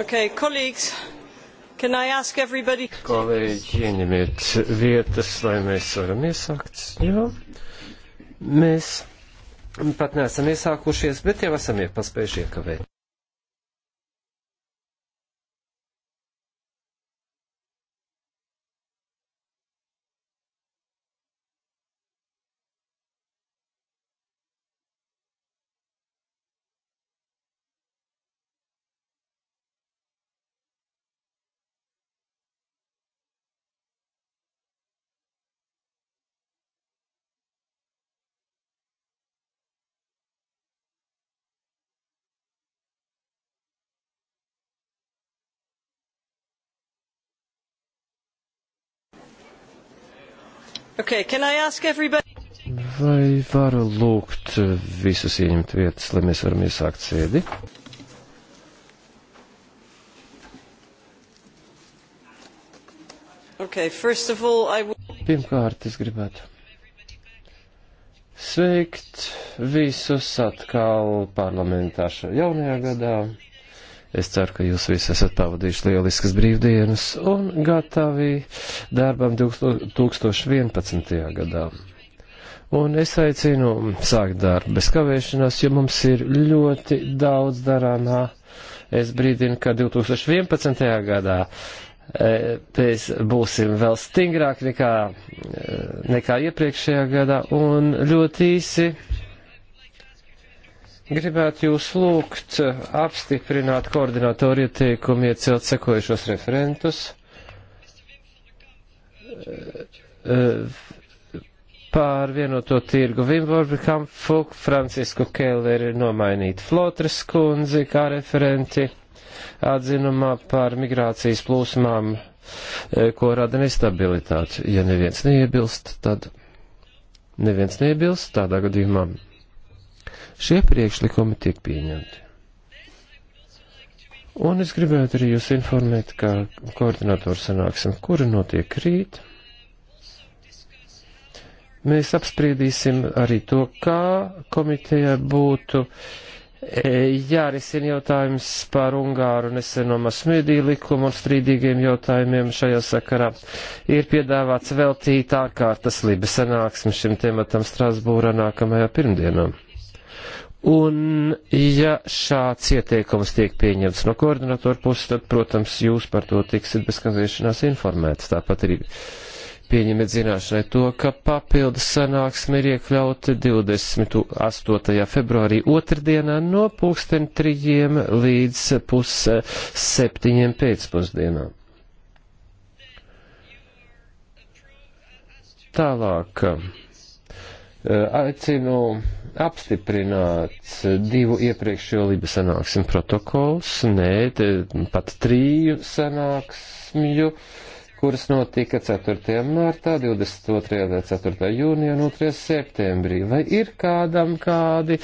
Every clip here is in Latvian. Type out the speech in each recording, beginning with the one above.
Okay, colleagues, can I ask everybody? Kolēģi, ieņemiet vietas, lai mēs varam iesākt. Jā, mēs pat neesam iesākušies, bet jau esam iepaspējuši iekavēt. Okay, can I ask everybody? Vai varu lūgt visus ieņemt vietas, lai mēs varam iesākt sēdi? Okay, first of all, I would... Pirmkārt, es gribētu sveikt visus atkal parlamentā šajā jaunajā gadā. Es ceru, ka jūs visi esat pavadījuši lieliskas brīvdienas un gatavi darbam 2011. gadā. Un es aicinu sākt darbu bez kavēšanās, jo mums ir ļoti daudz darāmā. Es brīdinu, ka 2011. gadā e, mēs būsim vēl stingrāk nekā, e, nekā iepriekšējā gadā un ļoti īsi Gribētu jūs lūgt apstiprināt koordinatoru ieteikumu iecelt sekojušos referentus pār vienoto tirgu Vimborbi Kampfu, Francisku Kelleri nomainīt Flotras kundzi kā referenti atzinumā par migrācijas plūsmām, ko rada nestabilitāte. Ja neviens neiebilst, tad neviens neiebilst tādā gadījumā šie priekšlikumi tiek pieņemti. Un es gribētu arī jūs informēt, ka koordinatoru sanāksim, kura notiek rīt. Mēs apspriedīsim arī to, kā komitejai būtu e, jārisina jautājums par Ungāru neseno masmediju likumu un strīdīgiem jautājumiem šajā sakarā. Ir piedāvāts veltīt ārkārtas libe sanāksmi šim tematam Strasbūrā nākamajā pirmdienā. Un, ja šāds ieteikums tiek pieņemts no koordinatora puses, tad, protams, jūs par to tiksiet bez kavēšanās informēts. Tāpat arī pieņemiet zināšanai to, ka papildus sanāksme ir iekļauta 28. februārī otrdienā no pulksten trījiem līdz pus septiņiem pēcpusdienā. Tālāk. Eh, aicinu apstiprināts divu iepriekšējo Liba sanāksmu protokols, nē, pat triju sanāksmju, kuras notika 4. martā, 22. un 4. jūnijā un 2. septembrī. Vai ir kādam kādi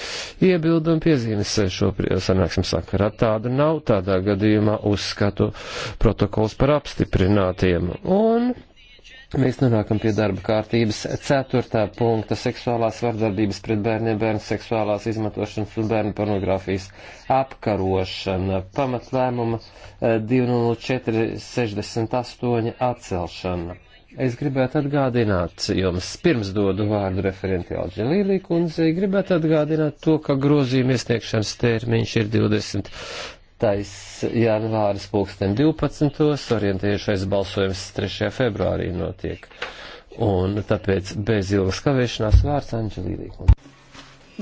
iebildumi piezīmes šo sanāksmu sakarā? Tāda nav, tādā gadījumā uzskatu protokols par apstiprinātiem. Un Mēs nonākam pie darba kārtības ceturtā punkta - seksuālās vardarbības pret bērniem, bērnu seksuālās izmantošanas un bērnu pornogrāfijas apkarošana, pamatlēmuma 20468 eh, atcelšana. Es gribētu atgādināt jums, pirms dodu vārdu referenti Alģelīlī kundzei, gribētu atgādināt to, ka grozījuma iesniegšanas termiņš ir 20. 6. janvāris pulksten 12. orientējušais balsojums 3. februārī notiek. Un tāpēc bez ilgas kavēšanās vārds Anģelīdī.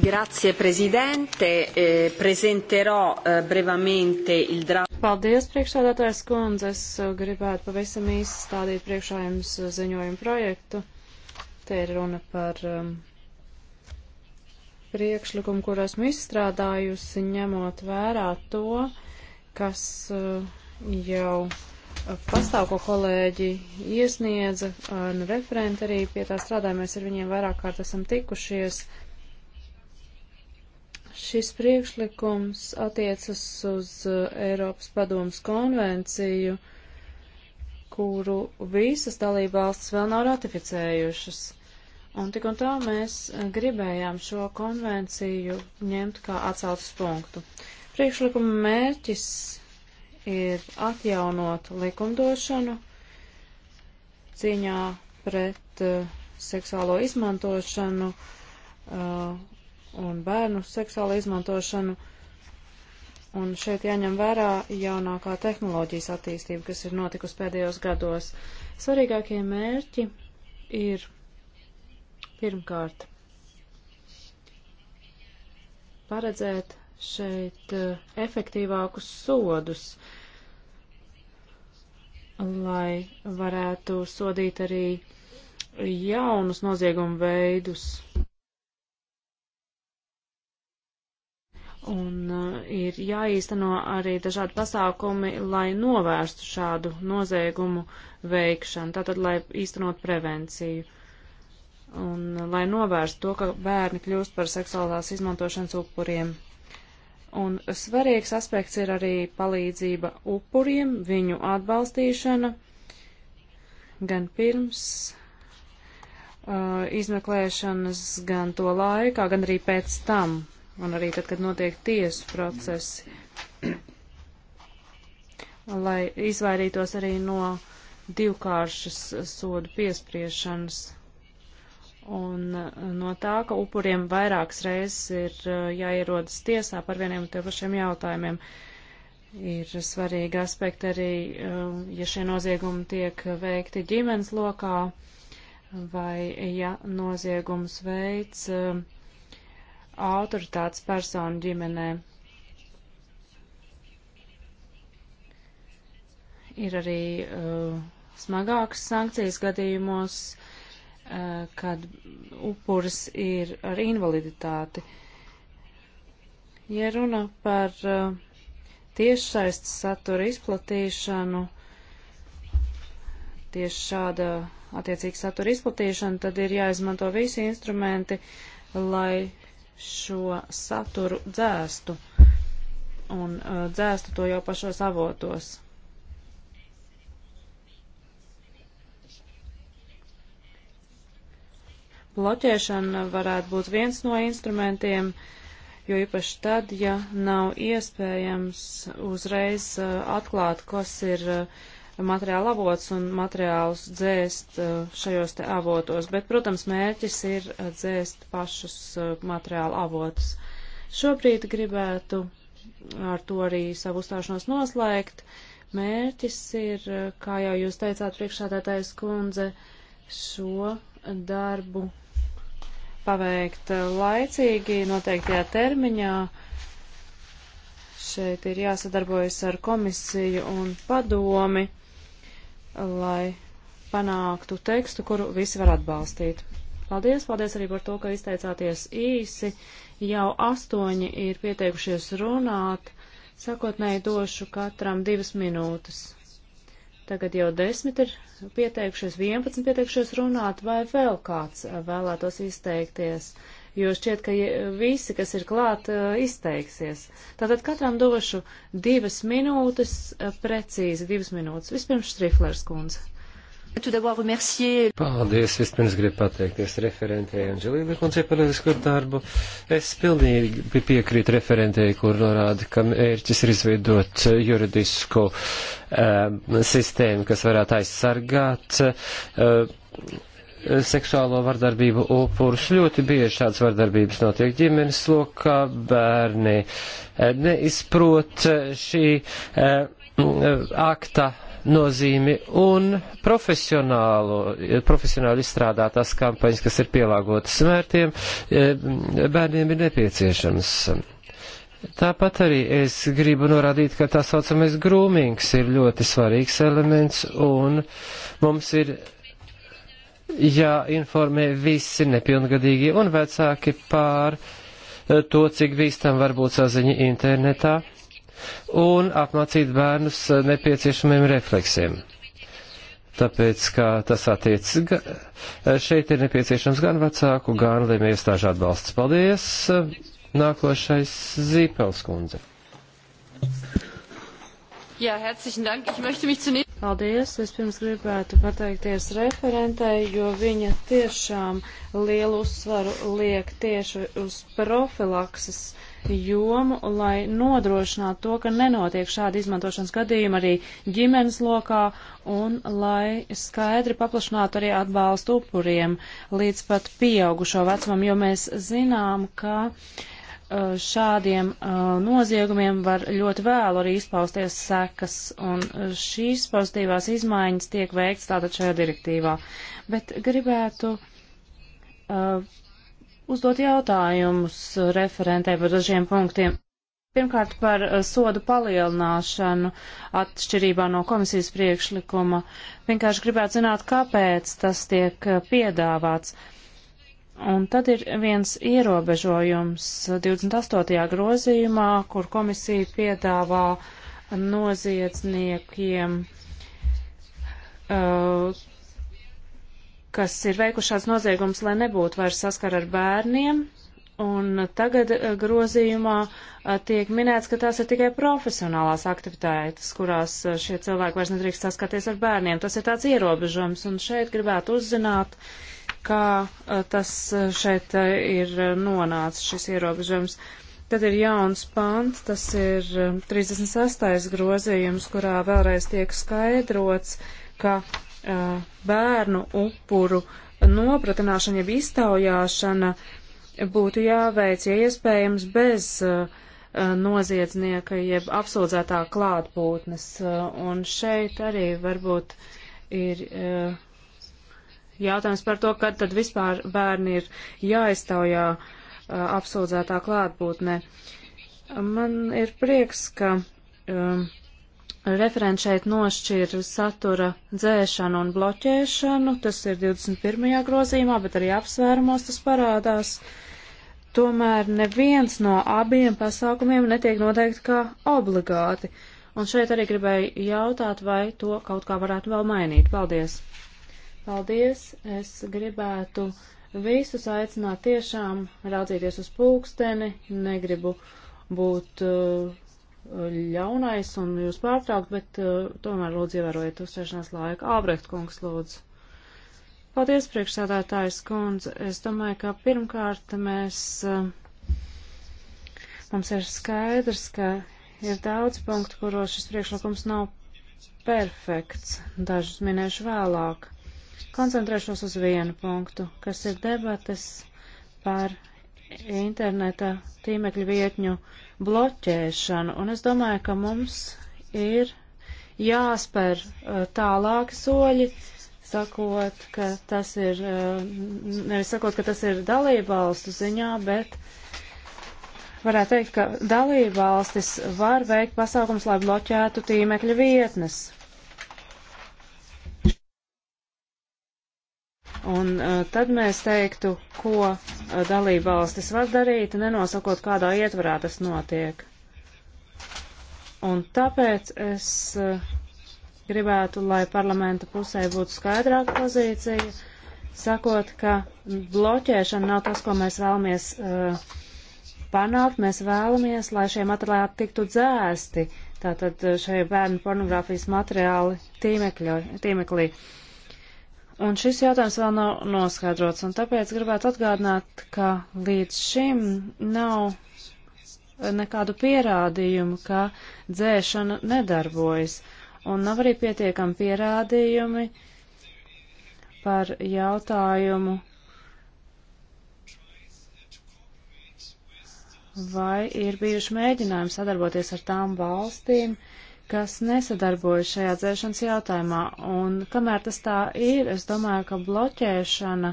Grazie, prezidente. Eh, prezenterò eh, brevemente il draft. Paldies, priekšsādātājs kundze. Es e, gribētu pavisam īsi stādīt priekšā jums e, ziņojumu projektu. Te ir runa par um, priekšlikumu, kur esmu izstrādājusi, ņemot vērā to, kas uh, jau pastāv, ko kolēģi iesniedza, un referenti arī pie tā strādājamies, ar viņiem vairāk kārt esam tikušies. Šis priekšlikums attiecas uz uh, Eiropas padomas konvenciju, kuru visas dalībvalstis vēl nav ratificējušas. Un tik un tā mēs gribējām šo konvenciju ņemt kā atsaucas punktu. Priekšlikuma mērķis ir atjaunot likumdošanu cīņā pret uh, seksuālo izmantošanu uh, un bērnu seksuālo izmantošanu. Un šeit jāņem vērā jaunākā tehnoloģijas attīstība, kas ir notikusi pēdējos gados. Svarīgākie mērķi ir pirmkārt paredzēt šeit eh, efektīvākus sodus, lai varētu sodīt arī jaunus noziegumu veidus. Un uh, ir jāīsteno arī dažādi pasākumi, lai novērstu šādu noziegumu veikšanu, tātad, lai īstenot prevenciju. Un lai novērstu to, ka bērni kļūst par seksuālās izmantošanas upuriem. Un svarīgs aspekts ir arī palīdzība upuriem, viņu atbalstīšana gan pirms uh, izmeklēšanas, gan to laikā, gan arī pēc tam, un arī tad, kad notiek tiesu procesi, lai izvairītos arī no divkāršas sodu piespriešanas. Un eh, no tā, ka upuriem vairākas reizes ir eh, jāierodas tiesā par vieniem un tiem pašiem jautājumiem, ir svarīgi aspekti arī, eh, ja šie noziegumi tiek veikti ģimenes lokā vai ja noziegums veids autoritātes personu ģimenē. Ir arī uh, smagākas sankcijas gadījumos, uh, Eh, kad upuris ir ar invaliditāti. Ja runa par eh, tiešsaistes satura izplatīšanu, tieši šāda attiecīga satura izplatīšana, tad ir jāizmanto visi instrumenti, lai šo saturu dzēstu un uh, dzēstu to jau pašos avotos. Bloķēšana varētu būt viens no instrumentiem, jo īpaši tad, ja nav iespējams uzreiz uh, atklāt, kas ir uh, materiāla avots un materiālus dzēst uh, šajos te avotos. Bet, protams, mērķis ir dzēst pašus materiāla avotus. Šobrīd gribētu ar to arī savu uzstāšanos noslēgt. Mērķis ir, kā jau jūs teicāt, priekšsādātājs kundze, šo darbu paveikt eh, laicīgi noteiktajā termiņā. Šeit ir jāsadarbojas ar komisiju un padomi, lai panāktu tekstu, kuru visi var atbalstīt. Paldies, paldies arī par to, ka izteicāties īsi. Jau astoņi ir pieteikušies runāt. Sakotnēji došu katram divas minūtes. Tagad jau desmit ir pieteikušies, vienpadsmit pieteikušies runāt, vai vēl kāds uh, vēlētos izteikties, jo šķiet, ka visi, kas ir klāt, uh, izteiksies. Tātad katram došu divas minūtes, uh, precīzi divas minūtes. Vispirms Štriflers kundze. Paldies, vispirms gribu pateikties referentei Anģelīna Kundzei par lielisku darbu. Es pilnīgi piekrītu referentei, kur norāda, ka mērķis ir izveidot juridisku um, sistēmu, kas varētu aizsargāt. Um, seksuālo vardarbību upurus. Ļoti bieži šādas vardarbības notiek ģimenes lokā, bērni uh, neizprot uh, šī akta nozīmi un profesionāli izstrādātās kampaņas, kas ir pielāgotas mērķiem, e, bērniem ir nepieciešamas. Tāpat arī es gribu norādīt, ka tā saucamais grūmings ir ļoti svarīgs elements un mums ir jāinformē visi nepilngadīgie un vecāki pār e, to, cik bīstam var būt saziņa internetā un apmācīt bērnus nepieciešamiem refleksiem. Tāpēc, kā tas attiec, šeit ir nepieciešams gan vecāku, gan lēmē iestāžu atbalsts. Paldies! Nākošais Zīpels kundze. Jā, herzlichen dank. Ich möchte mich zunächst. Paldies! Es pirms gribētu pateikties referentei, jo viņa tiešām lielu uzsvaru liek tieši uz profilakses jomu, lai nodrošinātu to, ka nenotiek šādi izmantošanas gadījumi arī ģimenes lokā un lai skaidri paplašinātu arī atbalstu upuriem līdz pat pieaugušo vecumam, jo mēs zinām, ka uh, šādiem uh, noziegumiem var ļoti vēlu arī izpausties sekas, un uh, šīs pozitīvās izmaiņas tiek veikts tātad šajā direktīvā. Bet gribētu uzdot jautājumus referentē par dažiem punktiem. Pirmkārt, par eh, sodu palielināšanu atšķirībā no komisijas priekšlikuma. Vienkārši gribētu zināt, kāpēc tas tiek eh, piedāvāts. Un tad ir viens ierobežojums 28. grozījumā, kur komisija piedāvā noziedzniekiem uh, kas ir veikušās noziegums, lai nebūtu vairs saskara ar bērniem. Un tagad eh, grozījumā eh, tiek minēts, ka tās ir tikai profesionālās aktivitātes, kurās eh, šie cilvēki vairs nedrīkst saskarties ar bērniem. Tas ir tāds ierobežojums, un šeit gribētu uzzināt, kā tas šeit ir nonācis šis ierobežojums. Tad ir jauns pants, tas ir 36. grozījums, kurā vēlreiz tiek skaidrots, ka Uh, bērnu upuru nopratināšana, jeb iztaujāšana būtu jāveic, ja iespējams, bez uh, uh, noziedznieka, jeb apsūdzētā klātbūtnes. Un šeit arī varbūt ir jautājums par to, kad tad vispār bērni ir jāiztaujā apsūdzētā klātbūtnē. Man ir prieks, ka um, Referents šeit nošķir satura dzēšanu un bloķēšanu, tas ir 21. grozījumā, bet arī apsvērumos tas parādās. Tomēr neviens no abiem pasākumiem netiek noteikti kā obligāti. Un šeit arī gribēju jautāt, vai to kaut kā varētu vēl mainīt. Paldies! Paldies! Es gribētu visus aicināt tiešām raudzīties uz pulksteni, negribu būt. Uh, ļaunais un jūs pārtraukt, bet uh, tomēr lūdzu ievērojiet uzstāšanās laiku. Ābrecht kungs lūdzu. Paldies, priekšsādātājs kundze. Es domāju, ka pirmkārt mēs, uh, mums ir skaidrs, ka ir daudz punktu, kuros šis priekšlikums nav perfekts. Dažus minēšu vēlāk. Koncentrēšos uz vienu punktu, kas ir debates par interneta tīmekļu vietņu bloķēšanu, un es domāju, ka mums ir jāspēr uh, tālāki soļi, sakot, ka tas ir, uh, nevis sakot, ka tas ir dalībvalstu ziņā, bet varētu teikt, ka dalībvalstis var veikt pasākums, lai bloķētu tīmekļa vietnes. Un uh, tad mēs teiktu, ko uh, dalībvalstis var darīt, nenosakot, kādā ietvarā tas notiek. Un tāpēc es uh, gribētu, lai parlamenta pusē būtu skaidrāka pozīcija, sakot, ka bloķēšana nav tas, ko mēs vēlamies uh, panākt. Mēs vēlamies, lai šie materiāli tiktu dzēsti, tātad uh, šie bērnu pornogrāfijas materiāli tīmekļo, tīmeklī. Uh, Un šis jautājums vēl nav noskaidrots, un tāpēc gribētu atgādināt, ka līdz šim nav nekādu pierādījumu, ka dzēšana nedarbojas, un nav arī pietiekami pierādījumi par jautājumu, vai ir bijuši mēģinājumi sadarboties ar tām valstīm, uh, kas nesadarbojas šajā dzēšanas jautājumā. Un kamēr tas tā ir, es domāju, ka bloķēšana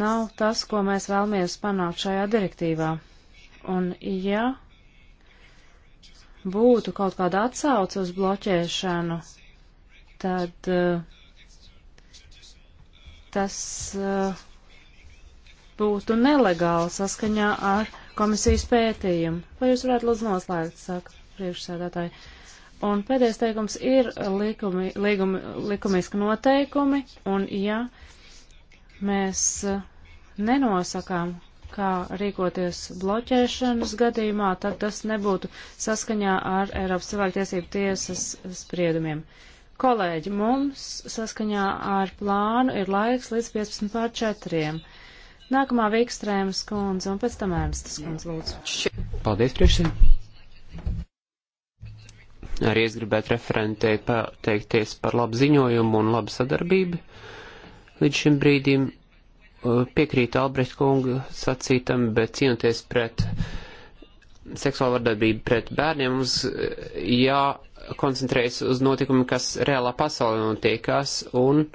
nav tas, ko mēs vēlamies panākt šajā direktīvā. Un ja būtu kaut kāda atsauce uz bloķēšanu, tad eh, tas eh, būtu nelegāli saskaņā ar komisijas pētījumu. Vai jūs varētu lūdzu noslēgt, saka? priekšsēdētāji. Un pēdējais teikums ir likumi, līgumi, likumiski noteikumi, un ja mēs eh, nenosakām, kā rīkoties bloķēšanas gadījumā, tad tas nebūtu saskaņā ar Eiropas cilvēktiesību tiesas spriedumiem. Kolēģi, mums saskaņā ar plānu ir laiks līdz 15 pār 4. Nākamā Vikstrēmas kundze un pēc tam Ernstas kundze lūdzu. Paldies, priekšsēdētāji! Arī es gribētu referentei pateikties par labu ziņojumu un labu sadarbību. Līdz šim brīdim uh, piekrītu Albrecht kungu sacītam, bet cīnoties pret seksuālu vardarbību pret bērniem, mums uh, jākoncentrējas uz notikumiem, kas reālā pasaulē notiekās, un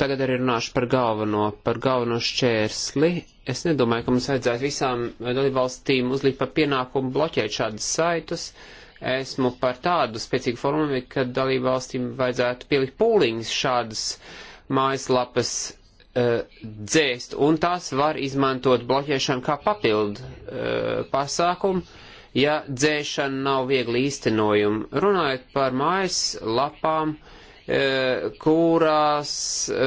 tagad arī runāšu par galveno, par galveno šķērsli, Es nedomāju, ka mums vajadzētu visām dalībvalstīm uzlikt par pienākumu bloķēt šādus saitus. Esmu par tādu spēcīgu formulu, ka dalībvalstīm vajadzētu pielikt pūliņus šādas mājaslapas uh, dzēst, un tās var izmantot bloķēšanu kā papildu uh, pasākumu, ja dzēšana nav viegli īstenojuma. Runājot par mājaslapām, uh, E, kurās e,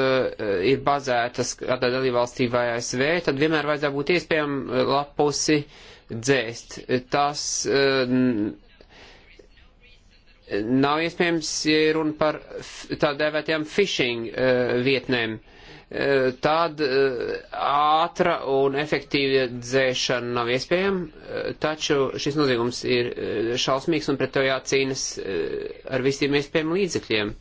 ir bazētas kādā dalībvalstī vai ASV, tad vienmēr vajadzētu būt iespējām e, lapusi dzēst. Tas nav iespējams, ja runa par tā dēvētajām phishing vietnēm. Uh, E, tad e, ātra un efektīva dzēšana nav iespējama, e, taču šis noziegums ir šausmīgs un pret to jācīnas ar visiem iespējamiem līdzekļiem.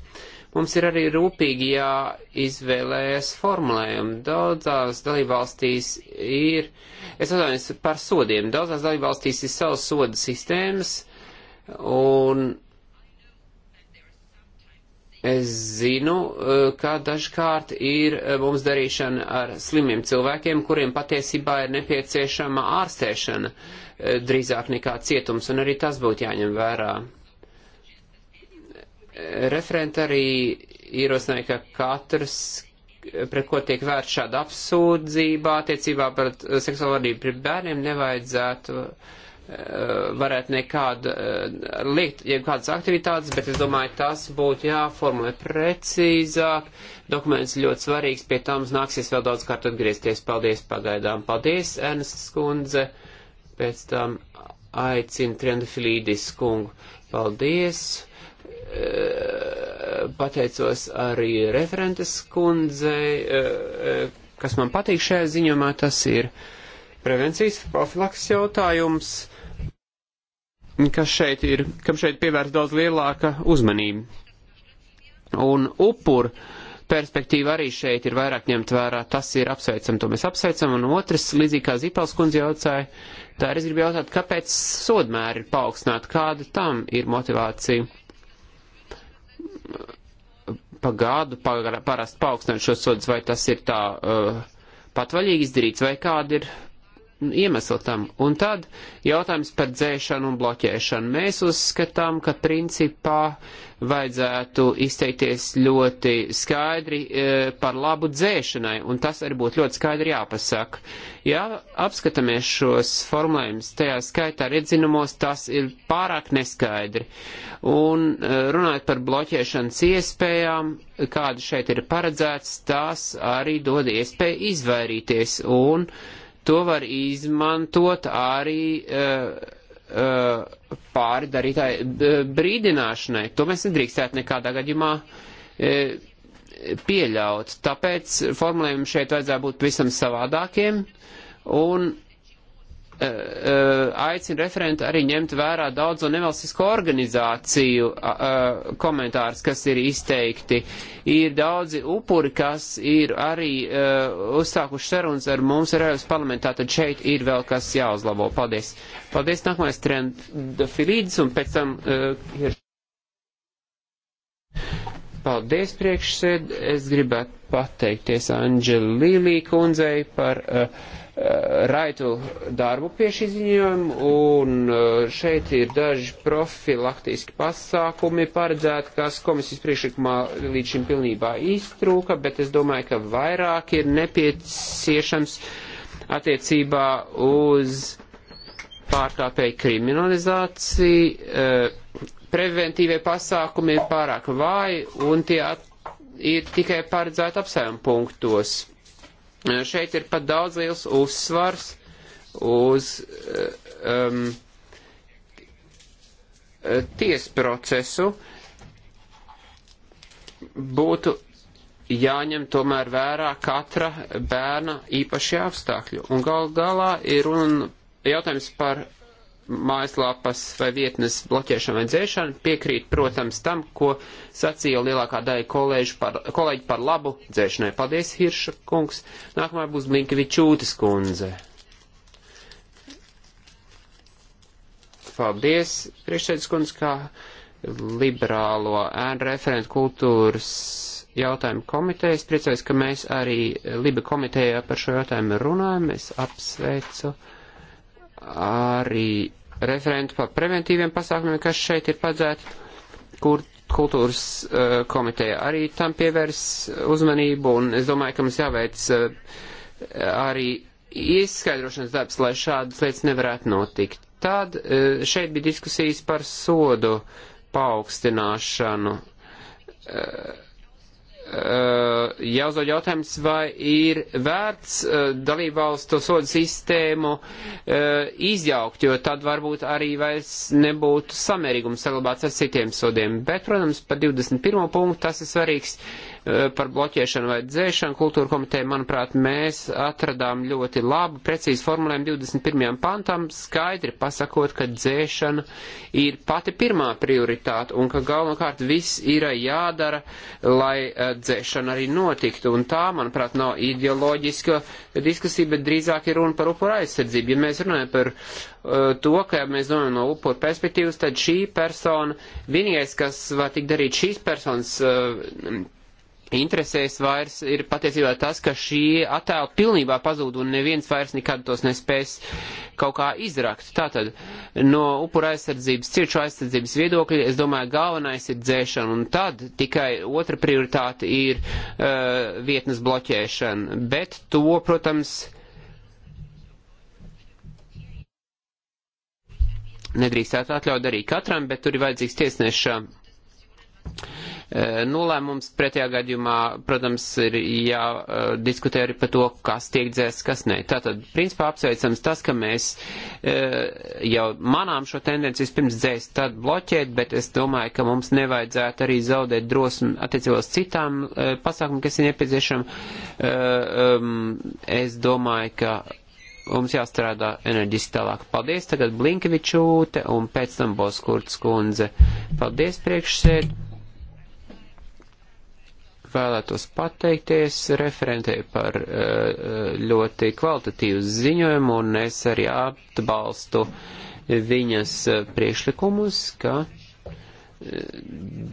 Mums ir arī rūpīgi jāizvēlējas formulējumi. Daudzās dalībvalstīs ir, es atvainojos par sodiem, daudzās dalībvalstīs ir savas soda sistēmas, un Es zinu, e, ka dažkārt ir e, mums darīšana ar slimiem cilvēkiem, kuriem patiesībā ir nepieciešama ārstēšana e, drīzāk nekā cietums, un arī tas būtu jāņem vērā. Referenta arī ierosināja, ka katrs, pret ko tiek vērts šāda apsūdzība attiecībā par seksuālu vadību pret bērniem, nevajadzētu uh, Eh, varētu nekādu, eh, liekt jebkādas aktivitātes, bet es domāju, tas būtu jāformulē precīzāk. Dokuments ļoti svarīgs, pie tam nāksies vēl daudz kārt atgriezties. Paldies pagaidām. Paldies, Ernests kundze. Pēc tam aicinu Trendafilīdis kungu. Paldies. Eh, pateicos arī referentes kundzei, kas man patīk šajā ziņumā, tas ir prevencijas profilaks jautājums kas šeit ir, kam šeit pievērst daudz lielāka uzmanība. Un upur perspektīva arī šeit ir vairāk ņemt vērā, tas ir apsveicam, to mēs apsveicam, un otrs, līdzīgi kā Zipels kundze jautāja, tā arī es gribu jautāt, kāpēc sodmēri ir paaugstināti, kāda tam ir motivācija pa gadu parasti paaugstināt šos sodus, vai tas ir tā uh, patvaļīgi izdarīts, vai kāda ir iemeslu tam. Un tad jautājums par dzēšanu un bloķēšanu. Mēs uzskatām, ka principā vajadzētu izteikties ļoti skaidri e, par labu dzēšanai, un tas arī būtu ļoti skaidri jāpasaka. Ja apskatāmies šos formulējumus, tajā skaitā redzinumos tas ir pārāk neskaidri. Un e, runājot par bloķēšanas iespējām, kāda šeit ir paredzēts, tās arī dod iespēju izvairīties. Un, e, to var izmantot arī uh, uh, pāri darītāju eh, brīdināšanai. To mēs nedrīkstētu nekādā gadījumā uh, pieļaut. Tāpēc formulējumi šeit vajadzētu būt visam savādākiem. Un Eh, eh, aicina referentu arī ņemt vērā daudzo nevalstisko organizāciju komentārus, kas ir izteikti. Ir daudzi upuri, kas ir arī eh, uzsākuši sarunas ar mums ar Eiropas parlamentā, tad šeit ir vēl kas jāuzlabo. Paldies. Paldies. Nākamais Trendafilīdis un pēc tam ir paldies priekšsēd. Es gribētu pateikties Anģeli Līlī kundzei par uh, uh, raitu darbu pie šī ziņojuma, un uh, šeit ir daži profilaktiski pasākumi paredzēti, kas komisijas priekšlikumā līdz šim pilnībā iztrūka, bet es domāju, ka vairāk ir nepieciešams attiecībā uz pārkāpēju kriminalizāciju. Uh, preventīvie pasākumi ir pārāk vāji un tie at, ir tikai paredzēti apsējumu punktos. Šeit ir pat daudz liels uzsvars uz um, tiesu procesu. Būtu jāņem tomēr vērā katra bērna īpašie apstākļi. Un gal galā ir un jautājums par mājaslapas vai vietnes bloķēšana vai dzēšana, piekrīt, protams, tam, ko sacīja lielākā daļa kolēģi par, kolēģi par labu dzēšanai. Paldies, Hirša kungs. Nākamā būs Blinkevičūtas kundze. Paldies, priekšsēdus kundze, kā liberālo ēnu referentu kultūras jautājumu komitejas. Priecājos, ka mēs arī Liba komitejā par šo jautājumu runājam. Es apsveicu arī referentu par preventīviem pasākumiem, kas šeit ir paredzēti, kur kultūras uh, komiteja arī tam pievērs uzmanību, un es domāju, ka mums jāveic uh, arī izskaidrošanas darbs, lai šādas lietas nevarētu notikt. Tad uh, šeit bija diskusijas par sodu paaugstināšanu. Uh, Eh, jāuzdod jautājums, vai ir vērts eh, dalībvalstu sodu sistēmu eh, izjaukt, jo tad varbūt arī vairs nebūtu samērīgums saglabāts ar citiem sodiem. Bet, protams, par 21. punktu tas ir svarīgs Eh, par bloķēšanu vai dzēšanu kultūra komiteja, manuprāt, mēs atradām ļoti labu, precīzi formulējumu 21. pantam, skaidri pasakot, ka dzēšana ir pati pirmā prioritāte un ka galvenokārt viss ir jādara, lai eh, dzēšana arī notiktu. Un tā, manuprāt, nav ideoloģiska diskusija, bet drīzāk ir runa par upura aizsardzību. Ja mēs runājam par eh, to, ka mēs domājam no upura perspektīvas, tad šī persona, vienīgais, kas var tik darīt šīs personas interesēs vairs ir patiesībā tas, ka šī attēla pilnībā pazūd un neviens vairs nekad tos nespēs kaut kā izrakt. Tātad no upura aizsardzības, ciešu aizsardzības viedokļa, es domāju, galvenais ir dzēšana un tad tikai otra prioritāte ir uh, vietnes bloķēšana. Bet to, protams, nedrīkstētu atļaut arī katram, bet tur ir vajadzīgs tiesneša E, nolēmums pretējā gadījumā, protams, ir jādiskutē arī par to, kas tiek dzēsts, kas nē. Tātad, principā apsveicams tas, ka mēs e, jau manām šo tendenci vispirms dzēst, tad bloķēt, bet es domāju, ka mums nevajadzētu arī zaudēt drosmi attiecībos citām e, pasākumiem, kas ir nepieciešama. Um, es domāju, ka mums jāstrādā enerģiski tālāk. Paldies tagad Blinkevičūte un pēc tam Boskurts kundze. Paldies priekšsēd vēlētos pateikties referentei par eh, eh, ļoti kvalitatīvu ziņojumu, un es arī atbalstu viņas eh, priekšlikumus, ka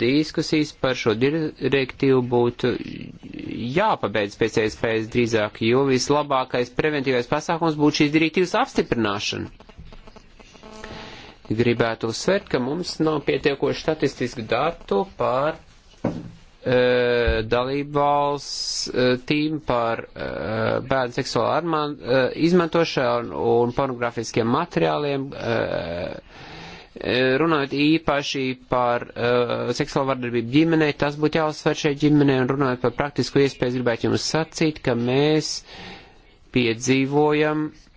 diskusijas par šo direktīvu būtu jāpabeidz pēc iespējas drīzāk, jo vislabākais preventīvais pasākums būtu šīs direktīvas apstiprināšana. Gribētu uzsvērt, ka mums nav pietiekoši statistisku datu pār E, dalībvalstīm e, par e, bērnu seksuālu izmantošanu un pornogrāfiskiem materiāliem, runājot īpaši par seksuālu vardarbību ģimenē, tas būtu jāuzsver šai ģimenei, un runājot par praktisku iespēju, gribētu jums sacīt, ka mēs piedzīvojam uh,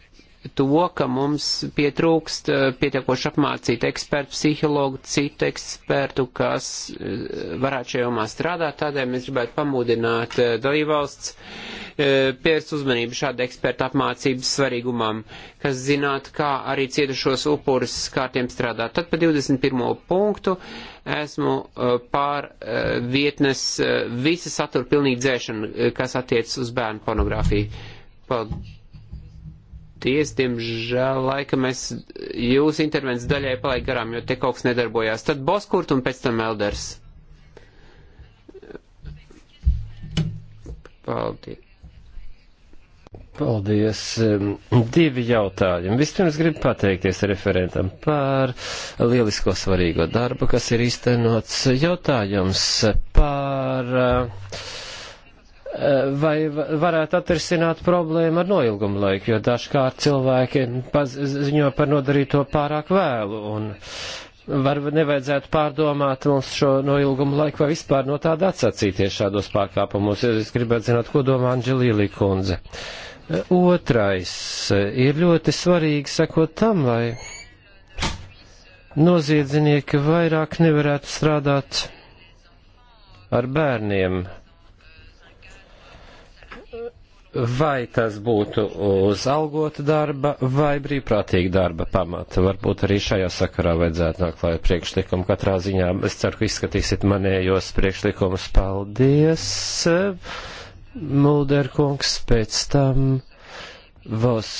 to, ka mums pietrūkst eh, pietiekoši apmācīt ekspertu, psihologu, citu ekspertu, kas eh, varētu šajā jomā strādāt. Tādēļ mēs gribētu pamudināt eh, dalībvalsts pievērst uzmanību šāda eksperta apmācības svarīgumam, kas zinātu, kā arī cietušos upurus kārtiem strādāt. Tad pa 21. punktu esmu pār vietnes visa satura pilnīgi dzēšana, kas attiec uz bērnu pornogrāfiju. Paldies! tiesa, diemžēl laika mēs jūsu intervences daļai palaik garām, jo te kaut kas nedarbojās. Tad Boskurt un pēc tam Elders. Paldies. Paldies. Divi jautājumi. Vispirms gribu pateikties referentam par lielisko svarīgo darbu, kas ir iztenots. Jautājums par. Uh, vai varētu atrisināt problēmu ar noilgumu laiku, jo dažkārt cilvēki ziņo par nodarīto pārāk vēlu un var nevajadzētu pārdomāt mums šo noilgumu laiku vai vispār no tāda atsacīties šādos pārkāpumos. Es gribētu zināt, ko domā Anģelīli kundze. Otrais ir ļoti svarīgi sakot tam, lai noziedznieki vairāk nevarētu strādāt ar bērniem vai tas būtu uz algota darba vai brīvprātīga darba pamata. Varbūt arī šajā sakarā vajadzētu nākt klāt priekšlikumu. Katrā ziņā es ceru, ka izskatīsiet manējos priekšlikumus. Paldies, Mulderkungs, pēc tam Vos,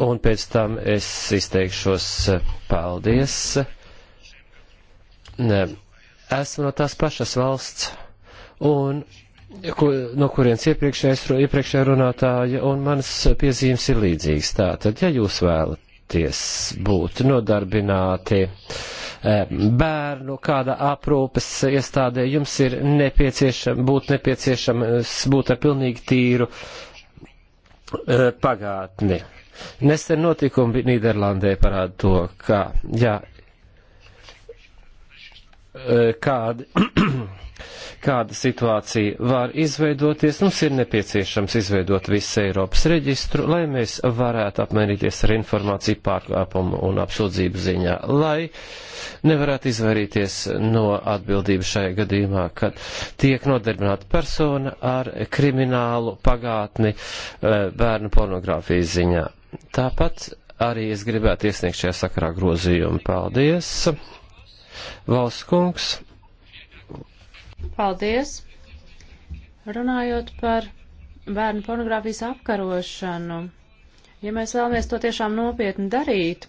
un pēc tam es izteikšos paldies. Ne, esmu no tās pašas valsts, un ko, no kurienes iepriekšējā runātāja un manas piezīmes ir līdzīgas. Tātad, ja jūs vēlaties būt nodarbināti eh, bērnu kāda aprūpes iestādē, jums ir nepieciešama, būt nepieciešams būt ar pilnīgi tīru eh, pagātni. Nesen notikumi Nīderlandē parāda to, ka, jā, eh, kādi kāda situācija var izveidoties. Mums ir nepieciešams izveidot visu Eiropas reģistru, lai mēs varētu apmainīties ar informāciju pārkāpumu un apsūdzību ziņā, lai nevarētu izvairīties no atbildības šajā gadījumā, kad tiek nodarbināta persona ar kriminālu pagātni eh, bērnu pornogrāfijas ziņā. Tāpat arī es gribētu iesniegt šajā sakarā grozījumu. Paldies! Valsts kungs! Paldies! Runājot par bērnu pornogrāfijas apkarošanu, ja mēs vēlamies to tiešām nopietni darīt,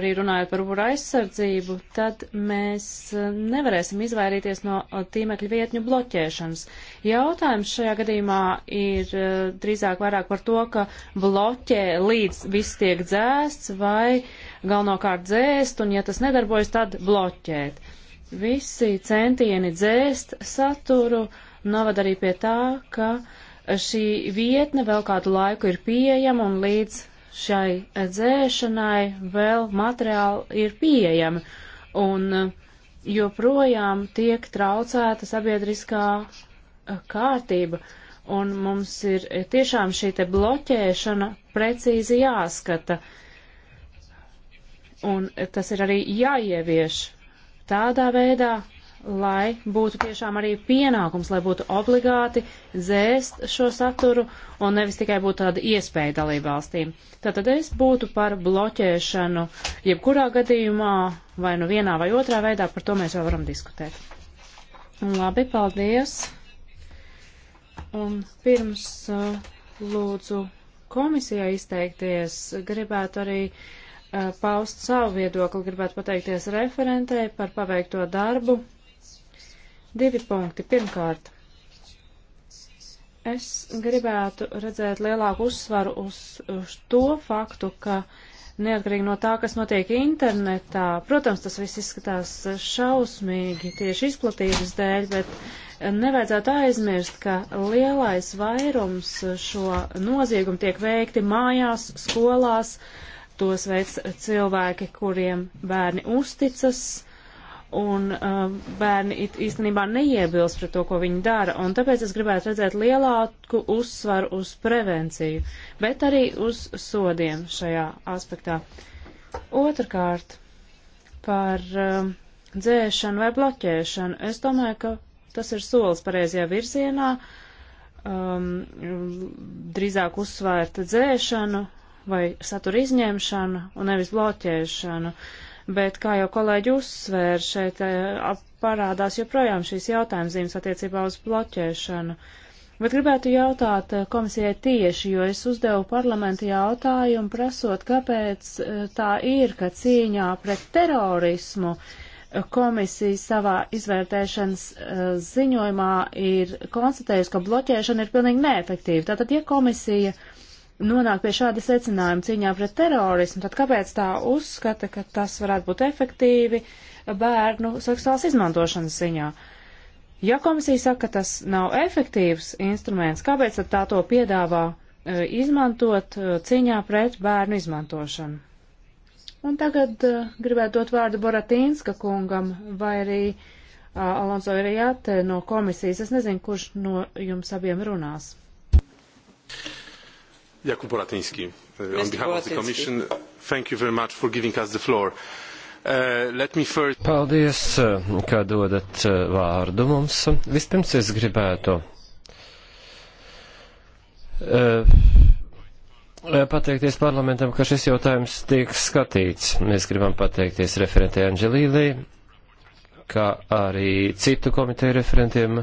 arī runājot par upura aizsardzību, tad mēs e, nevarēsim izvairīties no e, tīmekļa vietņu bloķēšanas. Jautājums šajā gadījumā ir e, drīzāk vairāk par to, ka bloķē līdz viss tiek dzēsts vai galvenokārt dzēst, un ja tas nedarbojas, tad bloķēt. Uh, Visi centieni dzēst saturu novad arī pie tā, ka šī vietne vēl kādu laiku ir pieejama un līdz šai dzēšanai vēl materiāli ir pieejami. Un eh, joprojām tiek traucēta sabiedriskā eh, kārtība. Un mums ir eh, tiešām šī te bloķēšana precīzi jāskata. Un tas ir arī jāievieš tādā veidā, lai būtu tiešām arī pienākums, lai būtu obligāti dzēst šo saturu un nevis tikai būtu tāda iespēja dalībvalstīm. Tātad es būtu par bloķēšanu jebkurā gadījumā, vai nu vienā vai otrā veidā, par to mēs vēl varam diskutēt. Labi, paldies. Un pirms uh, lūdzu komisijai izteikties, gribētu arī uh, Uh, paust savu viedokli, gribētu pateikties referentei par paveikto darbu. Divi punkti. Pirmkārt, es gribētu redzēt lielāku uzsvaru uz, uz to faktu, ka neatkarīgi no tā, kas notiek internetā, protams, tas viss izskatās šausmīgi tieši izplatības dēļ, bet nevajadzētu aizmirst, ka lielais vairums šo noziegumu tiek veikti mājās, skolās, uh, tos veids cilvēki, kuriem bērni uzticas, un uh, bērni it, īstenībā neiebilst pret to, ko viņi dara, un tāpēc es gribētu redzēt lielāku uzsvaru uz prevenciju, bet arī uz sodiem šajā aspektā. Otrkārt, par uh, dzēšanu vai bloķēšanu, es domāju, ka tas ir solis pareizajā virzienā, um, drīzāk uzsvērta dzēšanu vai satura izņemšanu un nevis bloķēšanu. Bet, kā jau kolēģi uzsvēra, šeit eh, parādās joprojām šīs jautājumzīmes attiecībā uz bloķēšanu. Bet gribētu jautāt eh, komisijai tieši, jo es uzdevu parlamentu jautājumu prasot, kāpēc eh, tā ir, ka cīņā pret terorismu komisija savā izvērtēšanas ziņojumā ir konstatējusi, ka bloķēšana ir pilnīgi neefektīva. Tātad, ja komisija uh, nonāk pie šāda secinājuma cīņā pret terorismu, tad kāpēc tā uzskata, ka tas varētu būt efektīvi bērnu seksuālas izmantošanas ziņā? Ja komisija saka, ka tas nav efektīvs instruments, kāpēc tad tā to piedāvā e, izmantot e, cīņā pret bērnu izmantošanu? Un tagad e, gribētu dot vārdu Boratīnska kungam vai arī Alonso Rijāte no komisijas. Es nezinu, kurš no jums abiem runās. Jakub Boratiński. Uh, e, on behalf Boratinsky. of the Commission, thank you very much for giving us the floor. Uh, let me first... Paldies, e, ka dodat vārdu mums. Vispirms es gribētu uh, pateikties parlamentam, ka šis jautājums tiek skatīts. Mēs gribam pateikties referentē Anģelīlī, kā arī citu komiteju referentiem,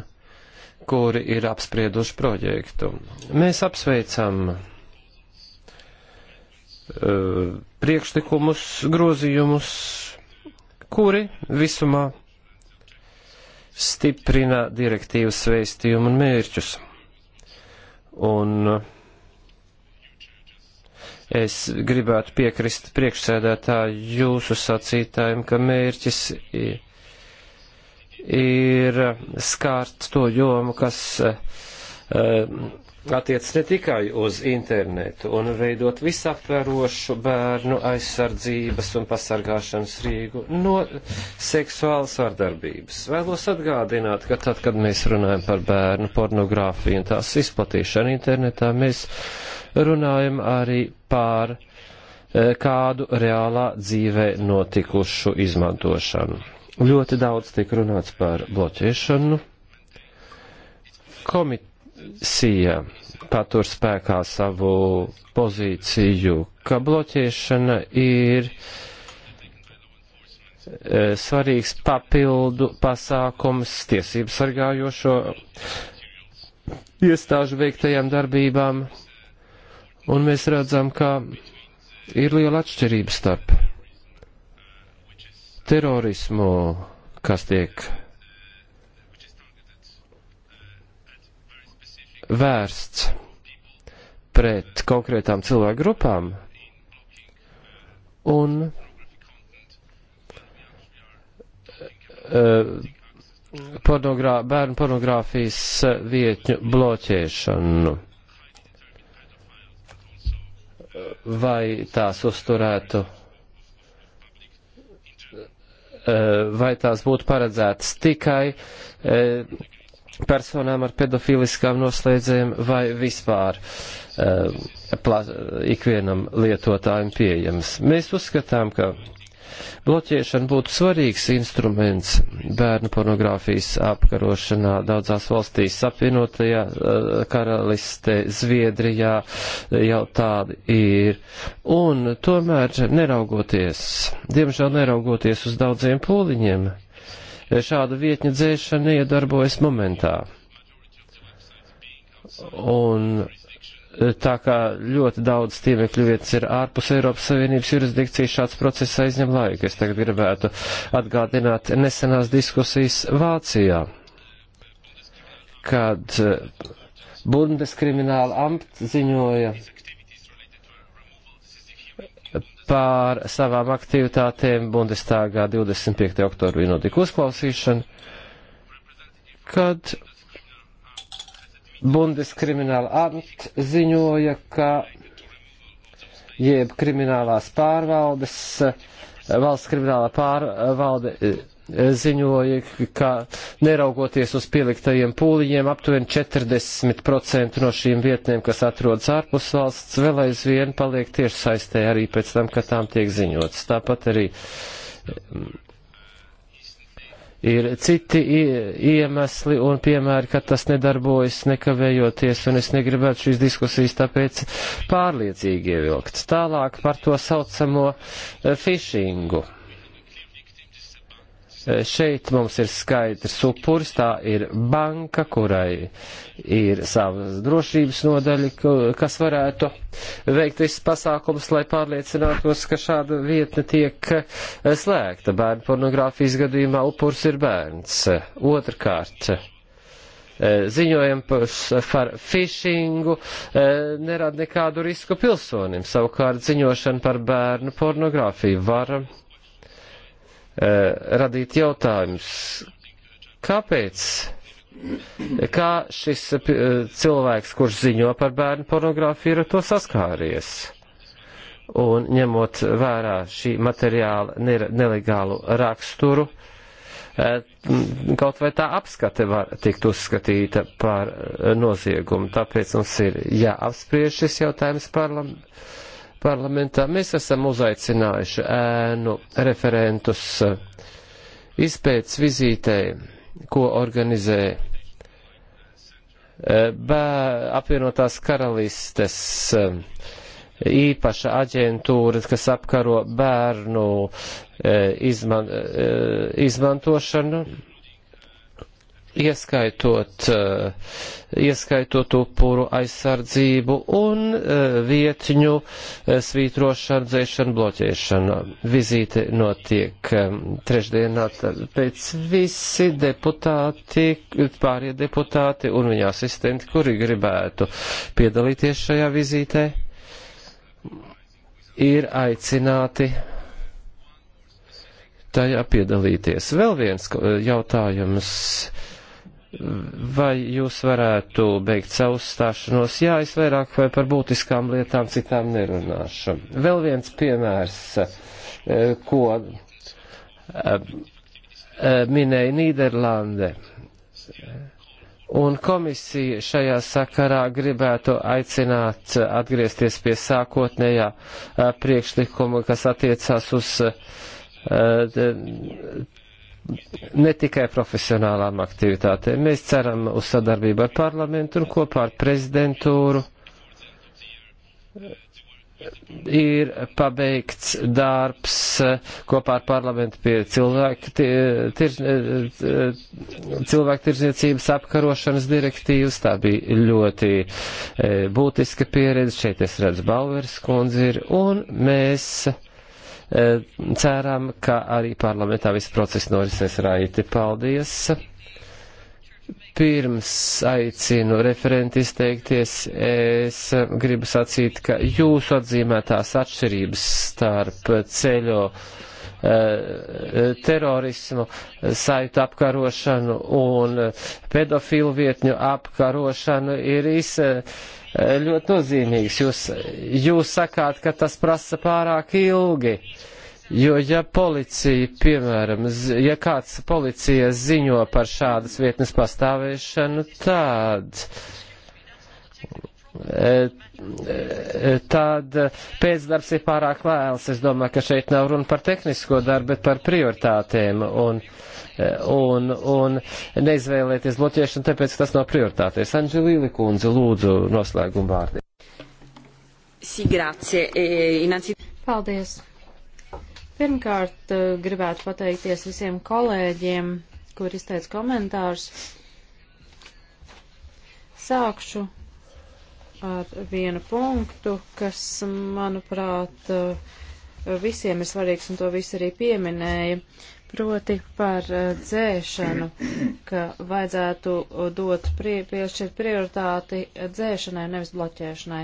kuri ir apsprieduši projektu. Mēs apsveicam Uh, priekšlikumus, grozījumus, kuri visumā stiprina direktīvas vēstījumu un mērķus. Un uh, es gribētu piekrist priekšsēdētāju jūsu sacītājiem, ka mērķis ir skārt to jomu, kas uh, attiec ne tikai uz internetu un veidot visaptverošu bērnu aizsardzības un pasargāšanas rīgu no seksuālas vardarbības. Vēlos atgādināt, ka tad, kad mēs runājam par bērnu pornogrāfiju un tās izplatīšanu internetā, mēs runājam arī par eh, kādu reālā dzīvē notikušu izmantošanu. Ļoti daudz tiek runāts par bloķēšanu. Komit Sija patur spēkā savu pozīciju, ka bloķēšana ir e, svarīgs papildu pasākums tiesību sargājošo iestāžu veiktajām darbībām, un mēs redzam, ka ir liela atšķirība starp terorismu, kas tiek vērsts pret konkrētām cilvēku grupām, un uh, pornogrā, bērnu pornogrāfijas vietņu bloķēšanu. Vai tās uzturētu, e, vai tās būtu paredzētas tikai e, personām ar pedofiliskām noslēdzēm vai vispār uh, pla, ikvienam lietotājiem pieejams. Mēs uzskatām, ka bloķēšana būtu svarīgs instruments bērnu pornogrāfijas apkarošanā daudzās valstīs apvienotajā uh, karalistē, Zviedrijā jau tādi ir. Un tomēr neraugoties, diemžēl neraugoties uz daudziem pūliņiem, šāda vietņa dzēšana neiedarbojas momentā. Un e, tā kā ļoti daudz tiemekļu vietas ir ārpus Eiropas Savienības jurisdikcijas, šāds process aizņem laiku. Es tagad gribētu atgādināt nesenās diskusijas Vācijā, kad e, Bundeskrimināla amts ziņoja pār savām aktivitātēm Bundestāgā 25. oktobrī notika uzklausīšana, kad Bundeskrimināla amt ziņoja, ka jeb kriminālās pārvaldes, valsts kriminālā pārvalde ziņoja, ka neraugoties uz pieliktajiem pūliņiem, aptuveni 40% no šīm vietnēm, kas atrodas ārpus valsts, vēl aizvien paliek tieši saistē arī pēc tam, kad tām tiek ziņots. Tāpat arī mm, ir citi iemesli un piemēri, ka tas nedarbojas nekavējoties, un es negribētu šīs diskusijas tāpēc pārliecīgi ievilkt. Tālāk par to saucamo e, fishingu. Uh, Eh, šeit mums ir skaidrs upuris, tā ir banka, kurai ir savas drošības nodaļa, kas varētu veikt visus pasākumus, lai pārliecinātos, ka šāda vietne tiek eh, slēgta. Bērnu pornogrāfijas gadījumā upuris ir bērns. Otrkārt, eh, ziņojam par phishingu nerada nekādu risku pilsonim. Savukārt ziņošana par bērnu pornogrāfiju var Eh, radīt jautājumus, kāpēc, kā šis eh, cilvēks, kurš ziņo par bērnu pornogrāfiju, ir to saskāries? Un ņemot vērā šī materiāla nelegālu raksturu, eh, kaut vai tā apskate var tikt uzskatīta par noziegumu. Tāpēc mums ir jāapspriež šis jautājums parlamentā parlamentā. Mēs esam uzaicinājuši ēnu referentus eh, izpētes vizītē, ko organizē eh, bē, apvienotās karalistes eh, īpaša aģentūra, kas apkaro bērnu izman, izmantošanu ieskaitot, eh, ieskaitot upuru aizsardzību un eh, vietņu eh, svītrošanu, dzēšanu, bloķēšanu. Vizīte notiek trešdienā, pēc visi deputāti, pārie deputāti un viņa asistenti, kuri gribētu piedalīties šajā vizītē, ir aicināti tajā piedalīties. Vēl viens jautājums vai jūs varētu beigt savu stāšanos? Jā, es vairāk vai par būtiskām lietām citām nerunāšu. Vēl viens piemērs, eh, ko eh, eh, minēja Nīderlande. Un komisija šajā sakarā gribētu aicināt atgriezties pie sākotnējā priekšlikuma, kas attiecās uz ne tikai profesionālām aktivitātēm. Mēs ceram uz sadarbību ar parlamentu un kopā ar prezidentūru ir pabeigts darbs kopā ar parlamentu pie cilvēku, tir, cilvēku tirzniecības apkarošanas direktīvas. Tā bija ļoti e, būtiska pieredze. Šeit es redzu Bauers kundzi ir un mēs Eh, ceram, ka arī parlamentā viss process norisēs raiti. Paldies! Pirms aicinu referenti izteikties, es gribu sacīt, ka jūsu atzīmētās atšķirības starp ceļo eh, terorismu, saitu apkarošanu un pedofilu vietņu apkarošanu ir izsmeļošana ļoti nozīmīgs. Jūs, jūs sakāt, ka tas prasa pārāk ilgi. Jo, ja policija, piemēram, ja kāds policija ziņo par šādas vietnes pastāvēšanu, tad, e, e, tad pēcdarbs ir pārāk lēns. Es domāju, ka šeit nav runa par tehnisko darbu, bet par prioritātēm. Un, uh, Eh, un, un neizvēlēties bloķēšanu, tāpēc, ka tas nav prioritātais. Anģelīli kundze, lūdzu, noslēgumu vārdi. Sī, grācie. Paldies. Pirmkārt, eh, gribētu pateikties visiem kolēģiem, kur izteica komentārus. Sākšu ar vienu punktu, kas, manuprāt, eh, visiem ir svarīgs, un to visi arī pieminēja. Uh, proti par eh, dzēšanu, ka vajadzētu eh, dot prie, piešķirt prioritāti dzēšanai, nevis bloķēšanai.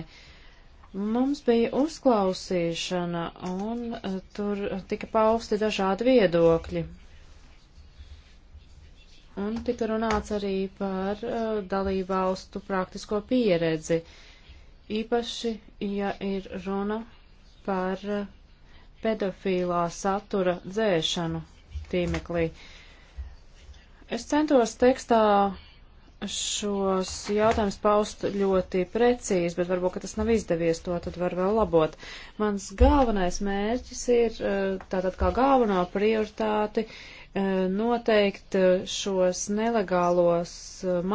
Mums bija uzklausīšana, un eh, tur tika pausti dažādi viedokļi. Un tika runāts arī par uh, dalībvalstu praktisko pieredzi, īpaši, ja ir runa par pedofīlā satura dzēšanu tīmeklī. Es centos tekstā šos jautājumus paust ļoti precīzi, bet varbūt, ka tas nav izdevies, to tad var vēl labot. Mans galvenais mērķis ir eh, tātad kā galveno prioritāti eh, noteikt eh, šos nelegālos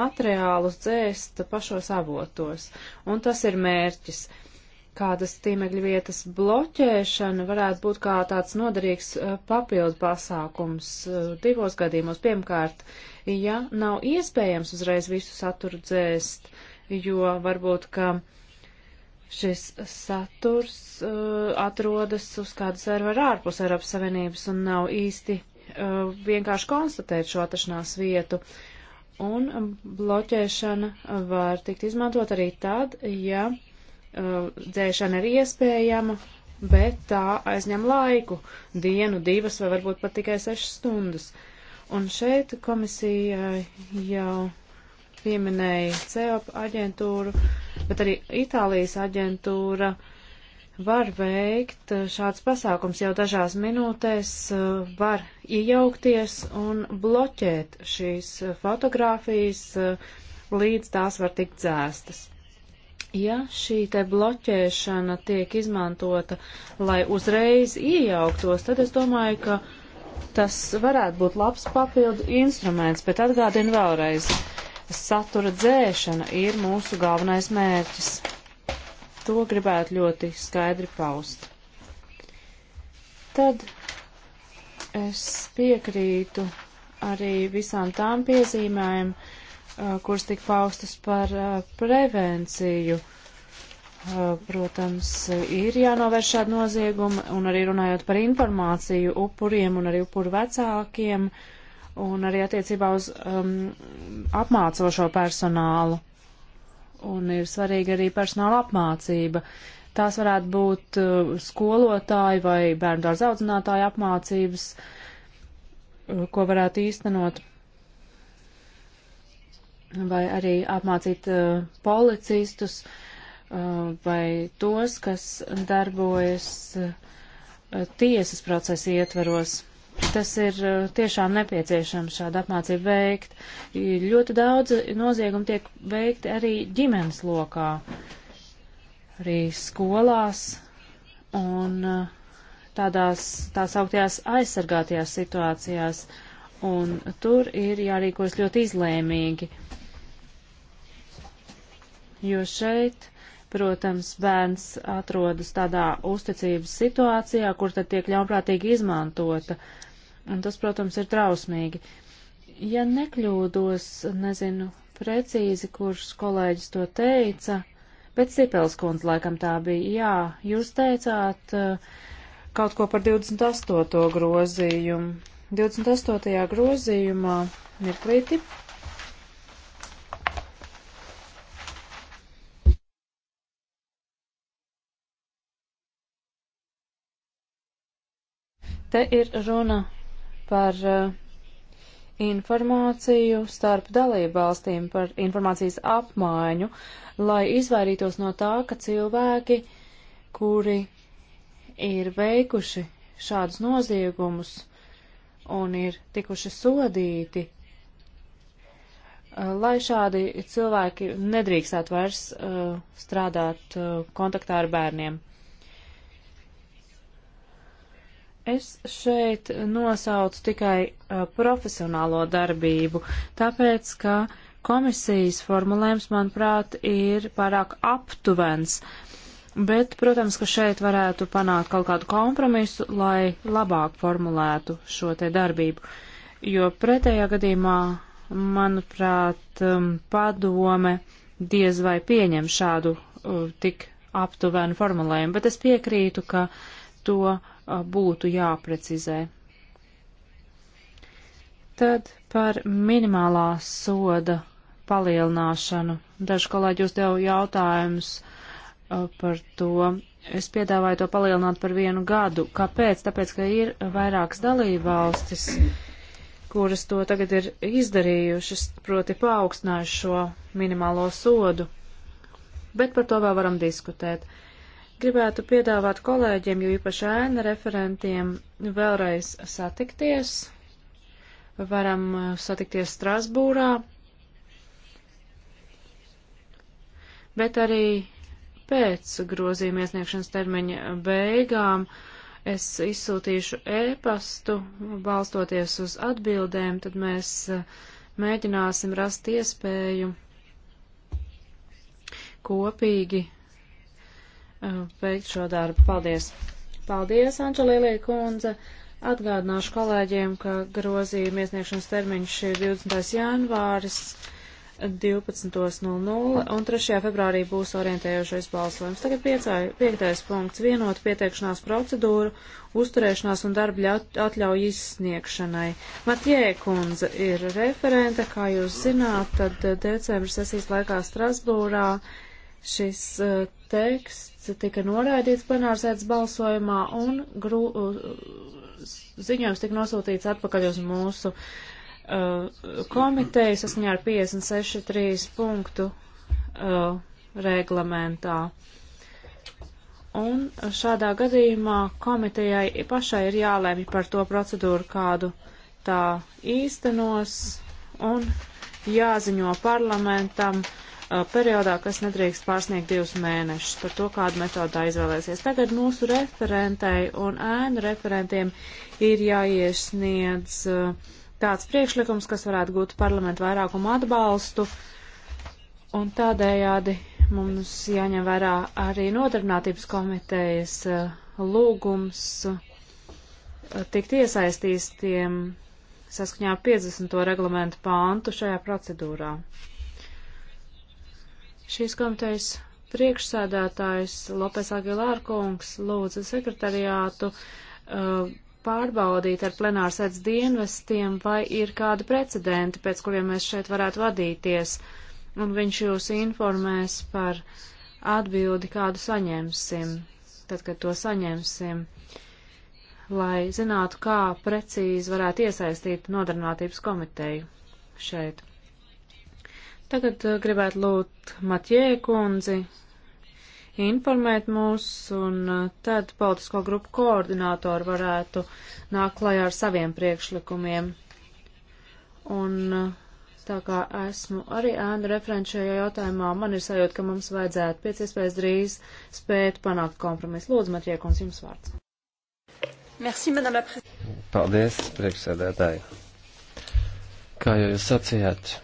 materiālus dzēst pašos avotos. Un tas ir mērķis. Uh, kādas tīmekļa vietas bloķēšana varētu būt kā tāds noderīgs uh, papildu pasākums uh, divos gadījumos. Pirmkārt, ja nav iespējams uzreiz visu saturu dzēst, jo varbūt, ka šis saturs uh, atrodas uz kāda servera ārpus Eiropas Savienības un nav īsti uh, vienkārši konstatēt šo atrašanās vietu. Un um, bloķēšana var tikt izmantot arī tad, ja uh, Eh, dzēšana ir iespējama, bet tā aizņem laiku - dienu, divas vai varbūt pat tikai sešas stundas. Un šeit komisija jau pieminēja CEOP aģentūru, bet arī Itālijas aģentūra var veikt šāds pasākums jau dažās minūtēs, eh, var iejaukties un bloķēt šīs fotogrāfijas, eh, līdz tās var tikt dzēstas. Ja šī te bloķēšana tiek izmantota, lai uzreiz iejauktos, tad es domāju, ka tas varētu būt labs papildu instruments, bet atgādinu vēlreiz, satura dzēšana ir mūsu galvenais mērķis. To gribētu ļoti skaidri paust. Tad es piekrītu arī visām tām piezīmēm, uh, Uh, kuras tika paustas par uh, prevenciju. Uh, protams, ir jānovērš šāda nozieguma, un arī runājot par informāciju upuriem un arī upuru vecākiem, un arī attiecībā uz um, apmācošo personālu. Un ir svarīga arī personāla apmācība. Tās varētu būt uh, skolotāji vai bērnu dārza audzinātāju apmācības, uh, ko varētu īstenot vai arī apmācīt uh, policistus uh, vai tos, kas darbojas uh, tiesas procesa ietvaros. Tas ir uh, tiešām nepieciešams šādu apmācību veikt. Ļoti daudz noziegumu tiek veikti arī ģimenes lokā, arī skolās un uh, tādās tās augtajās aizsargātajās situācijās. Un tur ir jārīkos ļoti izlēmīgi. Uh, jo šeit, protams, bērns atrodas tādā uzticības situācijā, kur tad tiek ļaunprātīgi izmantota. Un tas, protams, ir trausmīgi. Ja nekļūdos, nezinu precīzi, kurš kolēģis to teica, bet Sipels kundze laikam tā bija. Jā, jūs teicāt eh, kaut ko par 28. grozījumu. 28. grozījumā mirklīti Te ir runa par uh, informāciju starp dalību valstīm, par informācijas apmaiņu, lai izvairītos no tā, ka cilvēki, kuri ir veikuši šādus noziegumus un ir tikuši sodīti, uh, lai šādi cilvēki nedrīkstētu vairs uh, strādāt uh, kontaktā ar bērniem. Es šeit nosaucu tikai uh, profesionālo darbību, tāpēc, ka komisijas formulējums, manuprāt, ir pārāk aptuvens. Bet, protams, ka šeit varētu panākt kaut kādu kompromisu, lai labāk formulētu šo te darbību. Jo pretējā gadījumā, manuprāt, um, padome diez vai pieņem šādu uh, tik aptuvenu formulējumu. Bet es piekrītu, ka to būtu jāprecizē. Tad par minimālā soda palielināšanu. Daži kolēģi uzdev jautājumus par to. Es piedāvāju to palielināt par vienu gadu. Kāpēc? Tāpēc, ka ir vairākas dalībvalstis, kuras to tagad ir izdarījušas, proti paaugstinājuši šo minimālo sodu. Bet par to vēl varam diskutēt. Uh, gribētu piedāvāt kolēģiem, jo īpaši ēna referentiem, vēlreiz satikties. Varam uh, satikties Strasbūrā, bet arī pēc grozījuma iesniegšanas termiņa beigām es izsūtīšu ēpastu, e balstoties uz atbildēm, tad mēs uh, mēģināsim rast iespēju kopīgi veikt šo darbu. Paldies! Paldies, Anģelīlija kundze! Atgādināšu kolēģiem, ka grozījuma iesniegšanas termiņš ir 20. janvāris 12.00 un 3. februārī būs orientējošais balsojums. Tagad piecāju, piektais punkts - vienot pieteikšanās procedūru, uzturēšanās un darba atļauju izsniegšanai. Matjē kundze ir referente, kā jūs zināt, tad eh, decembra sesijas laikā Strasbūrā šis eh, teksts teksts tika noraidīts plenārsēdes balsojumā un grū, uh, ziņojums tika nosūtīts atpakaļ uz mūsu uh, komiteju saskaņā ar 56.3 punktu uh, reglamentā. Un šādā gadījumā komitejai pašai ir jālēmj par to procedūru, kādu tā īstenos, un jāziņo parlamentam uh, Uh, periodā, kas nedrīkst pārsniegt divus mēnešus, par to, kādu metodu izvēlēsies. Tagad mūsu referentei un ēnu referentiem ir jāiesniedz uh, tāds priekšlikums, kas varētu gūt parlamentu vairākumu atbalstu, un tādējādi mums jāņem vērā arī nodarbinātības komitejas uh, lūgums tikt iesaistīstiem saskaņā ar 50. reglamentu pāntu šajā procedūrā. Šīs komitejas priekšsēdētājs Lopes Agilārkungs lūdza sekretariātu uh, pārbaudīt ar plenārsēdz dienvestiem, vai ir kādi precedenti, pēc kuriem mēs šeit varētu vadīties, un viņš jūs informēs par atbildi, kādu saņemsim, tad, kad to saņemsim, lai zinātu, kā precīzi varētu iesaistīt nodarbinātības komiteju šeit. Tagad eh, gribētu lūgt Matjē kundzi informēt mūs, un eh, tad politisko grupu koordinātori varētu nākt klajā ar saviem priekšlikumiem. Un eh, tā kā esmu arī ēnu referenčajā jautājumā, man ir sajūta, ka mums vajadzētu pēc iespējas drīz spēt panākt kompromisu. Lūdzu, Matjē kundze, jums vārds. Merci, madame la présidente. Paldies, priekšsēdētāji. Kā jau jūs sacījāt,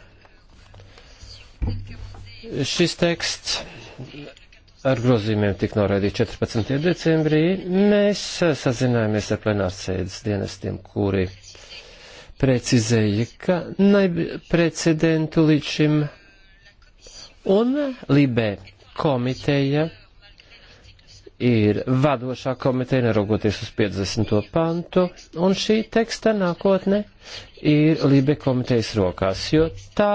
Šis teksts ar grozījumiem tika noraidīts 14. decembrī. Mēs sazinājāmies ar plenārsēdes dienestiem, kuri precizēja, ka nav precedentu līdz šim. Un Libē komiteja ir vadošā komiteja, neraugoties uz 50. pantu, un šī teksta nākotne ir Lībe komitejas rokās, jo tā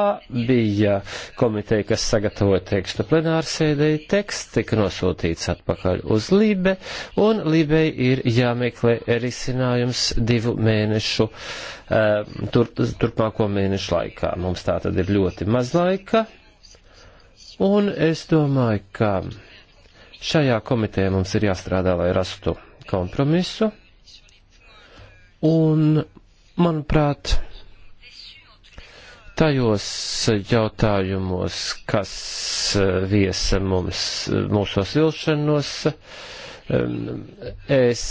bija komiteja, kas sagatavoja tekstu plenārsēdēji, teksts tika nosūtīts atpakaļ uz Lībe, un Lībei ir jāmeklē risinājums divu mēnešu, eh, tur, turpmāko mēnešu laikā. Mums tā tad ir ļoti maz laika, un es domāju, ka šajā komitejā mums ir jāstrādā, lai rastu kompromisu. Un Manuprāt, tajos jautājumos, kas eh, viesa mums, eh, mūsos vilšanos, eh, es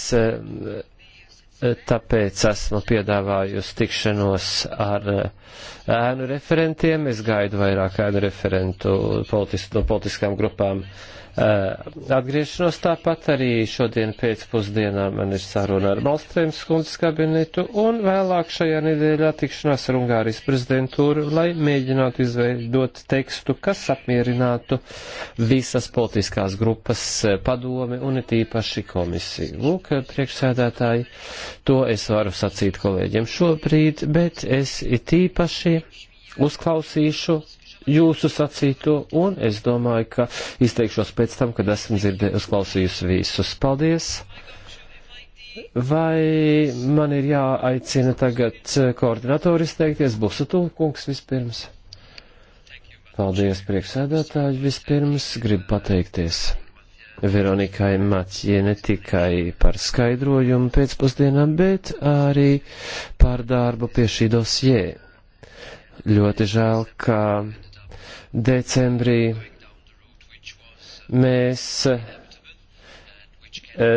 tāpēc esmu piedāvājusi tikšanos ar ēnu referentiem. Es gaidu vairāk ēnu referentu politis, no politiskām grupām Eh, atgriešanos. Tāpat arī šodien pēcpusdienā man ir saruna ar Malstrēmas kundzes kabinetu un vēlāk šajā nedēļā tikšanās ar Ungārijas prezidentūru, lai mēģinātu izveidot tekstu, kas apmierinātu visas politiskās grupas eh, padomi un it īpaši komisiju. Lūk, priekšsēdētāji, to es varu sacīt kolēģiem šobrīd, bet es it īpaši uzklausīšu jūsu sacīto, un es domāju, ka izteikšos pēc tam, kad esmu dzirdējusi, uzklausījusi visus. Paldies! Vai man ir jāaicina tagad eh, koordinatori izteikties? Busatulkungs vispirms. Paldies, priekšsēdētāji. Vispirms gribu pateikties Veronikai Maķie ne tikai par skaidrojumu pēcpusdienām, bet arī par darbu pie šī dosjē. Ļoti žēl, ka decembrī mēs eh,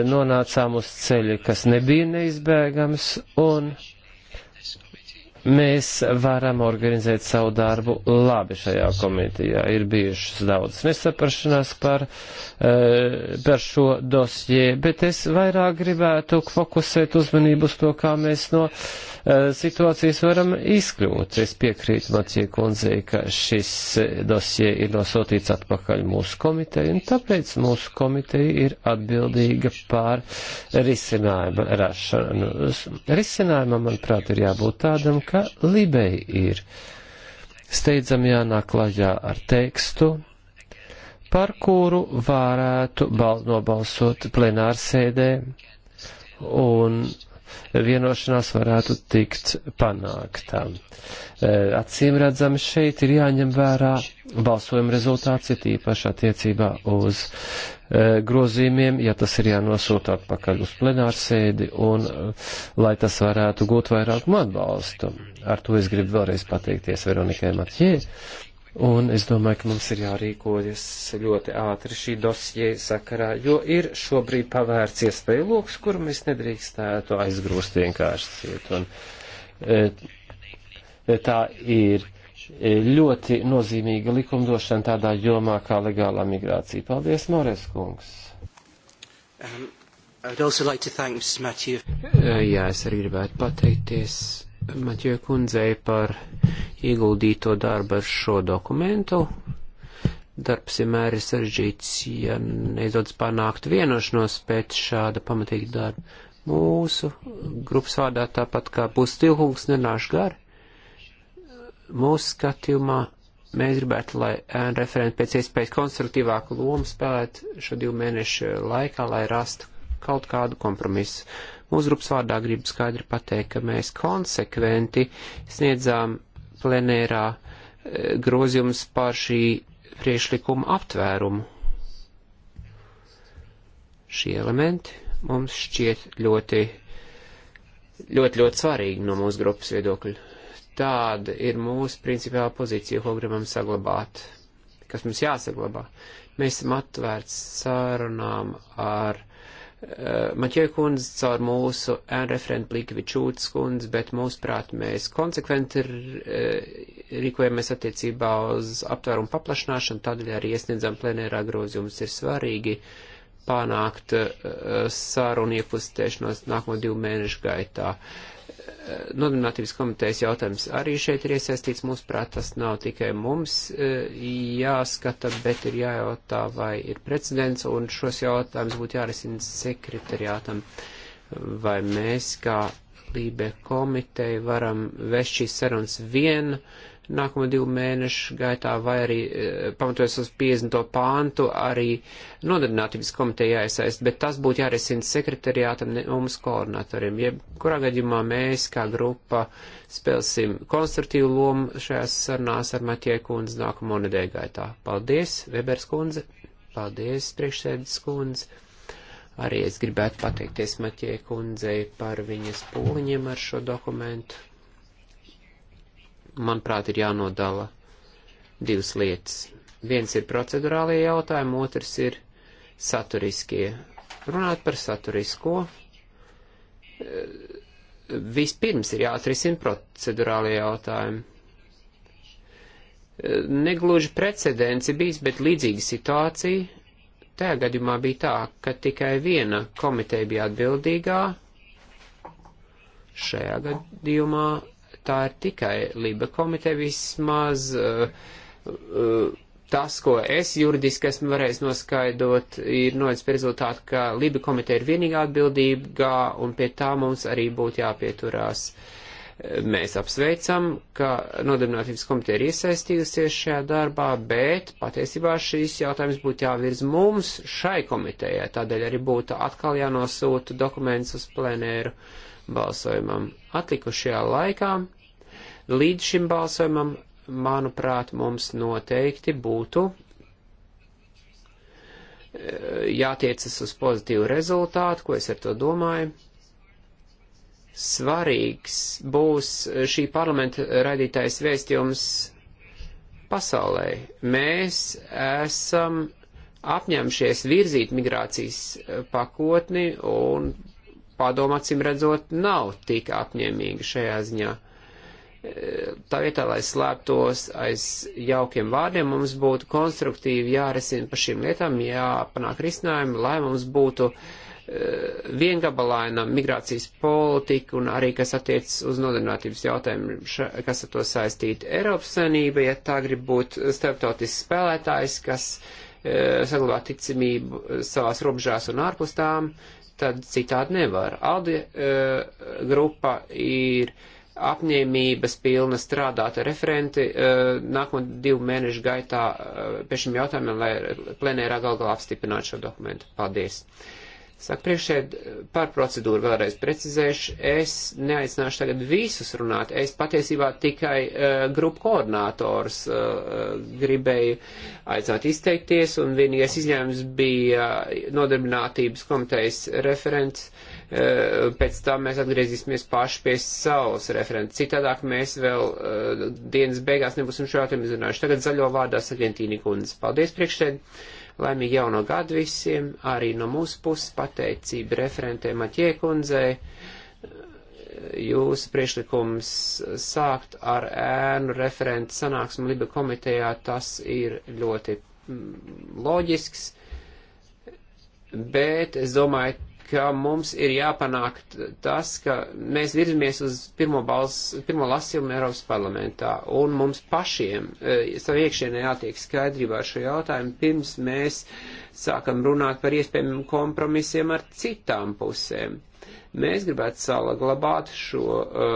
nonācām uz ceļa, kas nebija neizbēgams, un mēs varam organizēt savu darbu labi šajā komitejā. Ir bijušas daudz nesaprašanās par, eh, par šo dosjē, bet es vairāk gribētu fokusēt uzmanību uz to, kā mēs no. Uh, Eh, situācijas varam izkļūt. Es piekrītu Macija kundzei, ka šis eh, dosie ir nosūtīts atpakaļ mūsu komiteju, un tāpēc mūsu komiteja ir atbildīga pār risinājuma rašanu. Risinājumam, manuprāt, ir jābūt tādam, ka Libei ir steidzami jānāk klajā ar tekstu, par kuru varētu bal nobalsot plenārsēdē, un vienošanās varētu tikt panāktā. E, acīm redzami šeit ir jāņem vērā balsojuma rezultāts, ir tīpaši attiecībā uz e, grozījumiem, ja tas ir jānosūta atpakaļ uz plenārsēdi un e, lai tas varētu gūt vairākumu atbalstu. Ar to es gribu vēlreiz pateikties Veronikai Matjē Un es domāju, ka mums ir jārīkojas ļoti ātri šī dosie sakarā, jo ir šobrīd pavērts iespēju loks, kuru mēs nedrīkstētu aizgrūst vienkārši ciet. Un, e, tā ir ļoti nozīmīga likumdošana tādā jomā kā legālā migrācija. Paldies, Mores kungs! Um, like Jā, es arī gribētu pateikties Maķie kundzei par ieguldīto darbu ar šo dokumentu. Darbs vienmēr ir sarežģīts, ja neizdodas panākt vienošanos pēc šāda pamatīga darba. Mūsu grupas vārdā tāpat kā būs stilhungs nenāšu gari. Mūsu skatījumā mēs gribētu, lai ēna referenti pēc iespējas konstruktīvāku lomu spēlētu šo divu mēnešu laikā, lai rastu kaut kādu kompromisu. Mūsu grupas vārdā gribu skaidri pateikt, ka mēs konsekventi sniedzām plenērā e, grozījums par šī priešlikuma aptvērumu. Šie elementi mums šķiet ļoti, ļoti, ļoti svarīgi no mūsu grupas viedokļa. Tāda ir mūsu principiāla pozīcija, ko gribam saglabāt, kas mums jāsaglabā. Mēs esam atvērts sārunām ar Maķēja kundze caur mūsu referentu Blikvičūtas kundze, bet mūsuprāt mēs konsekventi e, rīkojamies attiecībā uz aptvērumu paplašināšanu, tādēļ arī iesniedzam plenērā grozījumus ir svarīgi panākt e, sarunu iepustēšanos nākamo divu mēnešu gaitā. Uh, Nodarbinātības komitejas jautājums arī šeit ir iesaistīts. Mūsu prāt, tas nav tikai mums e, jāskata, bet ir jājautā, vai ir precedents, un šos jautājumus būtu jārisina sekretariātam, vai mēs kā Lībe komiteja varam vest šīs sarunas vienu nākamo divu mēnešu gaitā vai arī e, pamatojas uz 50. pāntu arī nodarbinātības komiteja jāiesaist, bet tas būtu jārisina sekretariātam un mums koordinatoriem. Jebkurā gadījumā mēs kā grupa spēlsim konstruktīvu lomu šajās sarunās ar Matieku kundzi nākamo nedēļu gaitā. Paldies, Webers kundze, paldies, priekšsēdis kundze. Arī es gribētu pateikties Matieku kundzei par viņas pūliņiem ar šo dokumentu manuprāt, ir jānodala divas lietas. Viens ir procedurālie jautājumi, otrs ir saturiskie. Runāt par saturisko. Eh, vispirms ir jāatrisina procedurālie jautājumi. Eh, negluži precedents ir bijis, bet līdzīga situācija tajā gadījumā bija tā, ka tikai viena komiteja bija atbildīgā. Šajā gadījumā tā ir tikai Liba komiteja vismaz. Eh, eh, tas, ko es juridiski esmu varējis noskaidrot, ir noiets pie rezultātu, ka Liba komiteja ir vienīgā atbildīgā un pie tā mums arī būtu jāpieturās. Mēs apsveicam, ka nodarbinātības komiteja ir iesaistījusies šajā darbā, bet patiesībā šīs jautājums būtu jāvirz mums šai komitejai, tādēļ arī būtu atkal jānosūta dokuments uz plenēru balsojumam. Atlikušajā laikā Līdz šim balsojumam, manuprāt, mums noteikti būtu eh, jātiecas uz pozitīvu rezultātu, ko es ar to domāju. Svarīgs būs šī parlamenta radītais vēstījums pasaulē. Mēs esam apņemšies virzīt migrācijas eh, pakotni un padomācim redzot nav tik apņēmīgi šajā ziņā tā vietā, lai slēptos aiz jaukiem vārdiem, mums būtu konstruktīvi jāresina par šīm lietām, jāpanāk risinājumi, lai mums būtu e, viengabalaina migrācijas politika un arī, kas attiecas uz nodarbinātības jautājumu, kas ar to saistīta Eiropas savienība, ja tā grib būt starptautisks spēlētājs, kas e, saglabā ticamību savās robežās un ārpus tām, tad citādi nevar. Aldi e, grupa ir uh, apņēmības pilna strādāt referenti eh, nākamo divu mēnešu gaitā eh, pie šiem jautājumiem, lai plenērā gal galā apstiprinātu šo dokumentu. Paldies! Saka, priekšēd par procedūru vēlreiz precizēšu. Es neaicināšu tagad visus runāt. Es patiesībā tikai uh, grupu koordinātors uh, gribēju aicināt izteikties, un vienīgais izņēmums bija nodarbinātības komitejas referents. Uh, Eh, pēc tam mēs atgriezīsimies paši pie savas referents. Citādāk mēs vēl eh, dienas beigās nebūsim šo jautājumu izrunājuši. Tagad zaļo vārdā Sargentīni kundze. Paldies priekšsēd. Laimīgi jauno gadu visiem, arī no mūsu puses pateicība referentē Maķie kundzei jūsu priešlikums sākt ar ēnu referentu sanāksmu Liba komitejā, tas ir ļoti mm, loģisks, bet es domāju, ka mums ir jāpanāk tas, ka mēs virzamies uz pirmo, balss, pirmo lasījumu Eiropas parlamentā, un mums pašiem e, savu iekšienē jātiek skaidrībā ar šo jautājumu, pirms mēs sākam runāt par iespējamiem kompromisiem ar citām pusēm. Mēs gribētu salaglabāt šo uh,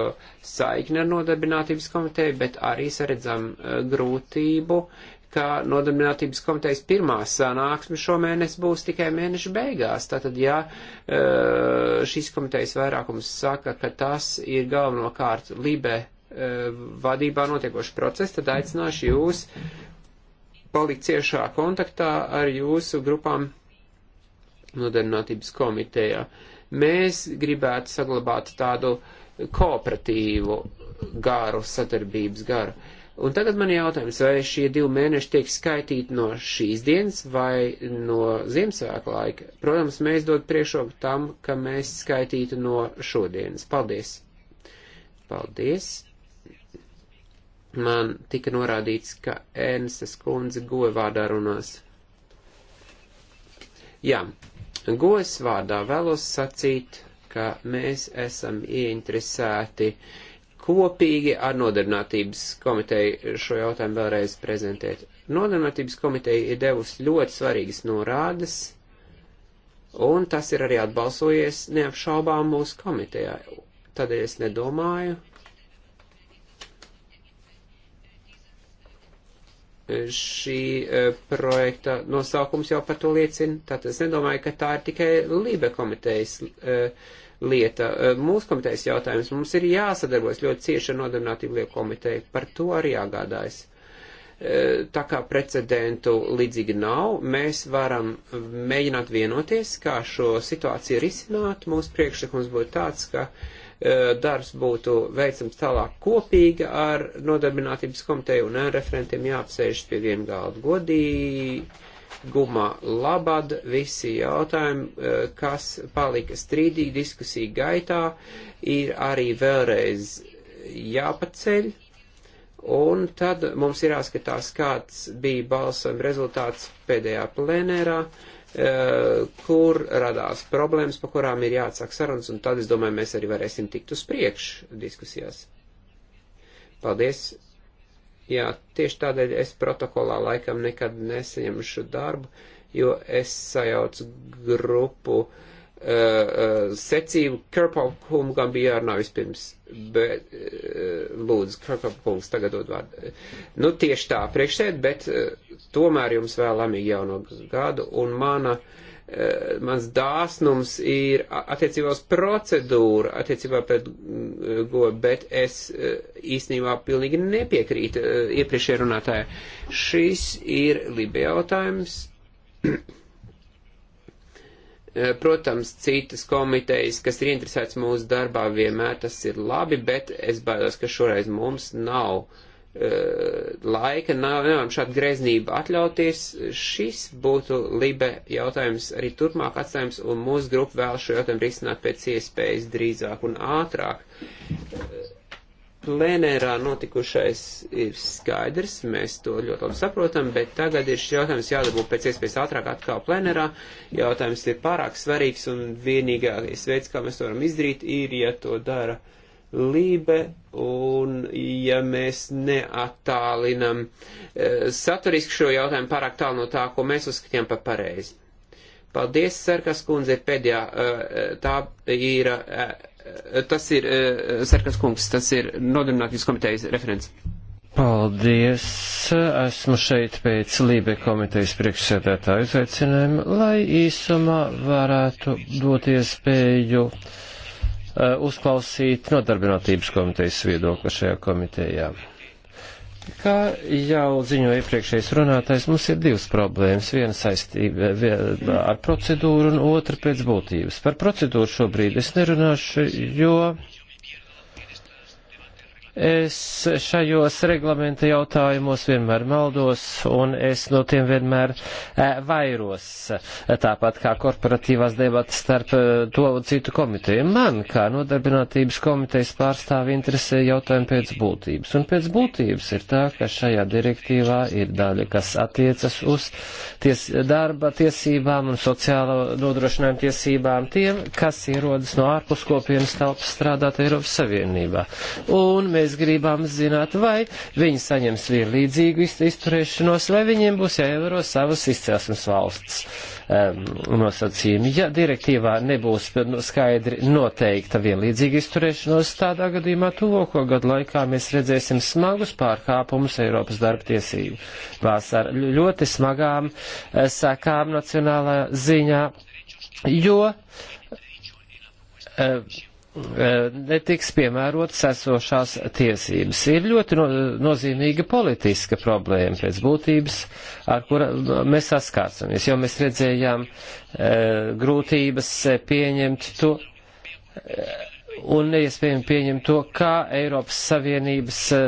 saikni ar nodarbinātības komiteju, bet arī saredzam uh, grūtību uh, ka nodarbinātības komitejas pirmā sanāksme šomēnes būs tikai mēneša beigās. Tātad, ja e, šīs komitejas vairākums saka, ka tas ir galvenokārt libe e, vadībā notiekošs process, tad aicināšu jūs palikt ciešā kontaktā ar jūsu grupām nodarbinātības komitejā. Mēs gribētu saglabāt tādu kooperatīvu garu, sadarbības garu. Uh, Un tagad man jautājums, vai šie divi mēneši tiek skaitīti no šīs dienas vai no Ziemassvētku laika? Protams, mēs dod priekšroku tam, ka mēs skaitītu no šodienas. Paldies! Paldies! Man tika norādīts, ka Ernstas kundze goja vārdā runās. Jā, gojas vārdā vēlos sacīt, ka mēs esam ieinteresēti uh, kopīgi ar nodarbinātības komiteju šo jautājumu vēlreiz prezentēt. Nodarbinātības komiteja ir devusi ļoti svarīgas norādes, un tas ir arī atbalsojies neapšaubām mūsu komitejā. Tādēļ es nedomāju. Šī e, projekta nosaukums jau par to liecina, tātad es nedomāju, ka tā ir tikai Lībe komitejas uh, lieta. E, mūsu komitejas jautājums mums ir jāsadarbojas ļoti cieši ar nodarbinātību lietu komiteju. Par to arī jāgādājas. E, tā kā precedentu līdzīgi nav, mēs varam mēģināt vienoties, kā šo situāciju risināt. Mūsu priekšlikums būtu tāds, ka e, darbs būtu veicams tālāk kopīgi ar nodarbinātības komiteju un referentiem jāapsēžas pie viena galda godīgi gumā labad visi jautājumi, e, kas palika strīdīgi diskusiju gaitā, ir arī vēlreiz jāpaceļ. Un tad mums ir jāskatās, kāds bija balsojuma rezultāts pēdējā plenērā, e, kur radās problēmas, pa kurām ir jāatsāk sarunas, un tad, es domāju, mēs arī varēsim tikt uz priekšu diskusijās. Paldies! Jā, tieši tādēļ es protokolā laikam nekad nesaņemšu darbu, jo es sajaucu grupu uh, uh, secību. Kirkopkungam bija jārunā vispirms, bet uh, lūdzu, Kirkopkungs tagad dod vārdu. Nu, tieši tā priekšsēd, bet uh, tomēr jums vēlamīgi jauno gadu un mana. Uh, Eh, mans dāsnums ir attiecībā uz procedūru, attiecībā pret mm, go, bet es eh, īstenībā pilnīgi nepiekrītu eh, iepriekšējai runātājai. Šis ir libe jautājums. Protams, citas komitejas, kas ir interesēts mūsu darbā, vienmēr tas ir labi, bet es baidos, ka šoreiz mums nav uh, Eh, laika nav, nevaram šādu greznību atļauties. Šis būtu libe jautājums arī turpmāk atstājums, un mūsu grupa vēl šo jautājumu risināt pēc iespējas drīzāk un ātrāk. Plenērā notikušais ir skaidrs, mēs to ļoti labi saprotam, bet tagad ir šis jautājums jādabū pēc iespējas ātrāk atkal plenērā. Jautājums ir pārāk svarīgs un vienīgais veids, kā mēs to varam izdarīt, ir, ja to dara uh, Lībe, un ja mēs neattālinam eh, saturiski šo jautājumu pārāk tālu no tā, ko mēs uzskatījām par pareizi. Paldies, Sarkas kundze, pēdējā, eh, tā ir, eh, tas ir, Sarkas kungs, tas ir nodarbinātības komitejas referents. Paldies! Esmu šeit pēc Lībe komitejas priekšsēdētāju izveicinājuma, lai īsumā varētu dot iespēju. Uh, Uh, uzklausīt nodarbinātības komitejas viedokli šajā komitejā. Kā jau ziņoja iepriekšējais runātais, mums ir divas problēmas. Viena saistība ar procedūru un otra pēc būtības. Par procedūru šobrīd es nerunāšu, jo Es šajos reglamenta jautājumos vienmēr maldos, un es no tiem vienmēr e, vairos, e, tāpat kā korporatīvās debatas starp e, to un citu komiteju. Man, kā nodarbinātības komitejas pārstāvi, interesē jautājumi pēc būtības. Un pēc būtības ir tā, ka šajā direktīvā ir daļa, kas attiecas uz ties, darba tiesībām un sociālo nodrošinājumu tiesībām tiem, kas ierodas no ārpuskopienas telpas strādāt Eiropas Savienībā. Un, mēs gribam zināt, vai viņi saņems vienlīdzīgu izturēšanos, vai viņiem būs jāievēro savas izcelsmes valsts um, nosacījumi. Ja direktīvā nebūs nu, skaidri noteikta vienlīdzīga izturēšanos, tādā gadījumā tuvoko gadu laikā mēs redzēsim smagus pārkāpumus Eiropas darba tiesību. Vasar ļoti smagām eh, sekām nacionālā ziņā, jo uh, E, netiks piemērotas esošās tiesības. Ir ļoti no, nozīmīga politiska problēma pēc būtības, ar kura mēs saskārsimies, jo mēs redzējām e, grūtības e, pieņemt to e, un neiespējami pieņemt to, kā Eiropas Savienības e,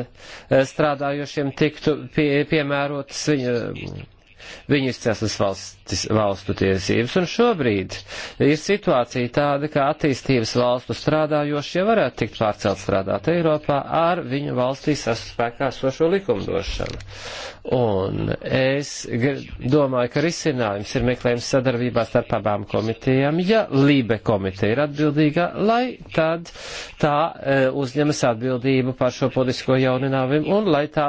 strādājošiem tiktu pie, piemērotas viņa, e, viņu izcelsmes valsts valstis, valstu tiesības, un šobrīd ir situācija tāda, ka attīstības valstu strādājošie varētu tikt pārcelt strādāt Eiropā ar viņu valstīs spēkā sošo likumdošanu. Un es domāju, ka risinājums ir meklējums sadarbībā starp abām komitejām. Ja Lībe komiteja ir atbildīga, lai tad tā e, uzņemas atbildību par šo politisko jauninājumu un lai tā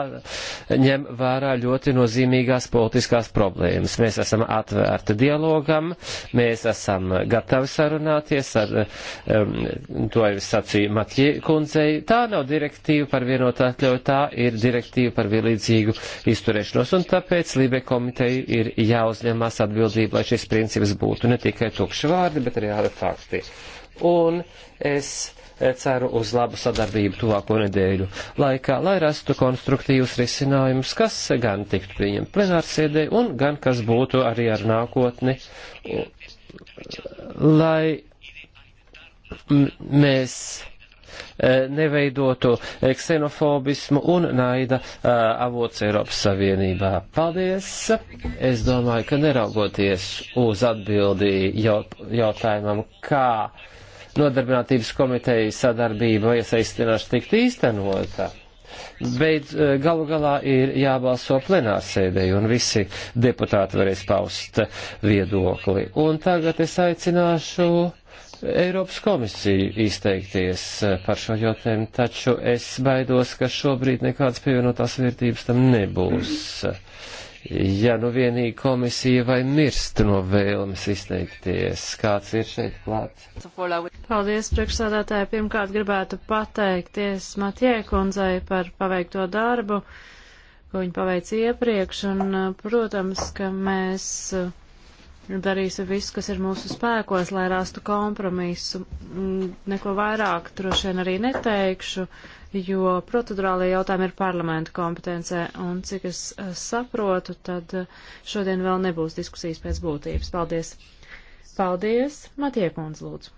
ņem vērā ļoti nozīmīgās politiskās problēmas. Mēs esam at atvērti dialogam, mēs esam gatavi sarunāties ar, um, to jau sacīju Matļie kundzei, tā nav direktīva par vienotā atļauju, tā ir direktīva par vienlīdzīgu izturēšanos, un tāpēc Lībe komiteju ir jāuzņemās atbildība, lai šis princips būtu ne tikai tukši vārdi, bet arī fakti. Un es ceru uz labu sadarbību tuvāko nedēļu laikā, lai rastu konstruktīvus risinājumus, kas gan tiktu pieņemt plenārsēdē un gan kas būtu arī ar nākotni, lai mēs e, neveidotu ksenofobismu un naida e, avots Eiropas Savienībā. Paldies! Es domāju, ka neraugoties uz atbildi jautājumam, kā nodarbinātības komiteja sadarbība iesaistināšana tikt īstenota. Bet e, galu galā ir jābalso plenārsēdē, un visi deputāti varēs paust viedokli. Un tagad es aicināšu Eiropas komisiju izteikties e, par šo jautājumu, taču es baidos, ka šobrīd nekādas pievienotās vērtības tam nebūs. Mm ja nu vienīgi komisija vai mirst no vēlmes izteikties. Kāds ir šeit klāt? Paldies, priekšsādātāji. Pirmkārt gribētu pateikties Matie kundzei par paveikto darbu, ko viņa paveic iepriekš, un, protams, ka mēs uh, darīsim visu, kas ir mūsu spēkos, lai rastu kompromisu. Mm, neko vairāk droši vien arī neteikšu, jo procedurālie jautājumi ir parlamentu kompetencē, un cik es eh, saprotu, tad eh, šodien vēl nebūs diskusijas pēc būtības. Paldies! Paldies! Matiekons, lūdzu!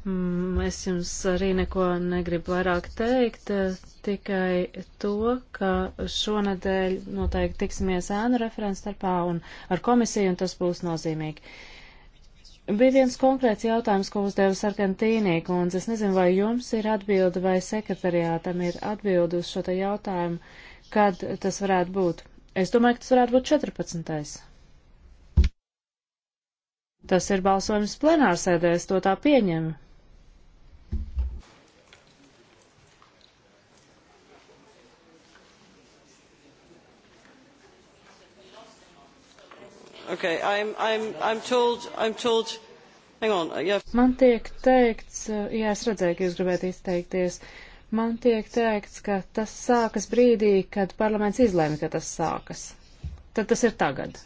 Mm, es jums arī neko negribu vairāk teikt, eh, tikai to, ka šonadēļ noteikti tiksimies ēnu referents starpā un ar komisiju, un tas būs nozīmīgi. Bija viens konkrēts jautājums, ko uzdeva Sarkantīnī kundze. Es nezinu, vai jums ir atbilde vai sekretariātam ir atbilde uz šo te jautājumu, kad tas varētu būt. Es domāju, ka tas varētu būt 14. Tas ir balsojums plenārsēdē, es to tā pieņemu. Okay, I'm, I'm, I'm told, I'm told, hang on, uh, yeah. Man tiek teikts, uh, jā, es redzēju, ka jūs gribētu izteikties. Man tiek teikts, ka tas sākas brīdī, kad parlaments izlēma, ka tas sākas. Tad tas ir tagad.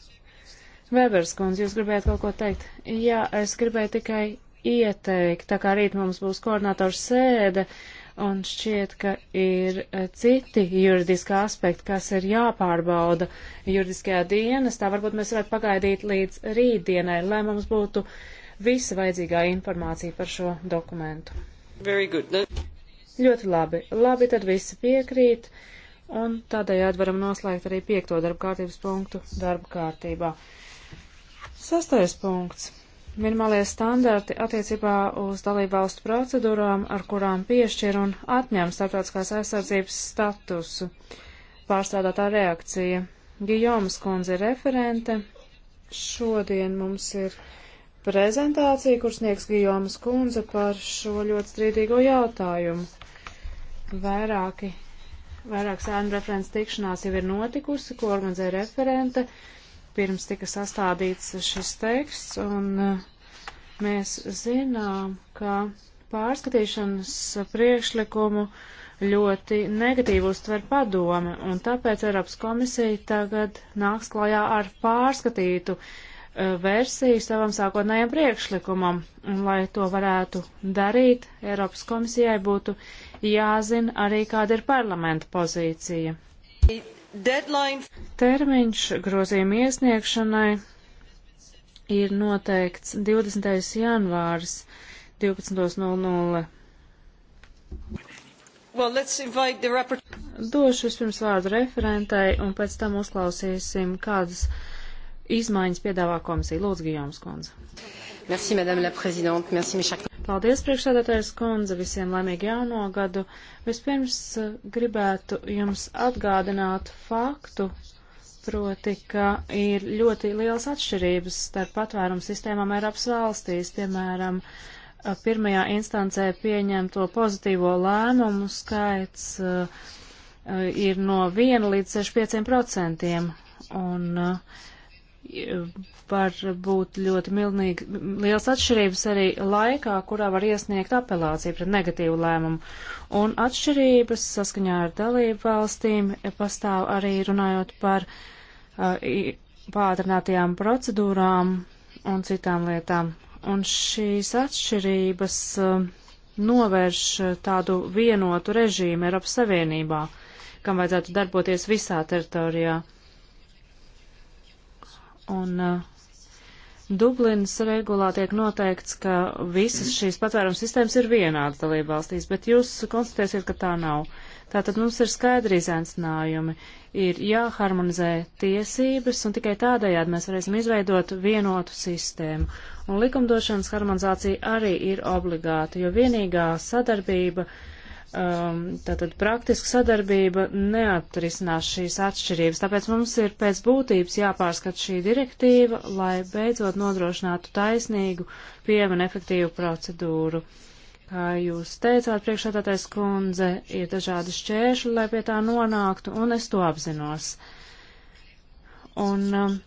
Vēbers kundze, jūs gribējāt kaut ko teikt? Jā, es gribēju tikai ieteikt, tā kā rīt mums būs koordinātors sēde, uh, un šķiet, ka ir e, citi juridiski aspekti, kas ir jāpārbauda juridiskajā dienestā. Varbūt mēs varētu pagaidīt līdz rītdienai, lai mums būtu visa vajadzīgā informācija par šo dokumentu. Ļoti labi. Labi, tad visi piekrīt. Un tādējādi varam noslēgt arī piekto darba kārtības punktu darba kārtībā. Sastais punkts minimālie standarti attiecībā uz dalībvalstu procedūrām, ar kurām piešķir un atņem starptautiskās aizsardzības statusu. Pārstrādātā reakcija. Gijomas kundze ir referente. Šodien mums ir prezentācija, kur sniegs Gijomas kundze par šo ļoti strīdīgo jautājumu. Vairāki, vairāk sēnu referents tikšanās jau ir notikusi, ko organizē referente. Uh, pirms tika sastādīts šis teksts, un eh, mēs zinām, ka pārskatīšanas priekšlikumu ļoti negatīvi uztver padome, un tāpēc Eiropas komisija tagad nāks klajā ar pārskatītu eh, versiju savam sākotnējam priekšlikumam, un lai to varētu darīt, Eiropas komisijai būtu jāzina arī, kāda ir parlamenta pozīcija. Deadline... Termiņš grozījuma iesniegšanai ir noteikts 20. janvāris 12.00. Well, the... Došu vispirms vārdu referentai un pēc tam uzklausīsim, kādas izmaiņas piedāvā komisija. Lūdzu, Gijoms Kundze. Merci, madame la présidente. Merci, mes chers Paldies, priekšsēdētājs kundze, visiem laimīgi jauno gadu. Vispirms eh, gribētu jums atgādināt faktu, proti, ka ir ļoti liels atšķirības starp patvērumu sistēmām Eiropas valstīs, piemēram, eh, pirmajā instancē pieņemto pozitīvo lēmumu skaits eh, ir no 1 līdz 65 procentiem. Un uh, var būt ļoti milnīgi, liels atšķirības arī laikā, kurā var iesniegt apelāciju pret negatīvu lēmumu. Un atšķirības saskaņā ar dalību valstīm pastāv arī runājot par uh, pātrinātajām procedūrām un citām lietām. Un šīs atšķirības uh, novērš tādu vienotu režīmu Eiropas Savienībā, kam vajadzētu darboties visā teritorijā. Uh, Un uh, Dublinas regulā tiek noteikts, ka visas šīs patvērums sistēmas ir vienādas dalība valstīs, bet jūs konstatēsiet, ka tā nav. Tātad mums ir skaidri izaicinājumi, ir jāharmonizē tiesības, un tikai tādējādi mēs varēsim izveidot vienotu sistēmu. Un likumdošanas harmonizācija arī ir obligāta, jo vienīgā sadarbība uh, um, tātad praktiska sadarbība neatrisinās šīs atšķirības. Tāpēc mums ir pēc būtības jāpārskat šī direktīva, lai beidzot nodrošinātu taisnīgu, pieejamu un efektīvu procedūru. Kā jūs teicāt, priekšādātais kundze, ir dažādi šķēršļi, lai pie tā nonāktu, un es to apzinos. Un um,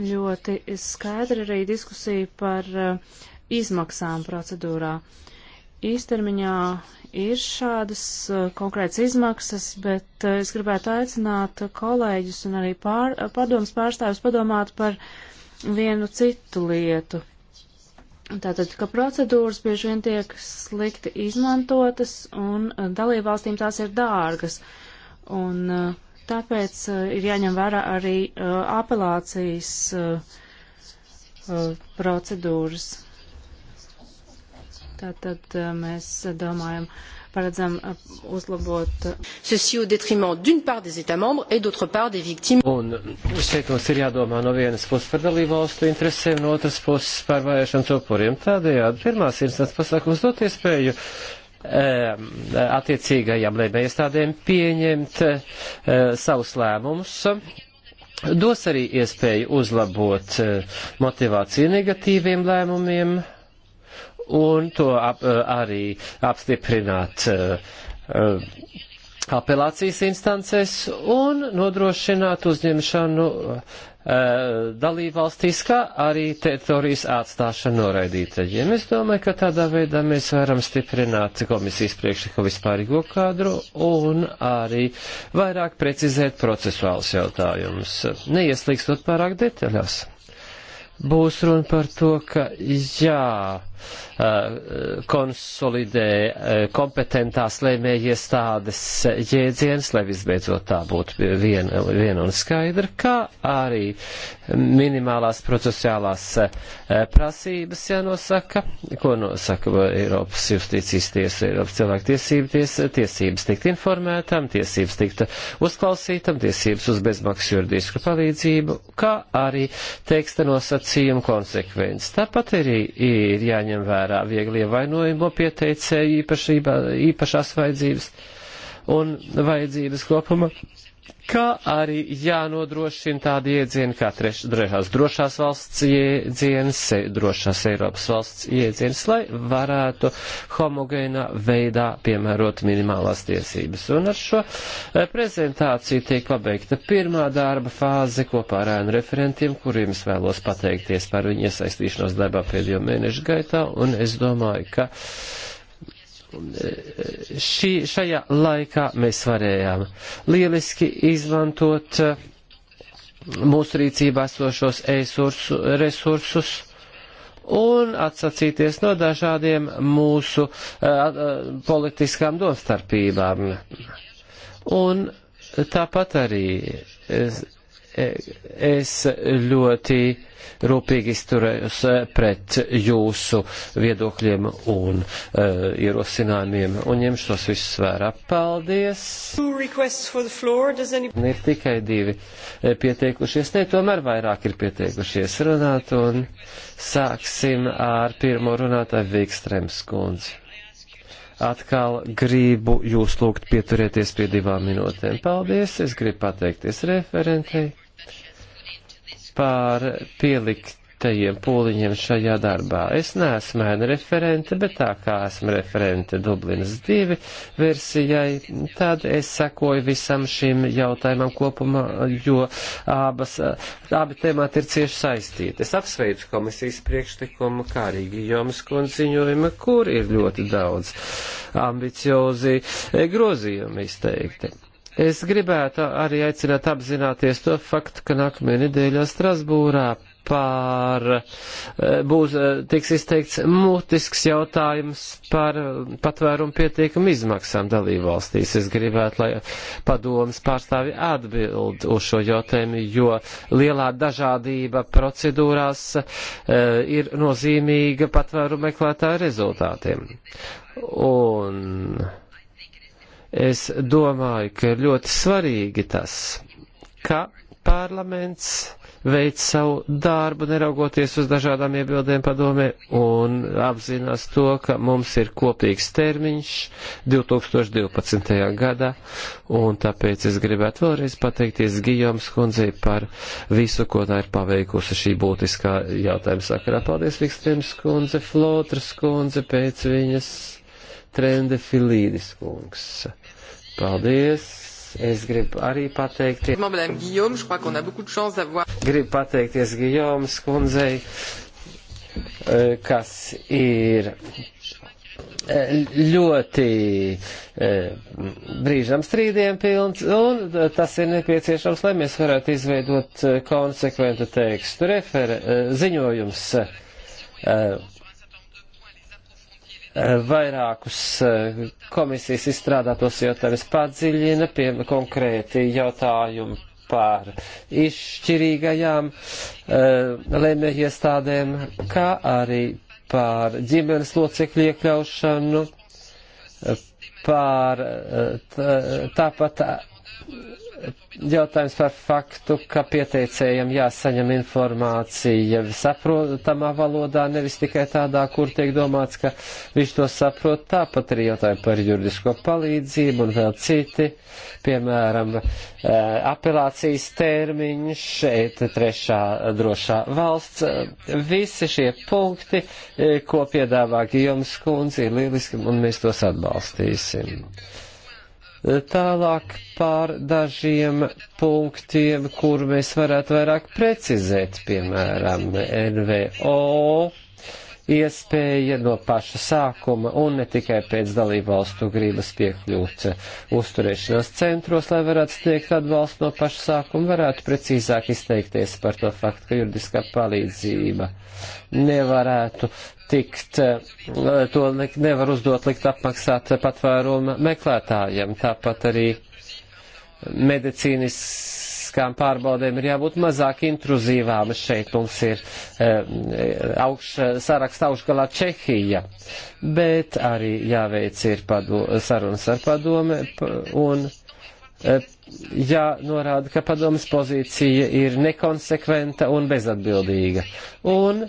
ļoti skaidri arī diskusija par uh, izmaksām procedūrā. Īstermiņā ir šādas uh, konkrētas izmaksas, bet uh, es gribētu aicināt kolēģus un arī pār, uh, padomas pārstāvis padomāt par vienu citu lietu. Tātad, ka procedūras bieži vien tiek slikti izmantotas un dalībvalstīm tās ir dārgas. Un tāpēc ir jāņem vērā arī apelācijas procedūras. Tātad eh, mēs domājam, paredzam eh, uzlabot. Eh, Ceci au détriment d'une part des États membres et d'autre part des victimes. Un šeit mums ir jādomā no vienas puses par dalību valstu interesēm, no otras puses par vajāšanas upuriem. Tādējādi pirmās instants pasākums dot iespēju attiecīgajām lēmējiestādēm pieņemt savus lēmumus dos arī iespēju uzlabot motivāciju negatīviem lēmumiem un to ap, eh, arī apstiprināt eh, eh, apelācijas instancēs un nodrošināt uzņemšanu dalībvalstīs, kā arī teritorijas atstāšanu noraidītajiem. Es domāju, ka tādā veidā mēs varam stiprināt komisijas priekšlikumu vispārīgo kadru un arī vairāk precizēt procesuālus jautājumus, neieslīgstot pārāk detaļās. Būs runa par to, ka jā, Uh, konsolidē uh, kompetentās lēmējiestādes jēdziens, lai visbeidzot tā būtu viena vien un skaidra, kā arī minimālās procesuālās uh, prasības jānosaka, ko nosaka Eiropas justīcijas tiesa, Eiropas cilvēktiesība tiesa, tiesības tikt informētam, tiesības tikt uzklausītam, tiesības uz bezmaksu juridisku palīdzību, kā arī teksta nosacījumu konsekvences. Tāpat arī ir jāņem jāņem vērā viegli ievainojamo pieteicēju īpašībā, īpašās vajadzības un vajadzības kopuma kā arī jānodrošina tādi iedzieni kā treš, drošās, drošās valsts iedzienas, drošās Eiropas valsts iedzienas, lai varētu homogēnā veidā piemērot minimālās tiesības. Un ar šo eh, prezentāciju tiek pabeigta pirmā darba fāze kopā ar ēnu referentiem, kuriem es vēlos pateikties par viņu iesaistīšanos darbā pēdējo mēnešu gaitā, un es domāju, ka E, e, šī, šajā laikā mēs varējām lieliski izmantot e, mūsu rīcībā esošos e-sursu, resursus un atsacīties no dažādiem mūsu uh, politiskām dostarpībām. Un tāpat arī es ļoti rūpīgi izturējos eh, pret jūsu viedokļiem un uh, ierosinājumiem un ņemšu tos visus vērā. Paldies! Any... Ir tikai divi eh, pieteikušies, ne, tomēr vairāk ir pieteikušies runāt un sāksim ar pirmo runātāju Vīkstrēms kundzi. Atkal gribu jūs lūgt pieturēties pie divām minūtēm. Paldies, es gribu pateikties referentei par pieliktajiem pūliņiem šajā darbā. Es neesmu ēna referente, bet tā kā esmu referente Dublinas 2 versijai, tad es sekoju visam šim jautājumam kopumā, jo abas, abi temāti ir cieši saistīti. Es apsveicu komisijas priekšlikumu, kā arī Gijomas kundziņojuma, kur ir ļoti daudz ambiciozi grozījumi izteikti Es gribētu arī aicināt apzināties to faktu, ka nākamajā nedēļā Strasbūrā par, eh, būs, eh, tiks izteikts mutisks jautājums par eh, patvērumu pietiekumu izmaksām dalībvalstīs. Es gribētu, lai padomas pārstāvi atbild uz šo jautājumu, jo lielā dažādība procedūrās e, ir nozīmīga patvērumu meklētāju rezultātiem. Un Es domāju, ka ir ļoti svarīgi tas, ka parlaments veic savu darbu, neraugoties uz dažādām iebildēm padomē, un apzinās to, ka mums ir kopīgs termiņš 2012. gadā, un tāpēc es gribētu vēlreiz pateikties Gijoms kundzei par visu, ko tā ir paveikusi šī būtiskā jautājuma sakarā. Paldies, Vikstrēms kundze, Flotras kundze, pēc viņas Trende Filīdis kungs. Paldies! Es gribu arī pateikties. Gribu pateikties Gijomas kundzei, e, kas ir e, ļoti e, brīžam strīdiem pilns, un tas ir nepieciešams, lai mēs varētu izveidot konsekventu tekstu refer, ziņojums Eh, vairākus eh, komisijas izstrādātos jautājumus padziļina, pie konkrēti jautājumu par izšķirīgajām eh, lēmēju iestādēm, kā arī par ģimenes locekļu iekļaušanu, par tāpat jautājums par faktu, ka pieteicējiem jāsaņem informācija saprotamā valodā, nevis tikai tādā, kur tiek domāts, ka viņš to saprot. Tāpat arī jautājumi par juridisko palīdzību un vēl citi, piemēram, eh, apelācijas termiņš, šeit trešā drošā valsts. Visi šie punkti, eh, ko piedāvā Gijoms Kunz, ir lieliski un mēs tos atbalstīsim. Tālāk pār dažiem punktiem, kur mēs varētu vairāk precizēt, piemēram, NVO iespēja no paša sākuma un ne tikai pēc dalībvalstu gribas piekļūt uzturēšanās centros, lai varētu sniegt atbalstu no paša sākuma, varētu precīzāk izteikties par to faktu, ka juridiskā palīdzība nevarētu tikt, eh, to nevar uzdot likt apmaksāt patvēruma meklētājiem. Tāpat arī medicīniskām pārbaudēm ir jābūt mazāk intruzīvām. Šeit mums ir eh, augš, saraksta augšgalā Čehija, bet arī jāveic ir padu, sarunas ar padome un eh, jānorāda, ka padomas pozīcija ir nekonsekventa un bezatbildīga. Un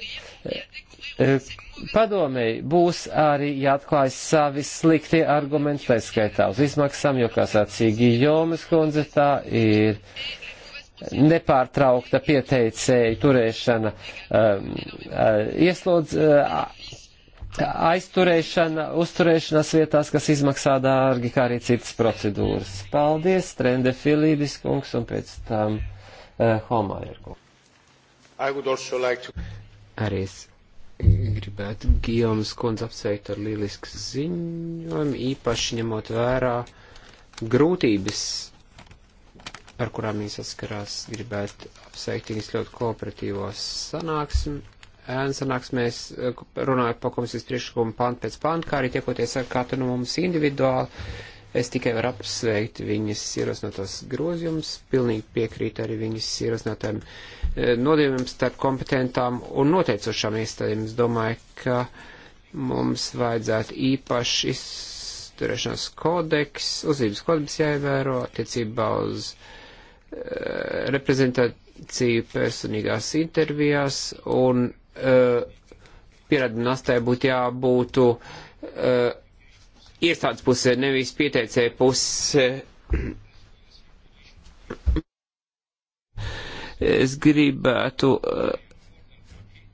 padomēji būs arī jāatklāj savi sliktie argumenti, tā skaitā uz izmaksām, jo, kā sacīja Gijomas kundze, tā ir nepārtraukta pieteicēja turēšana, um, uh, ieslodz, uh, aizturēšana, uzturēšanās vietās, kas maksā dārgi, kā arī citas procedūras. Paldies, Trende Filīdis kungs, un pēc tam uh, Homajer kungs. Like to... Arī es Gribētu Gijomas kundze apsveikt ar lielisku ziņojumu, īpaši ņemot vērā grūtības, ar kurām viņi saskarās. Gribētu apsveikt viņus ļoti kooperatīvos sanāksmi. Sanāksmēs eh, runāju pa komisijas priekšlikumu pānt pēc pānt, kā arī tiekoties ar katru no mums individuāli Es tikai varu apsveikt viņas ierosinātos grozījumus, pilnīgi piekrīt arī viņas ierosinātājiem e, nodījumiem starp kompetentām un noteicošām iestādēm. Es domāju, ka mums vajadzētu īpaši izturēšanās kodeks, uzības kodeks jāievēro attiecībā uz uh, reprezentāciju personīgās intervijās un uh, e, pierādījuma nastē būtu jābūt uh, iestādes pusē, nevis pieteicēja pusē. Es gribētu uh,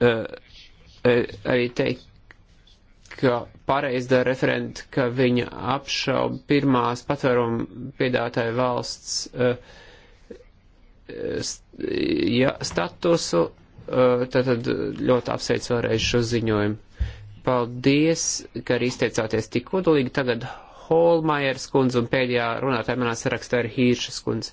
uh, arī teikt, ka pareizi dara referenti, ka viņa apšauba pirmās patvērumu piedātāju valsts uh, st, ja, statusu, uh, tad ļoti apsveic vēlreiz šo ziņojumu. Paldies, ka arī izteicāties tik kodolīgi. Tagad Holmajers kundze un pēdējā runātāja manā sarakstā ir Hīršas kundze.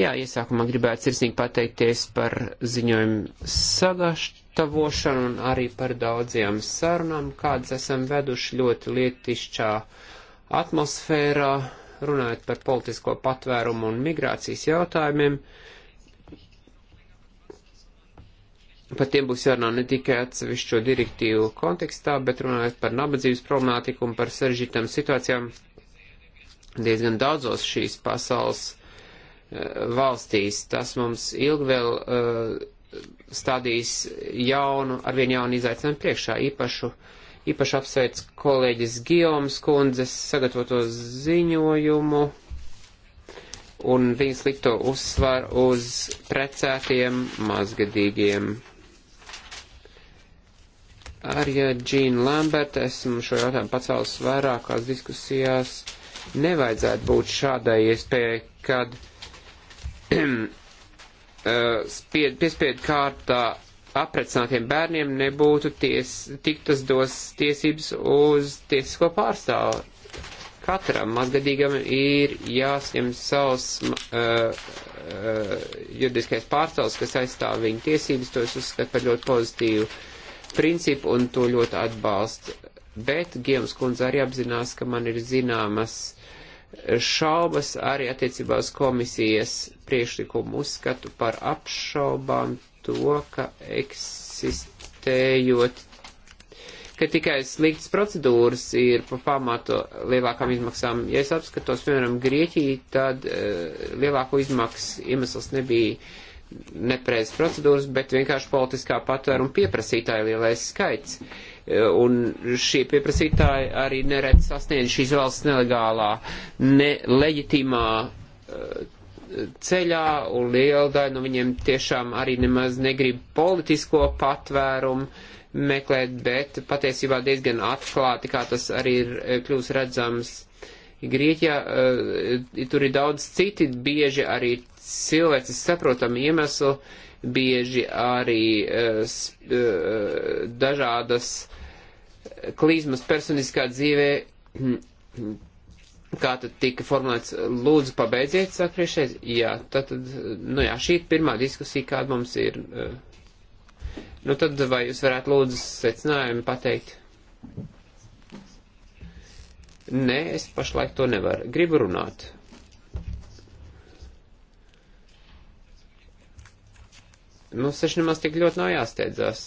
Jā, iesākumā gribētu sirsnīgi pateikties par ziņojumu sagaštavošanu un arī par daudzajām sarunām, kādas esam veduši ļoti lietišķā atmosfērā, runājot par politisko patvērumu un migrācijas jautājumiem. Uh, Par tiem būs jārunā ne tikai atsevišķo direktīvu kontekstā, bet runājot par nabadzības problemātiku un par sarežģītām situācijām diezgan daudzos šīs pasaules eh, valstīs. Tas mums ilgi vēl eh, stādīs jaunu, arvien jaunu izaicinājumu priekšā. Īpašu, īpaši apsveic kolēģis Gijoms kundzes sagatavoto ziņojumu un viņas likto uzsvaru uz precētiem mazgadīgiem Arī ar Džīnu Lambertu esmu šo jautājumu pacēlis vairākās diskusijās. Nevajadzētu būt šādai iespējai, kad eh, spied, piespiedu kārtā aprecinātiem bērniem nebūtu ties, tiktas dos tiesības uz tiesisko pārstāvu. Katram mazgadīgam ir jāsņem savs uh, uh, juridiskais pārstāvs, kas aizstāv viņa tiesības, to es uzskatu par ļoti pozitīvu uh, principu un to ļoti atbalstu. Bet Giems kundze arī apzinās, ka man ir zināmas šaubas arī attiecībā uz komisijas priekšlikumu uzskatu par apšaubām to, ka eksistējot ka tikai sliktas procedūras ir pa pamatu lielākām izmaksām. Ja es apskatos, piemēram, Grieķiju, tad uh, lielāko izmaksu iemesls nebija uh, nepareizas procedūras, bet vienkārši politiskā patvēruma pieprasītāja lielais skaits. E, un šie pieprasītāji arī neredz sasniedz šīs valsts nelegālā, neleģitīmā e, ceļā, un liela daļa no viņiem tiešām arī nemaz negrib politisko patvērumu meklēt, bet patiesībā diezgan atklāti, kā tas arī ir e, kļūst redzams Grieķijā, tur ir daudz citi, bieži arī cilvēki saprotam iemeslu bieži arī uh, uh, dažādas klīzmas personiskā dzīvē, kā tad tika formulēts, lūdzu pabeidziet, saka priekšējais, jā, tad, nu jā, šī ir pirmā diskusija, kāda mums ir. E. Nu tad vai jūs varētu lūdzu secinājumu pateikt? Nē, es pašlaik to nevaru. Gribu runāt. Mums taču nu, nemaz tik ļoti nav jāsteidzās.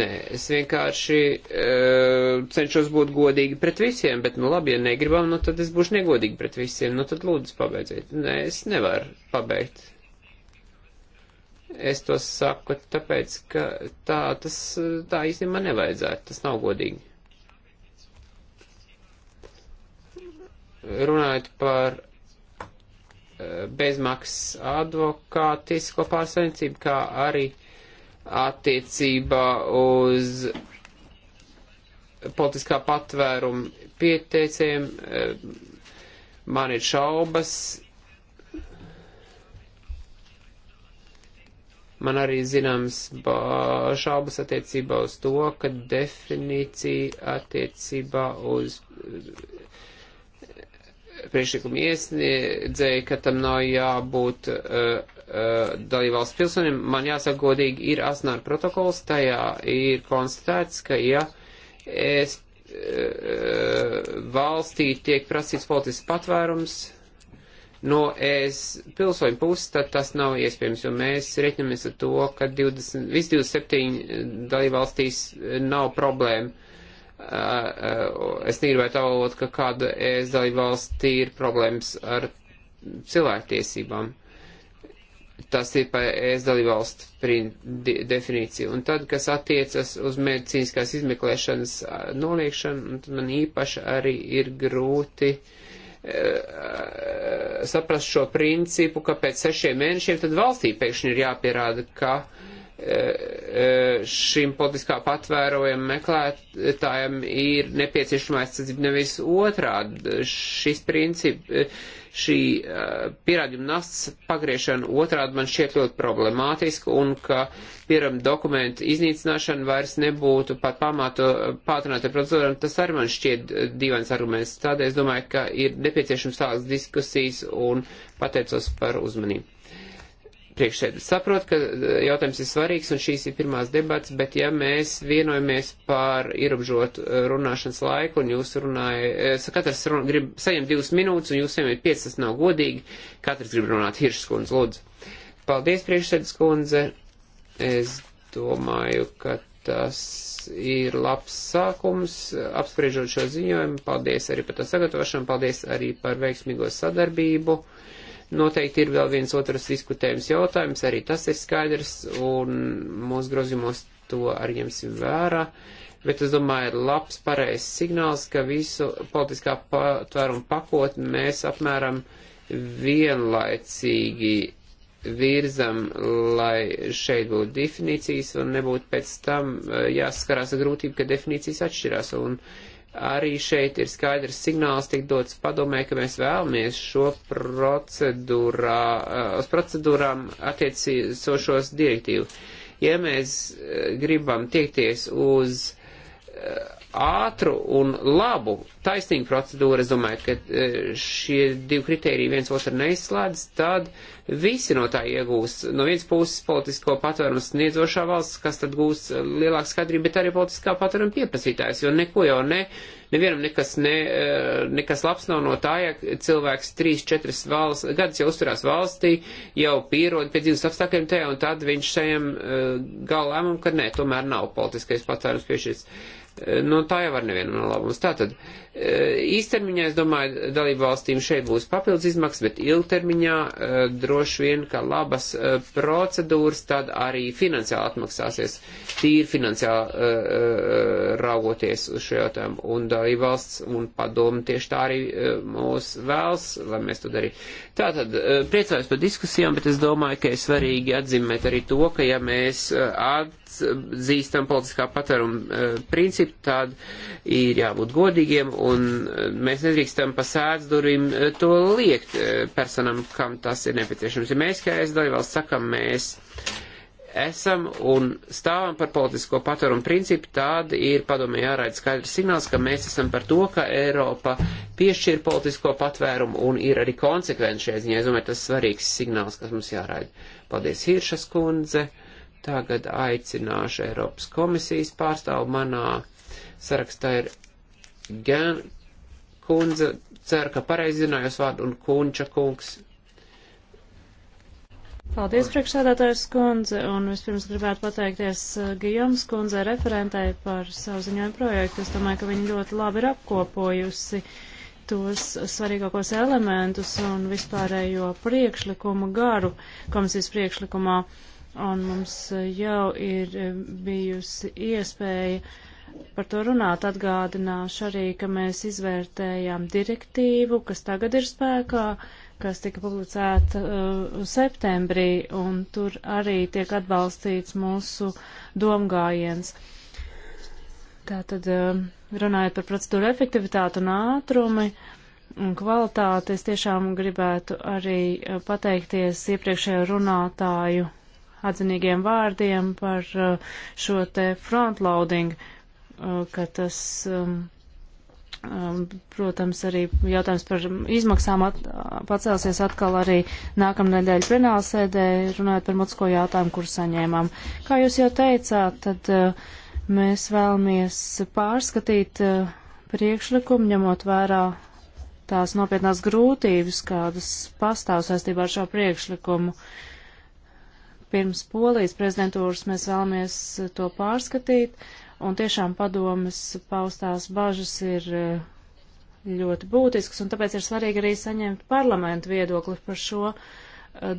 Nē, es vienkārši uh, cenšos būt godīgi pret visiem, bet, nu labi, ja negribam, nu tad es būšu negodīgi pret visiem, nu tad lūdzu pabeidziet. Nē, es nevaru pabeigt. Es to saku tāpēc, ka tā tas tā īstenībā nevajadzētu, tas nav godīgi. Runājot par bezmaksas advokātisko pārstāvniecību, kā arī attiecībā uz politiskā patvēruma pieteicējiem. Eh, man ir šaubas. Man arī zināms šaubas attiecībā uz to, ka definīcija attiecībā uz priekšlikumu iesniedzēja, ka tam nav jābūt uh, uh, dalībvalsts pilsonim. Man jāsaka godīgi, ir asnāra protokols, tajā ir konstatēts, ka ja es uh, valstī tiek prasīts politisks patvērums no es pilsoņu puses, tad tas nav iespējams, jo mēs rēķinamies ar to, ka 20, vis 27 dalībvalstīs nav problēma Eh, eh, es tīri vai tālot, ka kāda ES dalība valsts ir problēmas ar cilvēktiesībām. Tas ir par ES dalību valstu definīciju. Un tad, kas attiecas uz medicīniskās izmeklēšanas eh, noliekšanu, man īpaši arī ir grūti uh, saprast šo principu, ka pēc sešiem mēnešiem tad valstī pēkšņi ir jāpierāda, ka uh, šim politiskā patvērojuma meklētājiem ir nepieciešama aizsardzība nevis otrādi. Šis princip, šī eh, pirāģuma nasts pagriešana otrādi man šķiet ļoti problemātiska un ka pirāma dokumentu iznīcināšana vairs nebūtu pat pamātu pātrinātai procedūram, tas arī man šķiet divans arguments. Tādēļ es domāju, ka ir nepieciešams tādas diskusijas un pateicos par uzmanību priekšsēdus. Saprot, ka eh, jautājums ir svarīgs un šīs ir pirmās debats, bet ja mēs vienojamies par ierobežot eh, runāšanas laiku un jūs runājat, eh, katrs runa, grib saņemt divas minūtes un jūs saņemat piecas, tas nav godīgi, katrs grib runāt Hiršskundze, lūdzu. Paldies, priekšsēdus kundze. Es domāju, ka tas ir labs sākums, apspriežot šo ziņojumu. Paldies arī par to sagatavošanu, paldies arī par veiksmīgo sadarbību. Noteikti ir vēl viens otrs diskutējums jautājums, arī tas ir skaidrs, un mūsu grozījumos to arī ņemsim vērā. Bet es domāju, ir labs pareizs signāls, ka visu politiskā patvērumu pakotni mēs apmēram vienlaicīgi virzam, lai šeit būtu definīcijas un nebūtu pēc tam eh, jāskarās ar grūtību, ka definīcijas atšķirās. Un Arī šeit ir skaidrs signāls tik dots padomē, ka mēs vēlamies šo procedūrā, eh, uz procedūrām attiecīsošos direktīvu. Ja mēs eh, gribam tiekties uz eh, ātru un labu taisnīgu procedūru, es domāju, ka e, šie divi kriteriji viens otru neizslēdz, tad visi no tā iegūs. No vienas puses politisko patvērumu sniedzošā valsts, kas tad gūs e, lielāku skatrību, bet arī politiskā patvērumu pieprasītājs, jo neko jau ne, nevienam nekas, ne, e, nekas labs nav no tā, ja cilvēks 3-4 valsts, gadus jau uzturās valstī, jau pierod pie dzīves apstākļiem tajā, un tad viņš saņem galu lēmumu, ka nē, tomēr nav politiskais patvērums piešķirts. Nu, tā jau var nevienam no labums. Tātad, e, īstermiņā, es domāju, dalību valstīm šeit būs papildus izmaksas, bet ilgtermiņā e, droši vien, ka labas e, procedūras tad arī finansiāli atmaksāsies, tīri finansiāli raugoties uz šo jautājumu. Un dalību valsts un padomu tieši tā arī mūs vēlas, lai mēs to darītu. Tātad, priecājos par diskusijām, bet es domāju, ka ir svarīgi atzīmēt arī to, ka ja mēs at atzīstam politiskā patvēruma eh, principu, tad ir jābūt godīgiem, un eh, mēs nedrīkstam pa sēdz durvīm eh, to liekt personam, kam tas ir nepieciešams. Ja mēs, kā es dalībvalsts, sakam, mēs esam un stāvam par politisko patvērumu principu, tad ir padomē jāraida skaidrs signāls, ka mēs esam par to, ka Eiropa piešķir politisko patvērumu un ir arī konsekvenci šajā ziņā. Es domāju, tas svarīgs signāls, kas mums jāraida. Paldies, Hiršas kundze. Tagad aicināšu Eiropas komisijas pārstāvu manā sarakstā ir Gan kundze, ceru, ka pareizi zinājos vārdu, un Kunča kungs. Paldies, priekšsēdētājs kundze, un vispirms gribētu pateikties uh, Gijoms kundze referentai par savu ziņojumu projektu. Es domāju, ka viņa ļoti labi ir apkopojusi tos svarīgākos elementus un vispārējo priekšlikumu garu komisijas priekšlikumā. Uh, un mums jau ir bijusi iespēja par to runāt. Atgādināšu arī, ka mēs izvērtējām direktīvu, kas tagad ir spēkā, kas tika publicēta uh, septembrī, un tur arī tiek atbalstīts mūsu domgājiens. Tātad, uh, runājot par procedūru efektivitātu un ātrumi, uh, un kvalitāti. Es tiešām gribētu arī uh, pateikties iepriekšējo runātāju atzinīgiem vārdiem par uh, šo te frontloading, uh, ka tas, um, um, protams, arī jautājums par izmaksām at, pacelsies atkal arī nākamnedēļ plenālsēdē, runājot par mutisko jautājumu, kur saņēmām. Kā jūs jau teicāt, tad uh, mēs vēlamies pārskatīt priekšlikumu, ņemot vērā tās nopietnās grūtības, kādas pastāv saistībā ar šo priekšlikumu. Uh, Pirms polijas prezidentūras mēs vēlamies eh, to pārskatīt, un tiešām padomas paustās bažas ir eh, ļoti būtisks, un tāpēc ir svarīgi arī saņemt parlamentu viedokli par šo eh,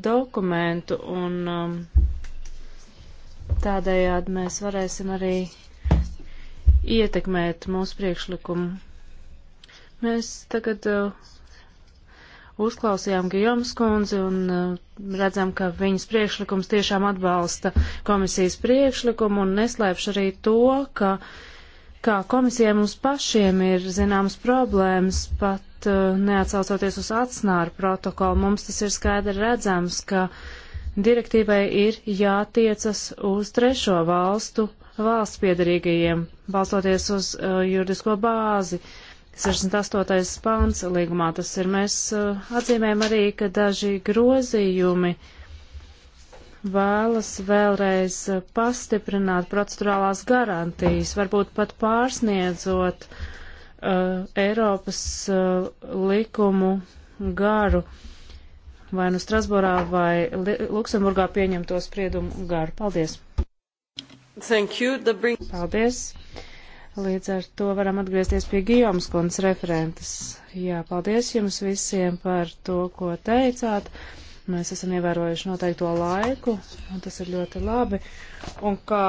dokumentu, un um, tādējādi mēs varēsim arī ietekmēt mūsu priekšlikumu. Mēs tagad uh, uzklausījām Gijomas kundzi un uh, redzam, ka viņas priekšlikums tiešām atbalsta komisijas priekšlikumu un neslēpšu arī to, ka kā komisijai mums pašiem ir zināmas problēmas, pat uh, neatsaucoties uz atsnāru protokolu, mums tas ir skaidri redzams, ka direktīvai ir jātiecas uz trešo valstu valsts piedarīgajiem, balstoties uz uh, juridisko bāzi. Uh, 68. pāns līgumā tas ir. Mēs eh, atzīmējam arī, ka daži grozījumi vēlas vēlreiz eh, pastiprināt procedurālās garantijas, varbūt pat pārsniedzot uh, Eiropas uh, likumu garu vai nu Strasborā vai Luksemburgā pieņemto spriedumu garu. Paldies! Thank you, bring... Paldies! Līdz ar to varam atgriezties pie Gijomas kundas referentes. Jā, paldies jums visiem par to, ko teicāt. Mēs esam ievērojuši noteikto laiku, un tas ir ļoti labi. Un kā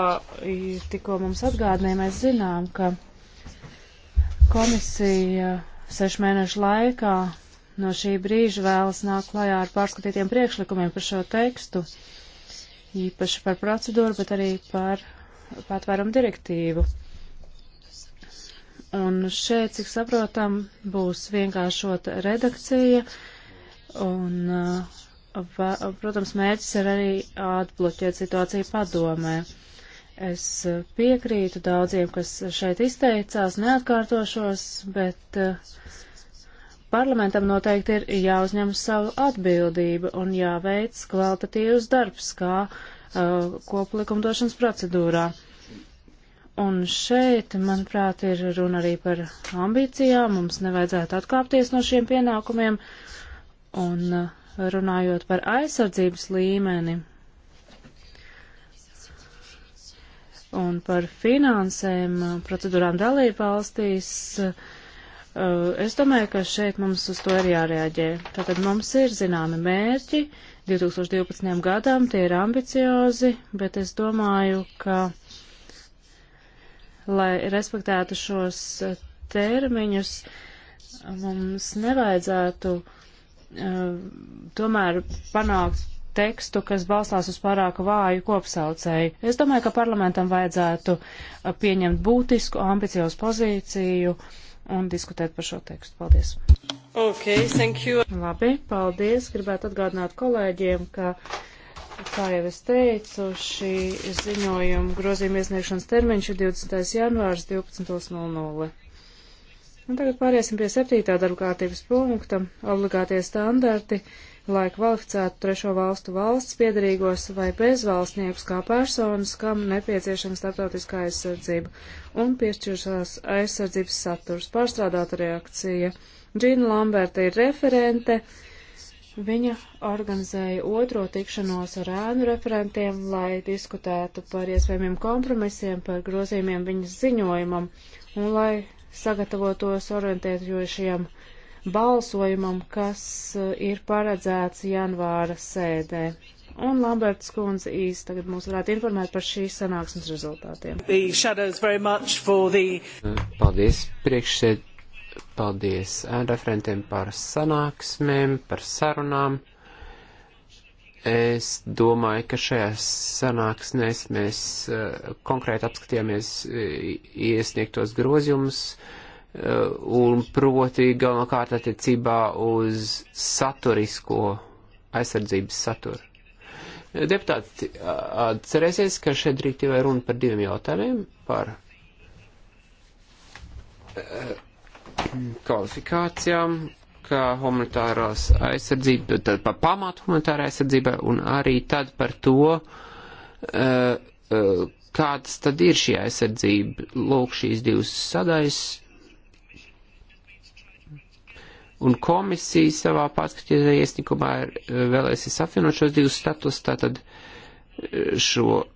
tikko mums atgādināja, mēs zinām, ka komisija sešu mēnešu laikā no šī brīža vēlas nākt klajā ar pārskatītiem priekšlikumiem par šo tekstu, īpaši par procedūru, bet arī par patvērumu direktīvu. Un šeit, cik saprotam, būs vienkāršota redakcija. Un, uh, va, protams, mērķis ir arī atbloķēt situāciju padomē. Es uh, piekrītu daudziem, kas šeit izteicās, neatkārtošos, bet uh, parlamentam noteikti ir jāuzņem savu atbildību un jāveic kvalitatīvs darbs, kā uh, koplikumdošanas procedūrā. Uh, Un šeit, manuprāt, ir runa arī par ambīcijām. Mums nevajadzētu atkāpties no šiem pienākumiem. Un uh, runājot par aizsardzības līmeni un par finansēm uh, procedūrām dalību valstīs, uh, es domāju, ka šeit mums uz to ir jārēģē. Tātad mums ir zināmi mērķi 2012. gadam, tie ir ambiciozi, bet es domāju, ka lai respektētu šos eh, termiņus, mums nevajadzētu uh, tomēr panākt tekstu, kas balstās uz pārāk vāju kopsaucēju. Es domāju, ka parlamentam vajadzētu eh, pieņemt būtisku, ambiciozu pozīciju un diskutēt par šo tekstu. Paldies! Okay, thank you. Labi, paldies. Gribētu atgādināt kolēģiem, ka Kā jau es teicu, šī ziņojuma grozījuma iesniegšanas termiņš ir 20. janvārs 12.00. Un tagad pāriesim pie 7. darba kārtības punkta - obligātie standarti, lai kvalificētu trešo valstu valsts piedarīgos vai bezvalstniekus kā personas, kam nepieciešama starptautiskā aizsardzība un piešķiršās aizsardzības saturs, pārstrādāta reakcija. Džina Lamberta ir referente. Uh, Viņa organizēja otro tikšanos ar ēnu referentiem, lai diskutētu par iespējamiem kompromisiem, par grozījumiem viņas ziņojumam un lai sagatavotos orientētojošiem balsojumam, kas eh, ir paredzēts janvāra sēdē. Un Lamberts kundze īsti tagad mūs varētu informēt par šīs sanāksmes rezultātiem. The... Paldies, priekšsēd Paldies referentiem par sanāksmēm, par sarunām. Es domāju, ka šajās sanāksmēs mēs eh, konkrēti apskatījāmies eh, iesniegtos grozījumus eh, un proti galvenokārt attiecībā uz saturisko aizsardzības saturu. Deputāti, atcerēsies, ka šeit direktīvai runa par diviem jautājumiem - par kvalifikācijām, kā humanitārās aizsardzība, tad par pamatu humanitārai aizsardzībai un arī tad par to, eh, eh, kāds tad ir šī aizsardzība. Lūk, šīs divas sadaļas. Un komisija savā pārskatītajā iesnikumā ir eh, vēlēsies apvienot šos divus status, tātad šo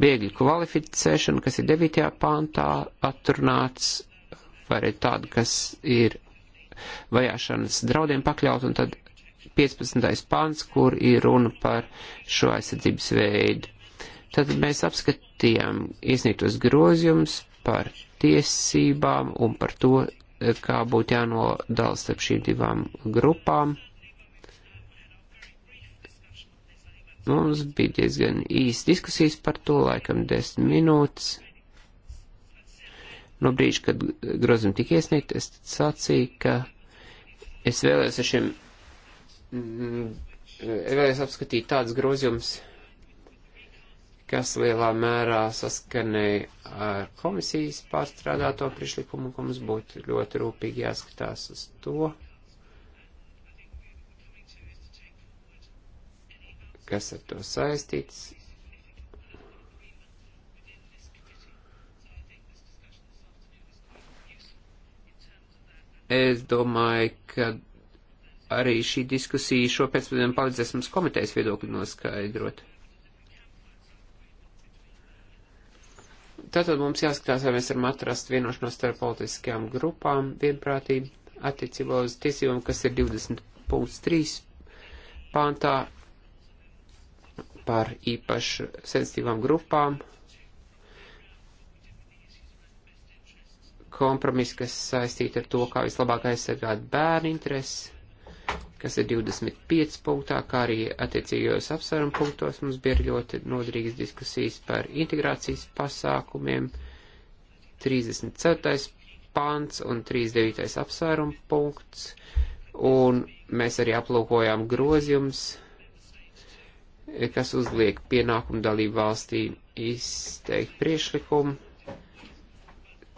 bēgļu kvalificēšanu, kas ir 9. pāntā atrunāts vai arī tādu, kas ir vajāšanas draudiem pakļaut, un tad 15. pants, kur ir runa par šo aizsardzības veidu. Tad mēs apskatījām iesniegtos grozījumus par tiesībām un par to, kā būtu jānodala starp šīm divām grupām. Mums bija diezgan īsta diskusijas par to, laikam desmit minūtes no brīža, kad grozījumi tika iesniegt, es sacīju, ka es vēlējos ar šiem, mm, vēlējos apskatīt tāds grozījums, kas lielā mērā saskanēja ar komisijas pārstrādāto prišlikumu, ka mums būtu ļoti rūpīgi jāskatās uz to, kas ar to saistīts, Es domāju, ka arī šī diskusija šo pēcpusdienu palīdzēs mums komitejas viedokļu noskaidrot. Tātad mums jāskatās, vai mēs varam atrast vienošanos starp politiskajām grupām vienprātību attiecībā uz tiesībām, kas ir 20.3 pāntā par īpaši sensitīvām grupām, kompromiss, kas saistīta ar to, kā vislabāk aizsargāt bērnu intereses, kas ir 25 punktā, kā arī attiecīgajos apsvērumu punktos mums bija ļoti noderīgas diskusijas par integrācijas pasākumiem, 34. pants un 39. apsvērumu punkts, un mēs arī aplūkojām grozījums, kas uzliek pienākumu dalību valstī izteikt priešlikumu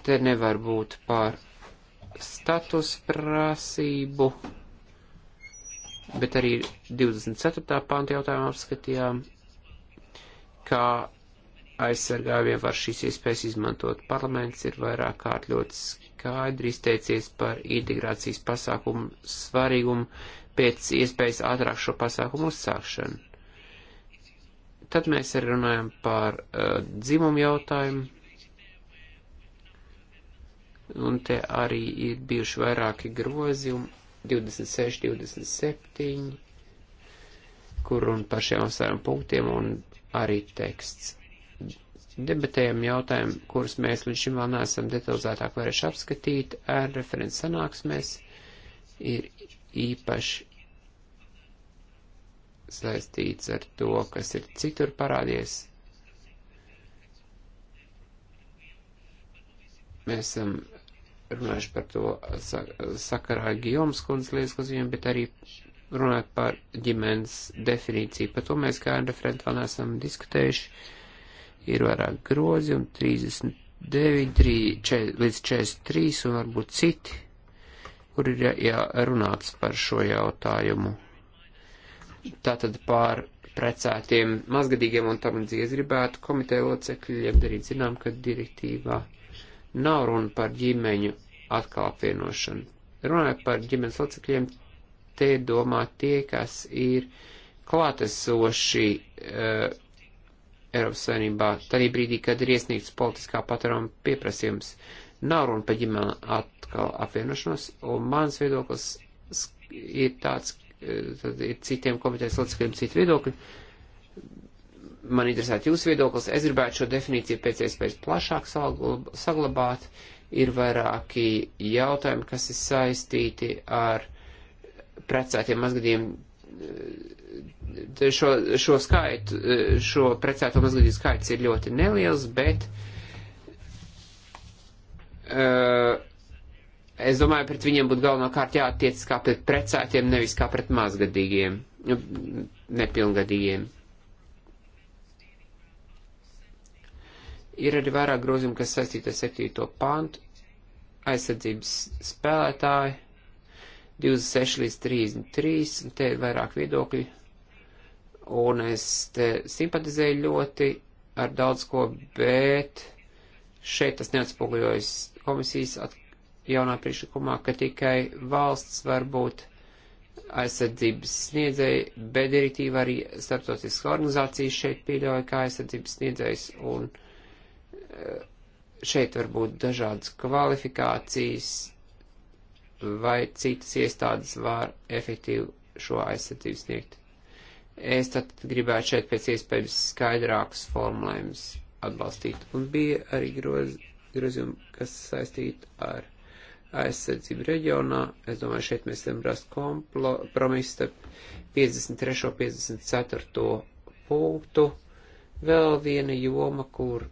te nevar būt par status prasību, bet arī 24. pānta jautājumu apskatījām, kā aizsargā vienvar šīs iespējas izmantot. Parlaments ir vairāk kārt ļoti skaidri izteicies par integrācijas pasākumu svarīgumu pēc iespējas ātrāk šo pasākumu uzsākšanu. Tad mēs arī runājam par uh, dzimumu jautājumu un te arī ir bijuši vairāki grozījumi, 26, 27, kur un par šiem saviem punktiem un arī teksts. Debatējam jautājumu, kurus mēs līdz šim vēl neesam detalizētāk varējuši apskatīt, ar referents sanāksmēs ir īpaši saistīts ar to, kas ir citur parādies. Mēs esam runājuši par to sakarā Gijomas kundzes lietas grozījumiem, bet arī runājot par ģimenes definīciju. Par to mēs kā referenti vēl neesam diskutējuši. Ir vairāk grozījumi, 39, 3, 4, līdz 43 un varbūt citi, kur ir jārunāts par šo jautājumu. Tātad pār precētiem mazgadīgiem un tam dzīves gribētu komiteja locekļiem darīt zinām, ka direktīvā nav runa par ģimeņu atkal apvienošanu. Runājot par ģimenes locekļiem, te domā tie, kas ir klātesoši uh, Eiropas Savienībā, tad brīdī, kad ir iesniegts politiskā patvēruma pieprasījums. Nav runa par ģimeni atkal apvienošanos, un mans viedoklis ir tāds, eh, tad ir citiem komitejas locekļiem citi viedokļi. Man interesētu jūsu viedoklis. Es gribētu šo definīciju pēc iespējas plašāk saglabāt, ir vairāki jautājumi, kas ir saistīti ar precētiem mazgadiem. Eh, šo, šo skaitu, eh, šo precēto mazgadīju skaits ir ļoti neliels, bet uh, es domāju, pret viņiem būtu galvenokārt jātiec kā pret precētiem, nevis kā pret mazgadīgiem, nepilngadīgiem. Ir arī vairāk grozījumi, kas saistīti ar 7. pantu, aizsardzības spēlētāji, 26 līdz 33, un te ir vairāk viedokļi, un es te simpatizēju ļoti ar daudz ko, bet šeit tas neatspoguļojas komisijas jaunā priekšlikumā, ka tikai valsts var būt aizsardzības sniedzēji, bet direktīva arī starptautiskas organizācijas šeit pieļauja kā aizsardzības sniedzējs, un uh, Šeit var būt dažādas kvalifikācijas, vai citas iestādes var efektīvi šo aizsardzību sniegt. Es tad gribētu šeit pēc iespējas skaidrākus formulējumus atbalstīt. Un bija arī groz, grozījumi, kas saistīti ar aizsardzību reģionā. Es domāju, šeit mēs varam rast kompromisu starp 53. un 54. punktu. Vēl viena joma, kur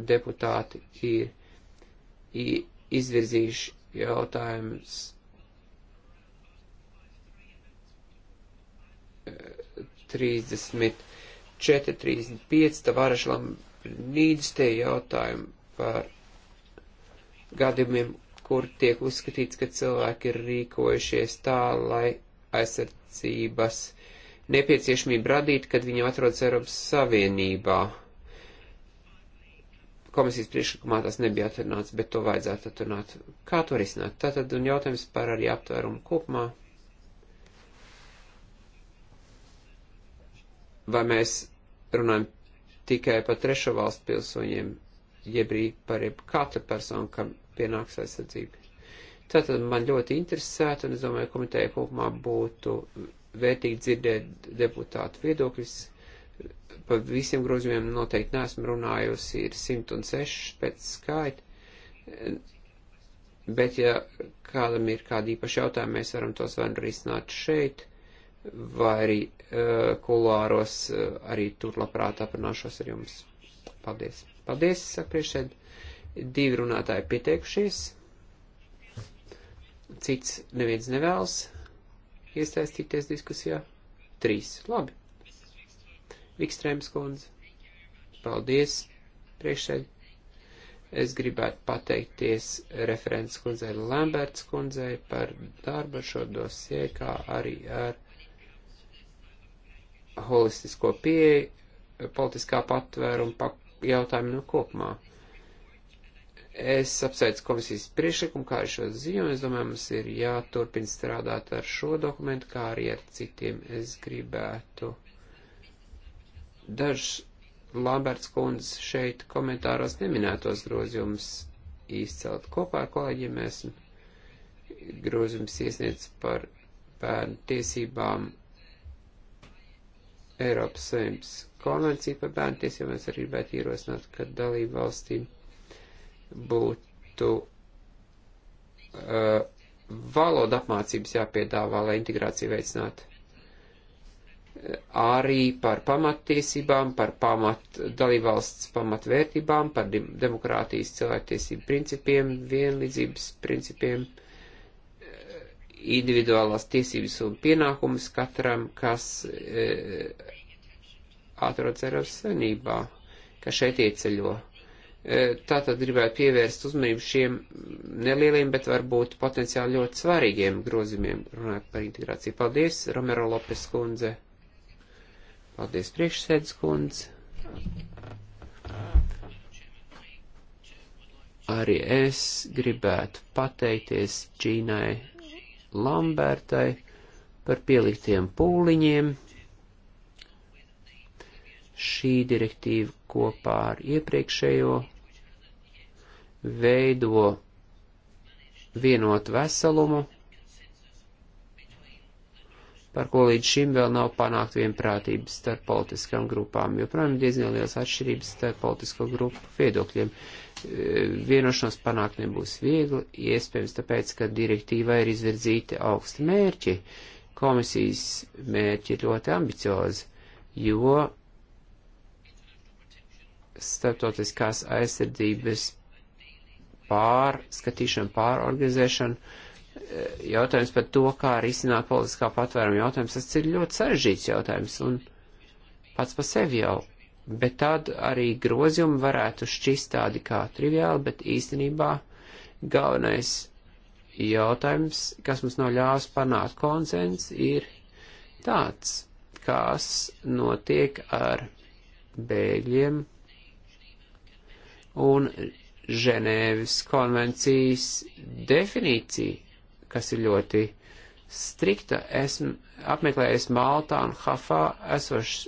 deputāti ir izvirzījuši jautājumus eh, trīsdesmit četri, trīsdesmit pieci, Tavarašlam nīdz te jautājumu par gadījumiem, kur tiek uzskatīts, ka cilvēki ir rīkojušies tā, lai aizsardzības nepieciešamību radīt, kad viņi atrodas Eiropas Savienībā. Komisijas priekšlikumā tas nebija atrunāts, bet to vajadzētu atrunāt. Kā to risināt? Tātad un jautājums par arī aptvērumu kopumā. Vai mēs runājam tikai par trešo valstu pilsoņiem, jeb arī par jeb katru personu, kam pienāks aizsardzība? Tātad man ļoti interesētu, un es domāju, komiteja kopumā būtu vērtīgi dzirdēt deputātu viedokļus pa visiem grozījumiem noteikti neesmu runājusi, ir 106 pēc skaita, bet ja kādam ir kādi īpaši jautājumi, mēs varam tos vai nu risināt šeit, vai arī uh, eh, kulāros, uh, eh, arī tur labprāt aprunāšos ar jums. Paldies. Paldies, saka priekšēd. Divi runātāji pieteikušies. Cits neviens nevēlas iesaistīties diskusijā. Trīs. Labi. Vikstrēms kundze. Paldies, priekšsēd. Es gribētu pateikties referents kundzei Lamberts kundzei par darbu šo dosie, kā arī ar holistisko pieeju, politiskā patvēruma pa jautājumu no kopumā. Es apsveicu komisijas priekšlikumu, kā arī šo ziņu. Es domāju, mums ir jāturpina strādāt ar šo dokumentu, kā arī ar citiem. Es gribētu dažs Lamberts kundzes šeit komentāros neminētos grozījumus izcelt. Kopā ar kolēģiem esmu grozījums iesniedz par bērnu tiesībām Eiropas Savienības konvenciju par bērnu tiesībām. Es arī gribētu ierosināt, ka dalību valstīm būtu uh, valoda apmācības jāpiedāvā, lai integrāciju veicinātu arī par pamattiesībām, par pamat dalībvalsts pamatvērtībām, par demokrātijas cilvēktiesību principiem, vienlīdzības principiem, individuālās tiesības un pienākumus katram, kas e, atrodas Eiropas Savienībā, kas šeit ieceļo. E, eh, Tātad gribētu pievērst uzmanību šiem nelieliem, bet varbūt potenciāli ļoti svarīgiem grozījumiem, runājot par integrāciju. Paldies, Romero Lopes kundze! Paldies, priekšsēdus kundze. Arī es gribētu pateikties Čīnai Lambertai par pieliktiem pūliņiem. Šī direktīva kopā ar iepriekšējo veido vienot veselumu, par ko līdz šim vēl nav panākt vienprātības starp politiskām grupām, jo, protams, diezgan liels atšķirības starp politisko grupu viedokļiem. E, vienošanos panākt nebūs viegli, iespējams tāpēc, ka direktīvā ir izvirzīti augsti mērķi. Komisijas mērķi ir ļoti ambiciozi, jo starptautiskās aizsardzības pārskatīšana, pārorganizēšana jautājums par to, kā risināt politiskā patvēruma jautājums, tas ir ļoti sarežģīts jautājums un pats pa sevi jau. Bet tad arī grozījumi varētu šķist tādi kā triviāli, bet īstenībā galvenais jautājums, kas mums nav ļāvis panākt konsens, ir tāds, kas notiek ar bēgļiem un Ženēvis konvencijas definīciju kas ir ļoti strikta. Esmu apmeklējis Maltā un Hafā esošas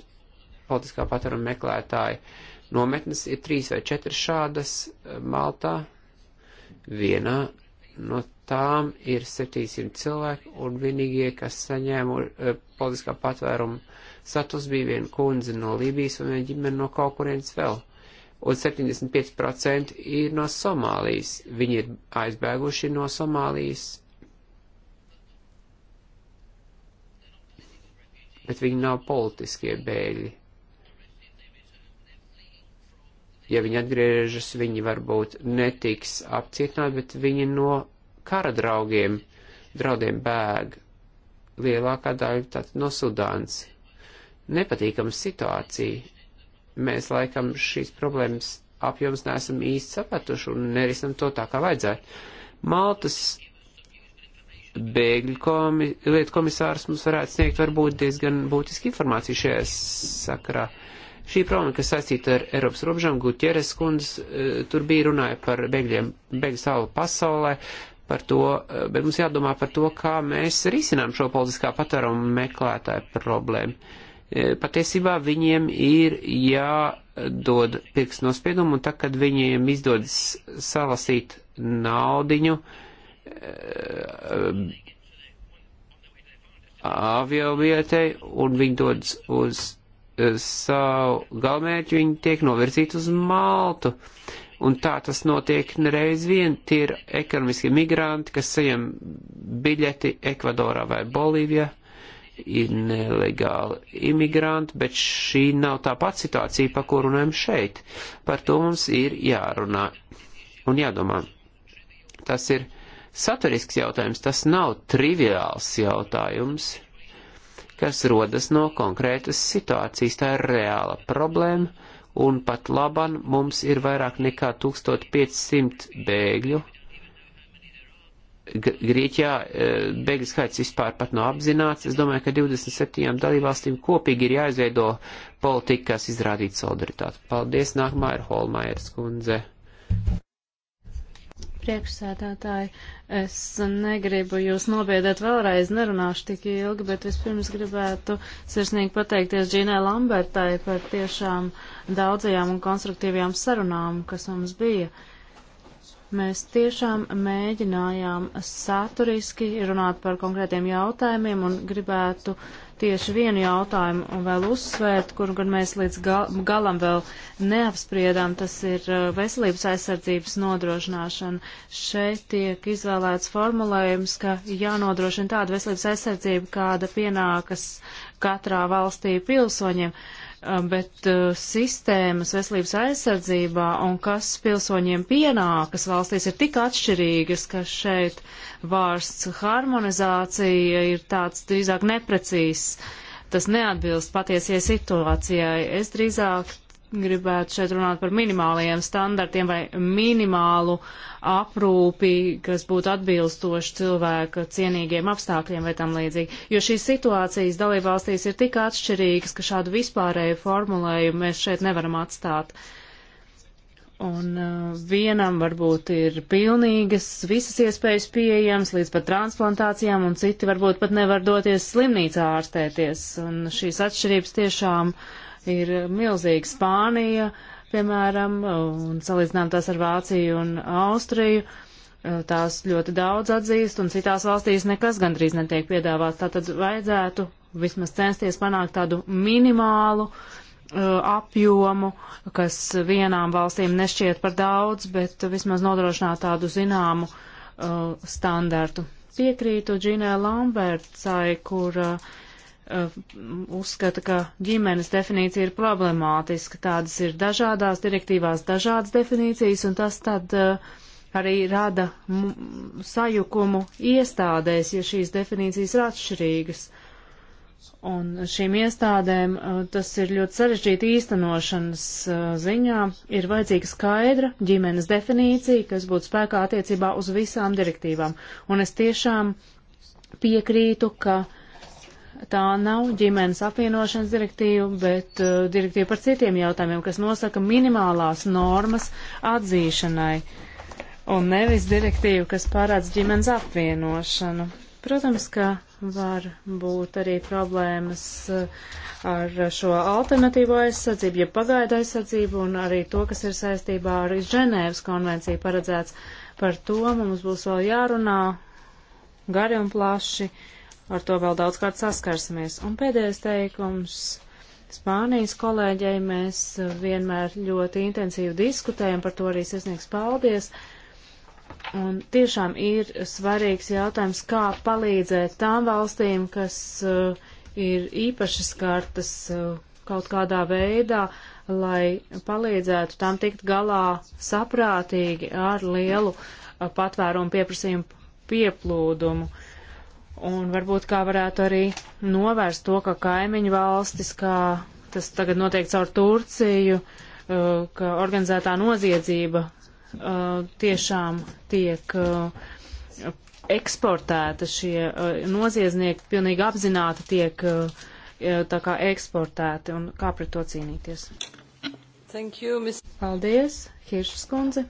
politiskā patvēruma meklētāju nometnes. Ir trīs vai četras šādas eh, Maltā. Vienā no tām ir 700 cilvēki, un vienīgie, kas saņēma e, eh, politiskā patvēruma status, bija viena kundze no Lībijas un viena ģimene no kaut kurienes vēl. Un 75% ir no Somālijas. Viņi ir aizbēguši no Somālijas bet viņi nav politiskie bēļi. Ja viņi atgriežas, viņi varbūt netiks apcietināti, bet viņi no kara draugiem, draudiem bēg. Lielākā daļa tātad no Sudāns. Nepatīkama situācija. Mēs laikam šīs problēmas apjoms neesam īsti sapratuši un nerisinam to tā, kā vajadzētu. Maltas bēgļu komi, lietu komisārs mums varētu sniegt varbūt diezgan būtiski informāciju šajā sakarā. Šī problēma, kas saistīta ar Eiropas robežām, Gutieres kundz, e, tur bija runāja par bēgļiem, bēgļu salu pasaulē, par to, e, bet mums jādomā par to, kā mēs risinām šo politiskā patvērumu meklētāju problēmu. E, patiesībā viņiem ir jādod pirks nospiedumu, un tā, kad viņiem izdodas salasīt naudiņu, uh, aviobietai un viņi dodas uz eh, savu galvenmērķi, viņi tiek novirzīti uz Maltu. Un tā tas notiek nereiz vien. Tie ir ekonomiski migranti, kas saņem biļeti Ekvadorā vai Bolīvijā. Ir nelegāli imigranti, bet šī nav tā pati situācija, pa ko runājam šeit. Par to mums ir jārunā un jādomā. Tas ir uh, saturisks jautājums, tas nav triviāls jautājums, kas rodas no konkrētas situācijas. Tā ir reāla problēma, un pat laban mums ir vairāk nekā 1500 bēgļu. Grieķijā e, bēgļu skaits vispār pat nav apzināts. Es domāju, ka 27 dalībvalstīm kopīgi ir jāizveido politika, kas izrādītu solidaritāti. Paldies, nākamā ir Holmaieras kundze. Priekšsēdētāji, es negribu jūs nobiedēt vēlreiz, nerunāšu tik ilgi, bet vispirms gribētu sirsnīgi pateikties Džīnai Lambertai par tiešām daudzajām un konstruktīvajām sarunām, kas mums bija. Mēs tiešām mēģinājām saturiski runāt par konkrētiem jautājumiem un gribētu uh, tieši vienu jautājumu vēl uzsvērt, kuru gan mēs līdz gal galam vēl neapspriedām, tas ir uh, veselības aizsardzības nodrošināšana. Šeit tiek izvēlēts formulējums, ka jānodrošina tāda veselības aizsardzība, kāda pienākas katrā valstī pilsoņiem. Uh, Uh, bet uh, sistēmas veselības aizsardzībā un kas pilsoņiem pienākas valstīs ir tik atšķirīgas, ka šeit vārsts harmonizācija ir tāds drīzāk neprecīzs. Tas neatbilst patiesajai situācijai. Es drīzāk gribētu šeit runāt par minimālajiem standartiem vai minimālu aprūpi, kas būtu atbilstoši cilvēka cienīgiem apstākļiem vai tam līdzīgi. Jo šīs situācijas dalībvalstīs ir tik atšķirīgas, ka šādu vispārēju formulējumu mēs šeit nevaram atstāt. Un uh, vienam varbūt ir pilnīgas visas iespējas pieejams, līdz pat transplantācijām, un citi varbūt pat nevar doties slimnīcā ārstēties. Un šīs atšķirības tiešām uh, ir milzīga Spānija, piemēram, un salīdzinām tās ar Vāciju un Austriju. Tās ļoti daudz atzīst, un citās valstīs nekas gandrīz netiek piedāvāts. Tātad vajadzētu vismaz censties panākt tādu minimālu uh, apjomu, kas vienām valstīm nešķiet par daudz, bet vismaz nodrošināt tādu zināmu uh, standartu. Piekrītu Džinai Lambertsai, kur uh, Eh, uzskata, ka ģimenes definīcija ir problemātiska. Tādas ir dažādās direktīvās dažādas definīcijas, un tas tad eh, arī rada sajukumu iestādēs, ja šīs definīcijas ir atšķirīgas. Un šīm iestādēm eh, tas ir ļoti sarežģīti īstenošanas ziņā. Ir vajadzīga skaidra ģimenes definīcija, kas būtu spēkā attiecībā uz visām direktīvām. Un es tiešām piekrītu, ka uh, tā nav ģimenes apvienošanas direktīva, bet uh, direktīva par citiem jautājumiem, kas nosaka minimālās normas atzīšanai un nevis direktīva, kas pārāds ģimenes apvienošanu. Protams, ka var būt arī problēmas uh, ar šo alternatīvo aizsardzību, ja pagaidu aizsardzību un arī to, kas ir saistībā ar Ženēvas konvenciju paredzēts. Par to mums būs vēl jārunā gari un plaši. Uh, ar to vēl daudzkārt saskarsimies. Un pēdējais teikums. Spānijas kolēģei mēs vienmēr ļoti intensīvi diskutējam, par to arī sasniegs paldies. Un tiešām ir svarīgs jautājums, kā palīdzēt tām valstīm, kas uh, ir īpašas kartas uh, kaut kādā veidā, lai palīdzētu tam tikt galā saprātīgi ar lielu uh, patvērumu pieprasījumu pieplūdumu. Uh, Un varbūt kā varētu arī novērst to, ka kaimiņu valstis, kā tas tagad notiek caur Turciju, uh, ka organizētā noziedzība uh, tiešām tiek uh, eksportēta, šie noziedznieki pilnīgi apzināti tiek tā kā eksportēti un kā pret to cīnīties. Thank you, Ms. Paldies, Hiršas kundze.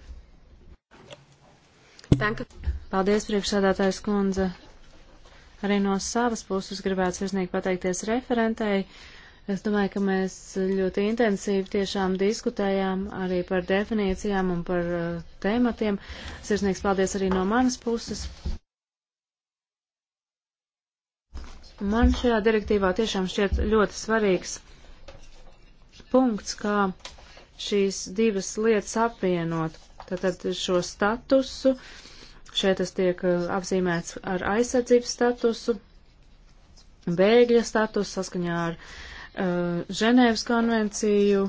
Thank you. Paldies, priekšsādātājs kundze. Arī no savas puses gribētu sirsnīgi pateikties referentei. Es domāju, ka mēs ļoti intensīvi tiešām diskutējām arī par definīcijām un par uh, tēmatiem. Sirsnīgs paldies arī no manas puses. Man šajā direktīvā tiešām šķiet ļoti svarīgs punkts, kā šīs divas lietas apvienot. Tātad šo statusu uh, Šeit tas tiek uh, apzīmēts ar aizsardzības statusu, bēgļa statusu saskaņā ar uh, Ženēvas konvenciju.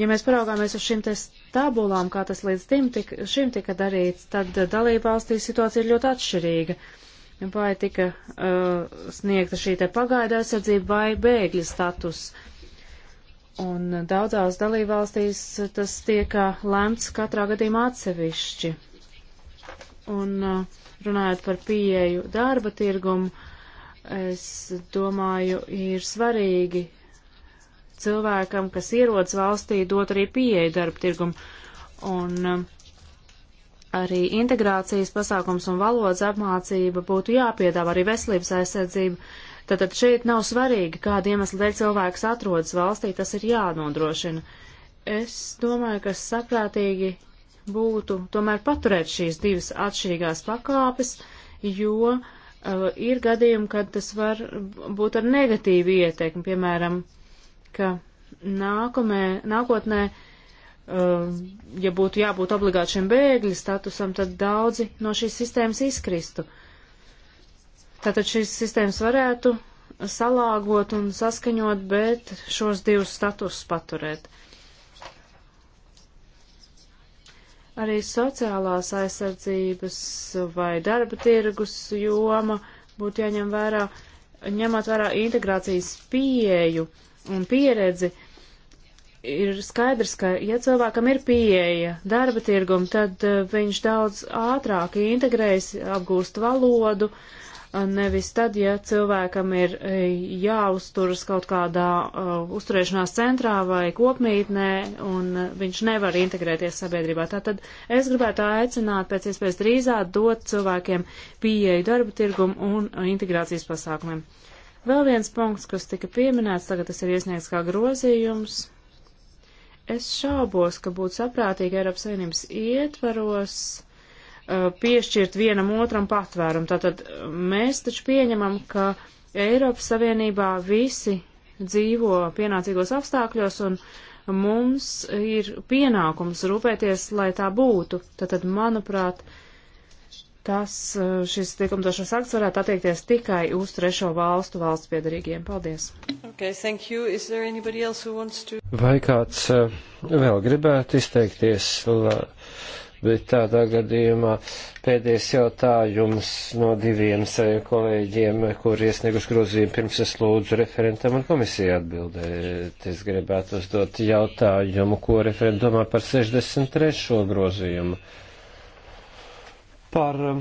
Ja mēs paraugāmies uz šīm te tabulām, kā tas līdz tim tik, šim tika darīts, tad uh, dalībvalstī situācija ir ļoti atšķirīga. Vai tika uh, sniegta šī te pagaida aizsardzība vai bēgļa status. Un uh, daudzās dalībvalstīs tas tiek lēmts katrā gadījumā atsevišķi. Un uh, runājot par pieeju darba tirgumu, es domāju, ir svarīgi cilvēkam, kas ierodas valstī, dot arī pieeju darba tirgumu. Un uh, arī integrācijas pasākums un valodas apmācība būtu jāpiedāvā arī veselības aizsardzība. Tātad šeit nav svarīgi, kāda iemesla dēļ cilvēks atrodas valstī, tas ir jānodrošina. Es domāju, ka saprātīgi būtu tomēr paturēt šīs divas atšķirīgās pakāpes, jo uh, ir gadījumi, kad tas var būt ar negatīvu ieteikumu, piemēram, ka nākamē, nākotnē, uh, ja būtu jābūt obligāti šim bēgļu statusam, tad daudzi no šīs sistēmas izkristu. Tātad šīs sistēmas varētu salāgot un saskaņot, bet šos divus statusus paturēt. Uh, Arī sociālās aizsardzības vai darba tirgus joma būtu jāņem vērā, ņemot vērā integrācijas pieeju un pieredzi. Ir skaidrs, ka ja cilvēkam ir pieeja darba tirgum, tad eh, viņš daudz ātrāk integrējas, apgūst valodu, uh, nevis tad, ja cilvēkam ir e, jāuzturas kaut kādā uh, uzturēšanās centrā vai kopmītnē, un uh, viņš nevar integrēties sabiedrībā. Tātad es gribētu aicināt pēc iespējas drīzāk dot cilvēkiem pieeju darba tirgumu un integrācijas pasākumiem. Vēl viens punkts, kas tika pieminēts, tagad tas ir iesniegts kā grozījums. Es šaubos, ka būtu saprātīgi Eiropas Savienības ietvaros uh, Uh, piešķirt vienam otram patvērumu. Tātad uh, mēs taču pieņemam, ka Eiropas Savienībā visi dzīvo pienācīgos apstākļos un mums ir pienākums rūpēties, lai tā būtu. Tātad, manuprāt, tas, uh, šis likumdošanas akts varētu attiekties tikai uz trešo valstu valsts piedarīgiem. Paldies! Okay, to... Vai kāds vēl gribētu izteikties? La bet tādā gadījumā pēdējais jautājums no diviem kolēģiem, kur iesnieguši grozījumu pirms es lūdzu referentam un komisijai atbildēt. Es gribētu uzdot jautājumu, ko referent domā par 63. grozījumu. Par um,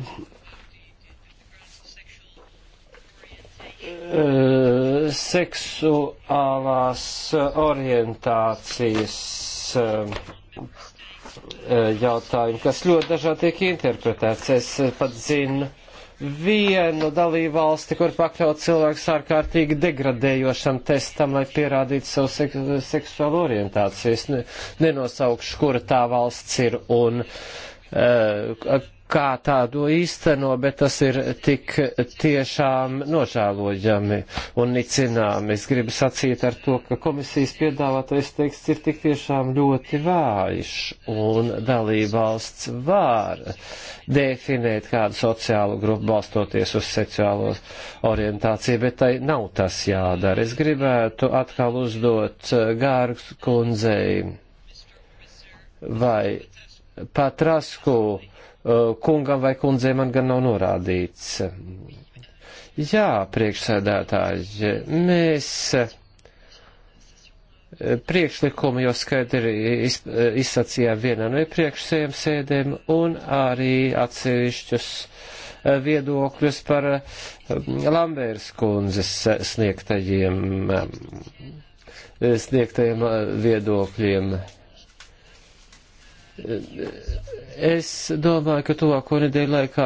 eh, seksuālās orientācijas eh, Eh, jautājumu, kas ļoti dažādi tiek interpretēts. Es eh, pat zinu vienu dalību valsti, kur pakļaut cilvēks ārkārtīgi degradējošam testam, lai pierādītu savu sek seksuālu orientāciju. Es ne, nenosaukšu, kura tā valsts ir un uh, kā tādu īsteno, bet tas ir tik tiešām nožēlojami un nicināmi. Es gribu sacīt ar to, ka komisijas piedāvātais teksts ir tik tiešām ļoti vājš un dalībvalsts var definēt kādu sociālu grupu balstoties uz seksuālo orientāciju, bet tai nav tas jādara. Es gribētu atkal uzdot eh, Gārgs kundzei vai Patrasku Uh, kungam vai kundzei man gan nav norādīts. Jā, priekšsēdētāji, mēs uh, priekšlikumu jau skaidri uh, izsacījām vienā no iepriekšējiem sēdēm un arī atsevišķus viedokļus par Lambērs kundzes sniegtajiem, sniegtajiem viedokļiem Es domāju, ka tuvāko nedēļu laikā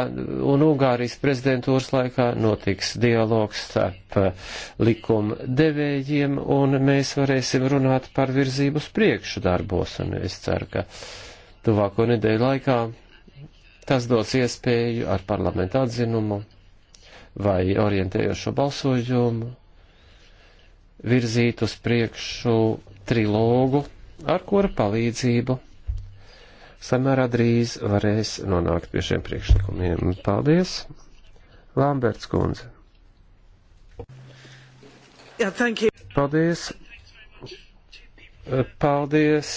un Ungārijas prezidentūras laikā notiks dialogs starp eh, likuma devējiem, un mēs varēsim runāt par virzību uz priekšu darbos, un es ceru, ka tuvāko nedēļu laikā tas dos iespēju ar parlamentu atzinumu vai orientējošo balsojumu virzīt uz priekšu trilogu, ar kura palīdzību samērā drīz varēs nonākt pie šiem priekšlikumiem. Paldies, Lamberts kundze. Yeah, Paldies. Paldies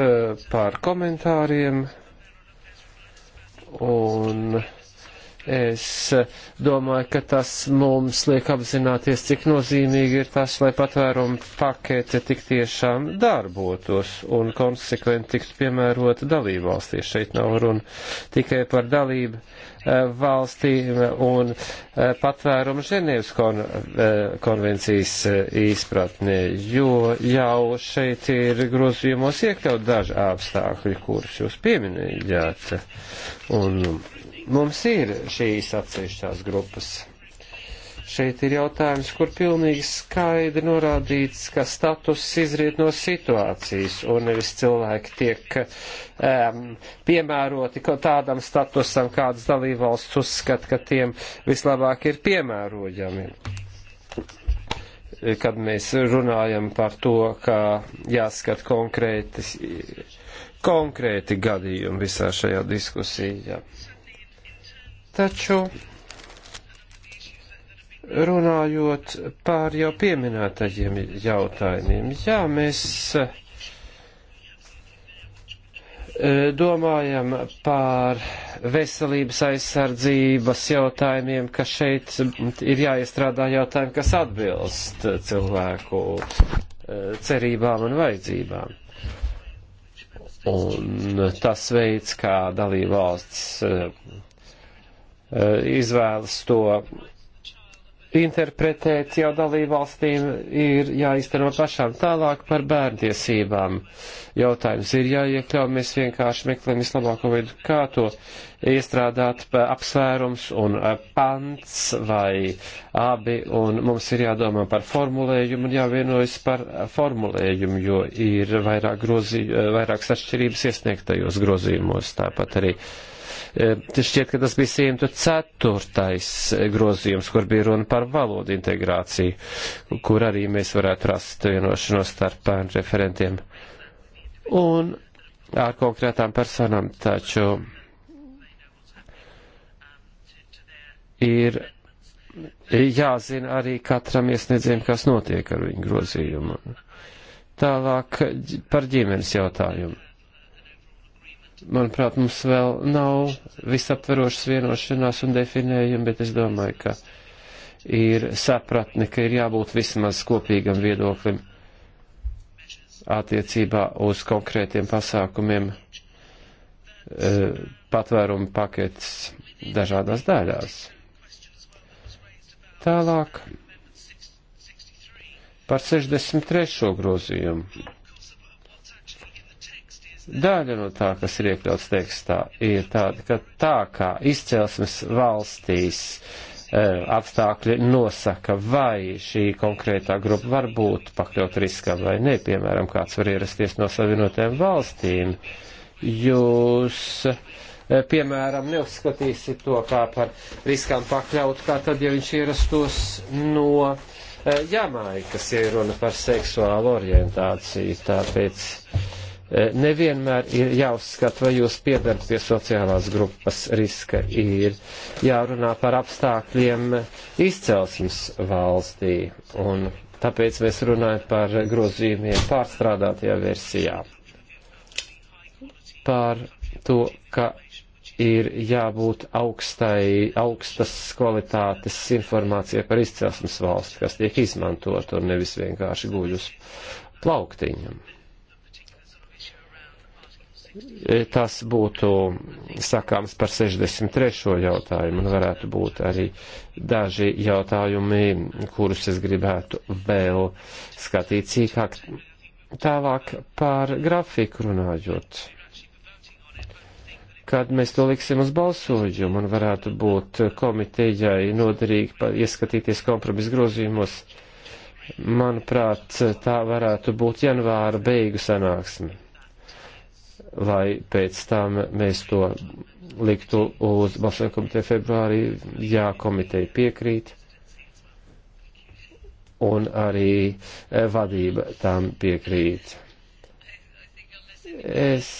eh, par komentāriem. Un Es domāju, ka tas mums liek apzināties, cik nozīmīgi ir tas, lai patvērumu pakete tik tiešām darbotos un konsekventi tiktu piemērota dalībvalstīs. Šeit nav runa tikai par dalību eh, valstīm un eh, patvērumu Ženēvas kon, eh, konvencijas izpratnē, jo jau šeit ir grozījumos iekļaut daži apstākļi, kurus jūs pieminējāt. Un, mums ir šīs atsevišķās grupas. Šeit ir jautājums, kur pilnīgi skaidri norādīts, ka status izriet no situācijas, un nevis cilvēki tiek um, piemēroti tādam statusam, kādas dalībvalsts uzskata, ka tiem vislabāk ir piemērojami kad mēs runājam par to, ka jāskat konkrēti, konkrēti gadījumi visā šajā diskusijā. Taču runājot pār jau pieminētajiem jautājumiem, jā, mēs e, domājam pār veselības aizsardzības jautājumiem, ka šeit ir jāiestrādā jautājumi, kas atbilst cilvēku e, cerībām un vajadzībām. Un tas veids, kā dalībvalsts e, Eh, izvēlas to interpretēt jau dalībvalstīm ir jāizteno pašām tālāk par bērntiesībām. Jautājums ir jāiekļauj, mēs vienkārši meklējam vislabāko veidu, kā to iestrādāt apsvērums un eh, pants vai abi, un mums ir jādomā par formulējumu un jāvienojas par formulējumu, jo ir vairāk, grozī, eh, vairāk sašķirības iesniegtajos grozījumos, tāpat arī uh, Eh, šķiet, ka tas bija 104. Eh, grozījums, kur bija runa par valodu integrāciju, kur arī mēs varētu rast vienošanos starp referentiem. Un ar konkrētām personām taču ir jāzina arī katram iesniedzējiem, kas notiek ar viņu grozījumu. Tālāk par ģimenes jautājumu. Manuprāt, mums vēl nav visaptverošas vienošanās un definējumi, bet es domāju, ka ir sapratne, ka ir jābūt vismaz kopīgam viedoklim attiecībā uz konkrētiem pasākumiem eh, patvērumu paketes dažādās daļās. Tālāk par 63. grozījumu. Daļa no tā, kas ir iekļauts tekstā, ir tāda, ka tā kā izcelsmes valstīs e, apstākļi nosaka, vai šī konkrētā grupa var būt pakļaut riskam vai ne, piemēram, kāds var ierasties no savienotēm valstīm. Jūs, e, piemēram, neuzskatīsiet to kā par riskam pakļaut, kā tad, ja viņš ierastos no e, Jamaikas, ja runa par seksuālu orientāciju, tāpēc Eh, nevienmēr ir jāuzskata, vai jūs piedarat pie sociālās grupas riska, ir jārunā par apstākļiem izcelsmes valstī, un tāpēc mēs runājam par grozījumiem pārstrādātajā versijā. Par to, ka ir jābūt augstai, augstas kvalitātes informācijai par izcelsmes valsti, kas tiek izmantot un nevis vienkārši guļus plauktiņam. E, tas būtu sakāms par 63. jautājumu, un varētu būt arī daži jautājumi, kurus es gribētu vēl skatīt cīkāk. Tālāk par grafiku runājot. Kad mēs to liksim uz balsojumu, un varētu būt komitejai noderīgi ieskatīties kompromisu grozījumos, manuprāt, tā varētu būt janvāra beigu sanāksme lai pēc tam mēs to liktu uz balsojumu komiteju februārī, jā, komiteja piekrīt, un arī eh, vadība tam piekrīt. Es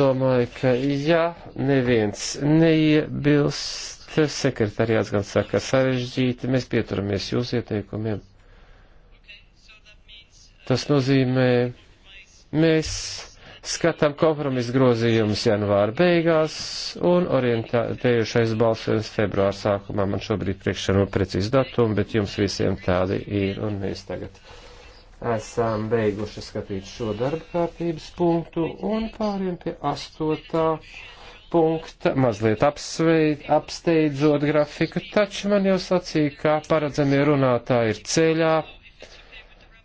domāju, ka ja neviens neiebilst, sekretariāts gan saka sarežģīti, mēs pieturamies jūs ieteikumiem. Tas nozīmē, mēs skatām kompromisu grozījumus janvāra beigās un orientējušais balsojums februāra sākumā. Man šobrīd priekšā nav precīzi datumi, bet jums visiem tādi ir. Un mēs tagad esam beiguši skatīt šo darba kārtības punktu un pāriem pie astotā punkta, mazliet apsveid, apsteidzot grafiku, taču man jau sacīja, ka paredzamie runātāji ir ceļā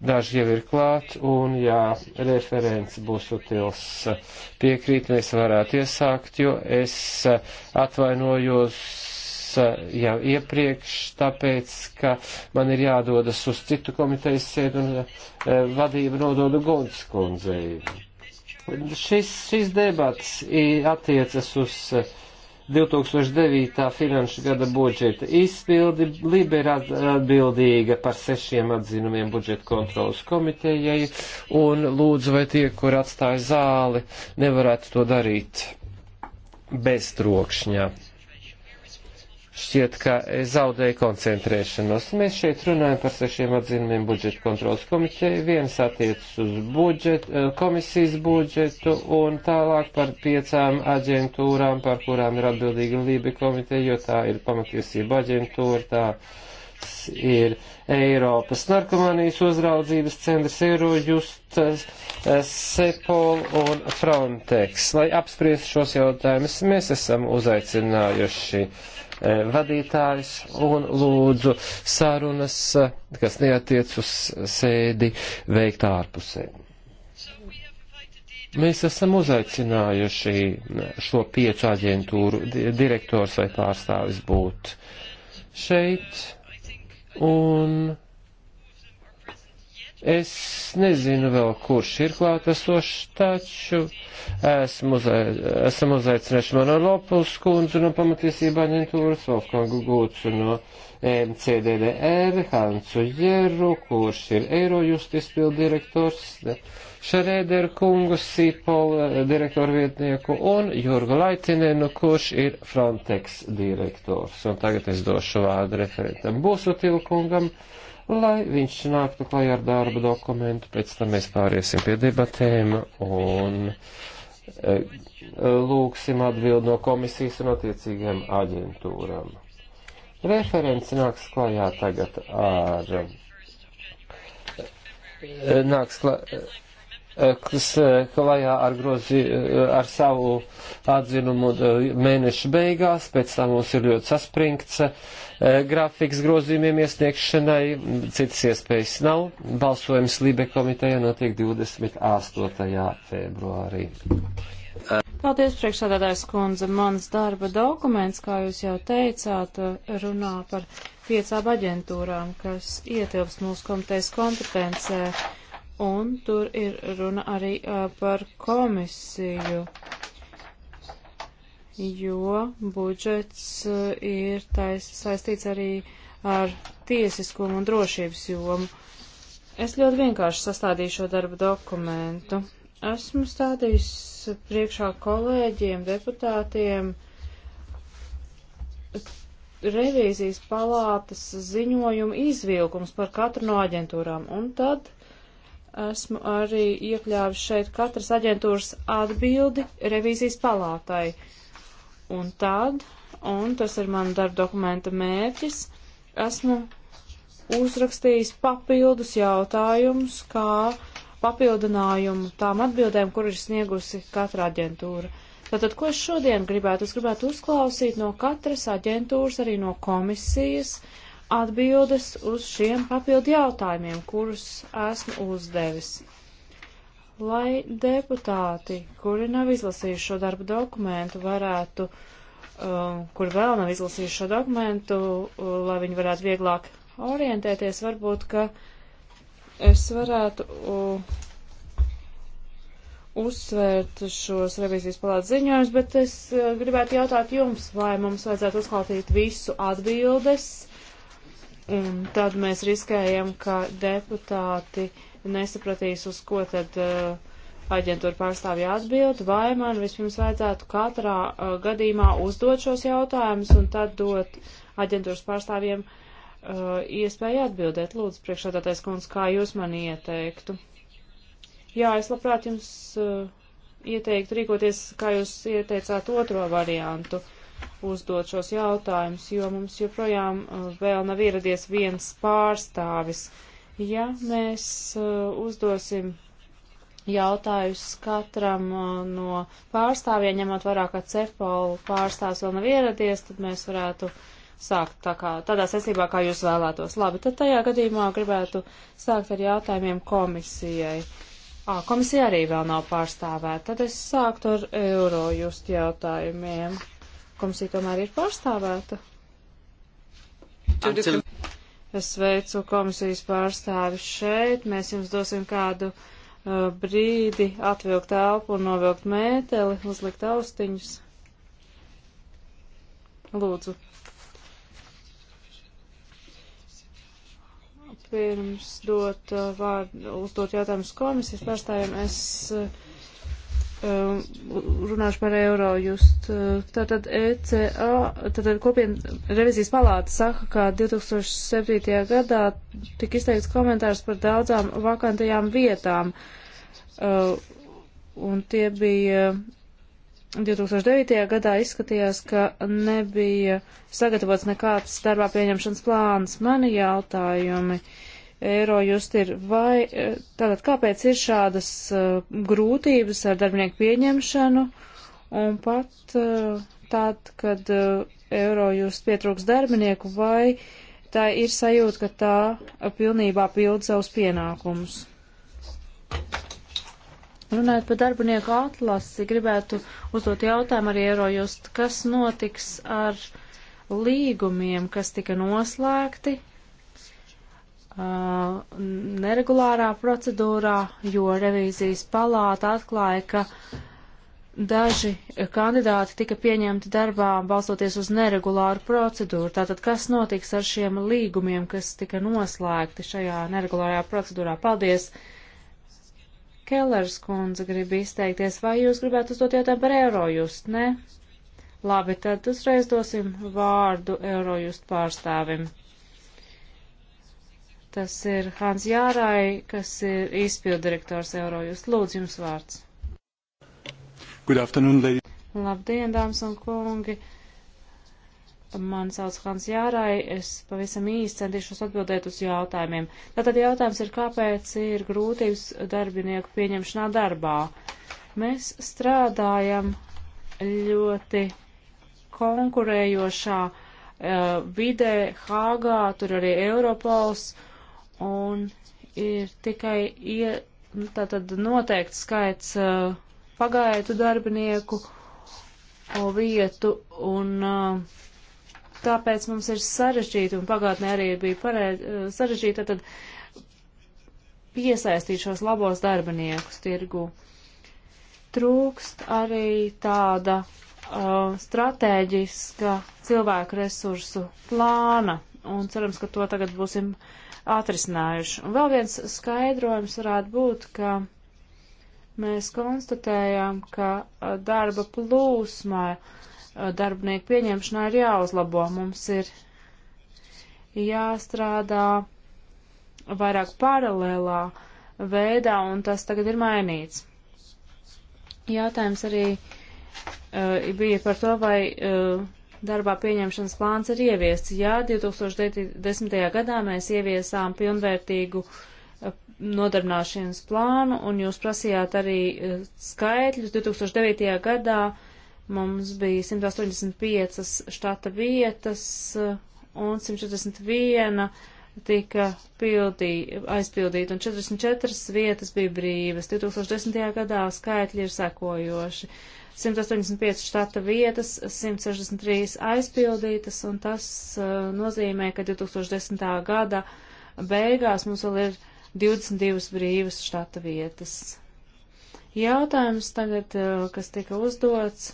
daži jau ir klāt, un ja referents būs utils piekrīt, mēs varētu iesākt, jo es atvainojos jau iepriekš, tāpēc, ka man ir jādodas uz citu komitejas sēdu un e, vadību nododu Gunts kundzei. Šis, šis debats attiecas uz uh, 2009. finanšu gada budžeta izpildi. Libe ir atbildīga par sešiem atzinumiem budžeta kontrolas komitejai un lūdzu, vai tie, kur atstāja zāli, nevarētu to darīt bez trokšņā šķiet, ka zaudēja koncentrēšanos. Mēs šeit runājam par sešiem atzinumiem budžeta kontrolas komitei. Viens attiecas uz budžet, eh, komisijas budžetu un tālāk par piecām aģentūrām, par kurām ir atbildīga Lība komiteja, jo tā ir pamatiesība aģentūra, tā ir Eiropas narkomānijas uzraudzības centrs Eurojust, eh, Sepol un Frontex. Lai apspriestu šos jautājumus, mēs esam uzaicinājuši uh, E, vadītājs un lūdzu sarunas, e, kas neatiec uz sēdi, veikt ārpusē. Mēs esam uzaicinājuši šo piecu aģentūru direktors vai pārstāvis būt šeit, un Es nezinu vēl, kurš ir klātesošs, taču esmu uzai, esam uzaicinājuši Manu Lopus kundzu no pamatiesība aģentūras, Wolfgangu Gūcu no MCDDR, Hansu Jeru, kurš ir Eirojust izpildirektors, Šarēderu kungu, Sīpol eh, direktoru vietnieku un Jurgu Laitinenu, kurš ir Frontex direktors. Un tagad es došu vārdu referentam Būsutilkungam. kungam lai viņš nāktu klajā ar darba dokumentu. Pēc tam mēs pāriesim pie debatēm un e, lūksim atbild no komisijas un attiecīgiem aģentūram. Referents nāks klajā tagad ar. E, nāks klajā Eh, kas eh, klajā ar, grozi, eh, ar savu atzinumu mēneša beigās, pēc tam mums ir ļoti saspringts grafiks grozījumiem iesniegšanai, citas iespējas nav. Balsojums Lībe komiteja notiek 28. februārī. Paldies, priekšsādātājs kundze. Mans darba dokuments, kā jūs jau teicāt, runā par piecām aģentūrām, kas ietilps mūsu komitejas kompetencē un tur ir runa arī par komisiju, jo budžets ir tais, saistīts arī ar tiesiskumu un drošības jomu. Es ļoti vienkārši sastādīju šo darbu dokumentu. Esmu stādījis priekšā kolēģiem, deputātiem revīzijas palātas ziņojumu izvilkums par katru no aģentūrām, un tad Esmu arī iekļāvis šeit katras aģentūras atbildi revīzijas palātai. Un tad, un tas ir mana darba dokumenta mērķis, esmu uzrakstījis papildus jautājumus, kā papildinājumu tām atbildēm, kur ir sniegusi katra aģentūra. Tātad, ko es šodien gribētu? Es gribētu uzklausīt no katras aģentūras, arī no komisijas, uh, atbildes uz šiem papildu jautājumiem, kurus esmu uzdevis. Lai deputāti, kuri nav izlasījuši šo darbu dokumentu, varētu, uh, um, kur vēl nav izlasījuši šo dokumentu, uh, lai viņi varētu vieglāk orientēties, varbūt, ka es varētu uh, uzsvērt šos revizijas palātas ziņojumus, bet es uh, gribētu jautāt jums, vai mums vajadzētu uzklausīt visu atbildes Un tad mēs riskējam, ka deputāti nesapratīs, uz ko tad uh, aģentūra pārstāvja atbild, vai man vispirms vajadzētu katrā uh, gadījumā uzdot šos jautājumus un tad dot aģentūras pārstāvjiem uh, iespēju atbildēt. Lūdzu, priekšādātais kundz, kā jūs man ieteiktu? Jā, es labprāt jums uh, ieteiktu rīkoties, kā jūs ieteicāt otro variantu. Uh, uzdot šos jautājumus, jo mums joprojām uh, vēl nav ieradies viens pārstāvis. Ja mēs uh, uzdosim jautājumus katram uh, no pārstāvjiem, ņemot vairāk, ka CEPOL pārstāvs vēl nav ieradies, tad mēs varētu sākt tā kā, tādā sesībā, kā jūs vēlētos. Labi, tad tajā gadījumā gribētu sākt ar jautājumiem komisijai. À, komisija arī vēl nav pārstāvēta. Tad es sāktu ar eiro just jautājumiem komisija tomēr ir pārstāvēta. Es sveicu komisijas pārstāvi šeit. Mēs jums dosim kādu uh, brīdi atvilkt elpu un novilkt mēteli, uzlikt austiņus. Lūdzu. Pirms dot, uh, vārdu, uzdot jautājumus komisijas pārstāvjiem, es uh, Um, runāšu par eiro just. Uh, tātad ECA, tātad kopiena revizijas palāta saka, ka 2007. gadā tika izteikts komentārs par daudzām vakantajām vietām. Uh, un tie bija 2009. gadā izskatījās, ka nebija sagatavots nekāds darbā pieņemšanas plāns. Mani jautājumi. Uh, eiro just ir, vai e, tātad kāpēc ir šādas uh, grūtības ar darbinieku pieņemšanu un pat uh, tad, kad uh, eiro just pietrūks darbinieku, vai tā ir sajūta, ka tā pilnībā pild savus pienākumus. Runājot par darbinieku atlasi, gribētu uzdot jautājumu arī eiro just, kas notiks ar līgumiem, kas tika noslēgti, uh, uh, neregulārā procedūrā, jo revīzijas palāta atklāja, ka daži kandidāti tika pieņemti darbā balstoties uz neregulāru procedūru. Tātad, kas notiks ar šiem līgumiem, kas tika noslēgti šajā neregulārajā procedūrā? Paldies! Kellers kundze grib izteikties, vai jūs gribētu uzdot jautājumu par Eurojust, ne? Labi, tad uzreiz dosim vārdu Eurojust pārstāvim. Tas ir Hans Jārai, kas ir izpildirektors Eurojust. Lūdzu, jums vārds. Good afternoon, lady. Labdien, dāmas un kungi. Man sauc Hans Jārai, es pavisam īsti centīšos atbildēt uz jautājumiem. Tātad jautājums ir, kāpēc ir grūtības darbinieku pieņemšanā darbā? Mēs strādājam ļoti konkurējošā uh, vidē Hāgā, tur arī Europols. Uh, un ir tikai ie, nu, tātad noteikts skaits uh, pagaidu darbinieku vietu, un uh, tāpēc mums ir sarežģīti, un pagātnē arī bija pareiz, uh, sarežģīti, tad piesaistīt šos labos darbiniekus tirgu. Trūkst arī tāda uh, stratēģiska cilvēku resursu plāna, un cerams, ka to tagad būsim uh, atrisinājuši. Un vēl viens skaidrojums varētu būt, ka mēs konstatējām, ka darba plūsmai, darbinieku pieņemšanā ir jāuzlabo. Mums ir jāstrādā vairāk paralēlā veidā, un tas tagad ir mainīts. Jautājums arī uh, bija par to, vai uh, darbā pieņemšanas plāns ir ieviests. Jā, 2010. gadā mēs ieviesām pilnvērtīgu eh, nodarbināšanas plānu, un jūs prasījāt arī eh, skaitļus. 2009. gadā mums bija 185 štata vietas eh, un 141 tika pildī, aizpildīta, un 44 vietas bija brīvas. 2010. gadā skaitļi ir sekojoši. 185 štata vietas, 163 aizpildītas, un tas uh, nozīmē, ka 2010. gada beigās mums vēl ir 22 brīvas štata vietas. Jautājums tagad, uh, kas tika uzdots,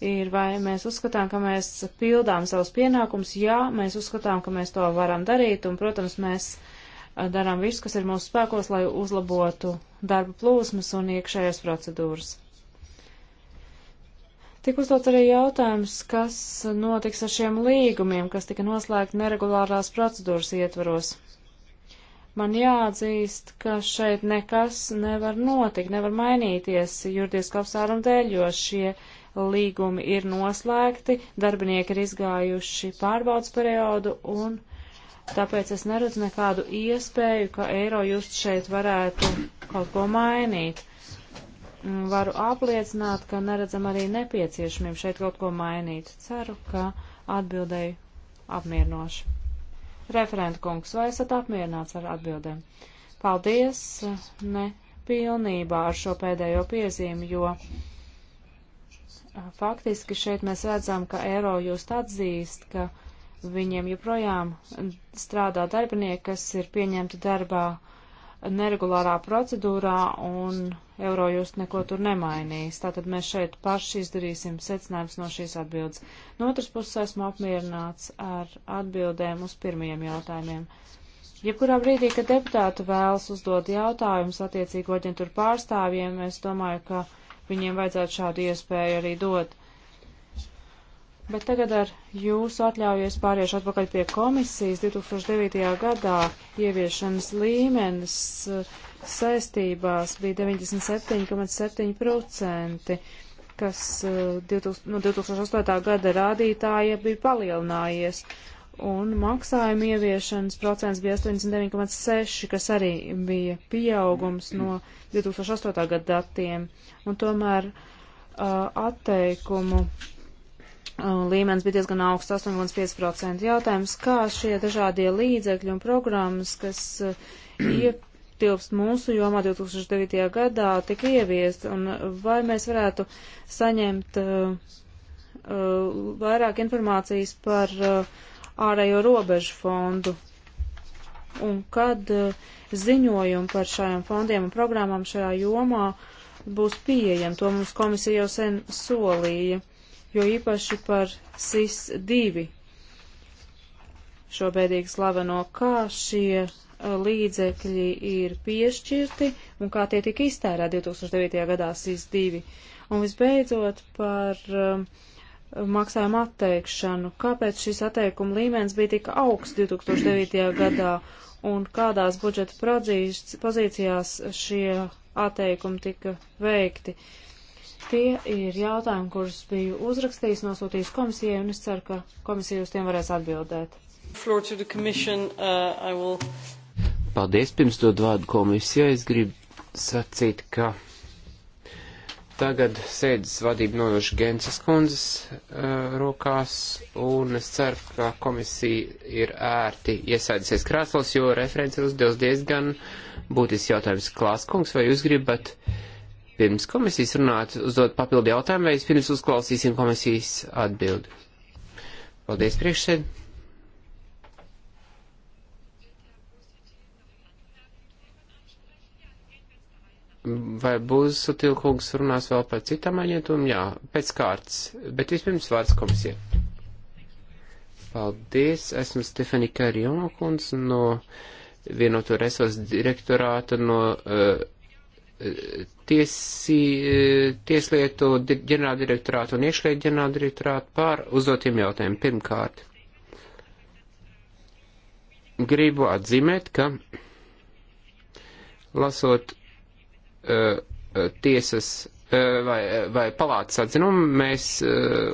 ir, vai mēs uzskatām, ka mēs pildām savus pienākumus. Jā, mēs uzskatām, ka mēs to varam darīt, un, protams, mēs uh, darām visu, kas ir mūsu spēkos, lai uzlabotu darba plūsmas un iekšējās procedūras. Tik uzdots arī jautājums, kas notiks ar šiem līgumiem, kas tika noslēgti neregulārās procedūras ietvaros. Man jāatzīst, ka šeit nekas nevar notikt, nevar mainīties juridiska apsvērumu dēļ, jo šie līgumi ir noslēgti, darbinieki ir izgājuši pārbaudas periodu un tāpēc es neredzu nekādu iespēju, ka Eiro just šeit varētu kaut ko mainīt. Mm, varu apliecināt, ka neredzam arī nepieciešamību šeit kaut ko mainīt. Ceru, ka atbildēju apmierinoši. Referenta kungs, vai esat apmierināts ar atbildēm? Paldies, ne pilnībā ar šo pēdējo piezīmi, jo faktiski šeit mēs redzam, ka eiro jūs atzīst, ka viņiem joprojām strādā darbinieki, kas ir pieņemti darbā neregulārā procedūrā un eiro jūs neko tur nemainīs. Tātad mēs šeit paši izdarīsim secinājums no šīs atbildes. No otras puses esmu apmierināts ar atbildēm uz pirmajiem jautājumiem. Jebkurā brīdī, kad deputāti vēlas uzdot jautājumus attiecīgo aģentūru pārstāvjiem, es domāju, ka viņiem vajadzētu šādu iespēju arī dot. Bet tagad ar jūsu atļaujies pāriešu atpakaļ pie komisijas 2009. gadā ieviešanas līmenis. Uh, saistībās bija 97,7%, kas 2000, eh, no 2008. gada rādītāja bija palielinājies, un maksājuma ieviešanas procents bija 89,6, kas arī bija pieaugums no 2008. gada datiem, un tomēr uh, atteikumu eh, līmenis bija diezgan augsts, 8,5%. Jautājums, kā šie dažādie līdzekļi un programmas, kas uh, iep, tilpst mūsu jomā 2009. gadā, tika ieviest, un vai mēs varētu saņemt uh, uh, vairāk informācijas par uh, ārējo robežu fondu, un kad uh, ziņojumi par šajām fondiem un programmām šajā jomā būs pieejami, to mums komisija jau sen solīja, jo īpaši par SIS 2 šo bēdīgi slaveno, kā šie līdzekļi ir piešķirti un kā tie tika iztērēti 2009. gadā SIS-2. Un visbeidzot par um, maksājumu atteikšanu. Kāpēc šis atteikuma līmenis bija tik augsts 2009. gadā un kādās budžeta prodzīz, pozīcijās šie atteikumi tika veikti? Tie ir jautājumi, kurus biju uzrakstījis, nosūtījis komisijai, un es ceru, ka komisija uz tiem varēs atbildēt. Floor to the commission, uh, I will Paldies, pirms dod vārdu komisijai. Es gribu sacīt, ka tagad sēdes vadību nodošu Gences kundzes uh, rokās, un es ceru, ka komisija ir ērti iesaidusies krāslos, jo referents ir uzdevis diezgan būtisks jautājums. Klāskungs, vai jūs gribat pirms komisijas runāt, uzdot papildu jautājumu, vai es pirms uzklausīsim komisijas atbildi? Paldies, priekšsēdētāji! vai būs Sutilkungs runās vēl par citām aģentūm? Jā, pēc kārtas, bet vispirms vārds komisija. Paldies, esmu Stefani Karjonokuns no vienoto resursu direktorāta no uh, tiesi, eh, tieslietu ģenerāldirektorātu un iekšlietu ģenerāldirektorātu pār uzdotiem jautājumiem. Pirmkārt, gribu atzīmēt, ka lasot Uh, tiesas uh, vai, uh, vai palātas atzinumu, mēs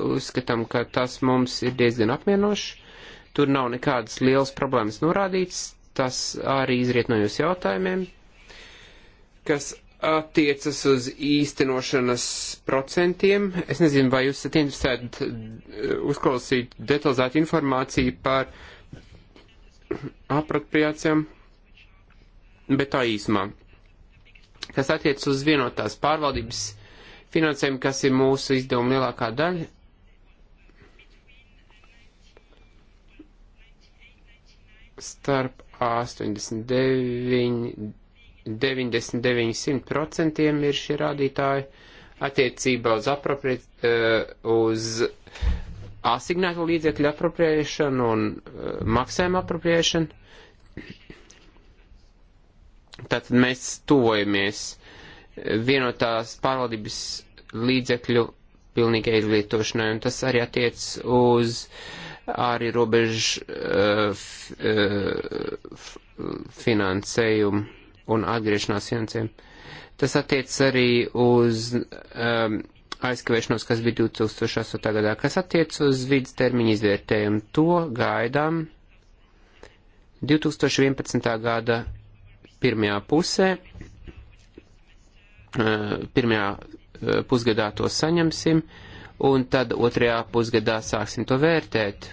uzskatām, ka tas mums ir diezgan apmienoši. Tur nav nekādas lielas problēmas norādīts, tas arī izriet no jūsu jautājumiem, kas attiecas uz īstenošanas procentiem. Es nezinu, vai jūs esat interesēti uzklausīt detalizētu informāciju par apropriācijām, bet tā īsumā kas attiec uz vienotās pārvaldības finansējumu, kas ir mūsu izdevuma lielākā daļa. Starp 89, 99% ir šie rādītāji attiecībā uz, apropri, eh, uz asignētu līdzekļu apropriēšanu un eh, maksājumu apropriēšanu. Tātad mēs tuvojamies vienotās pārvaldības līdzekļu pilnīgai izlietošanai, un tas arī attiec uz arī robežu uh, f, uh, finansējumu un atgriešanās finansējumu. Tas attiec arī uz um, aizkavēšanos, kas bija 2008. gadā, kas attiec uz vidas termiņu izvērtējumu. To gaidām 2011. gada pirmajā pusē, eh, pirmajā eh, pusgadā to saņemsim, un tad otrajā pusgadā sāksim to vērtēt.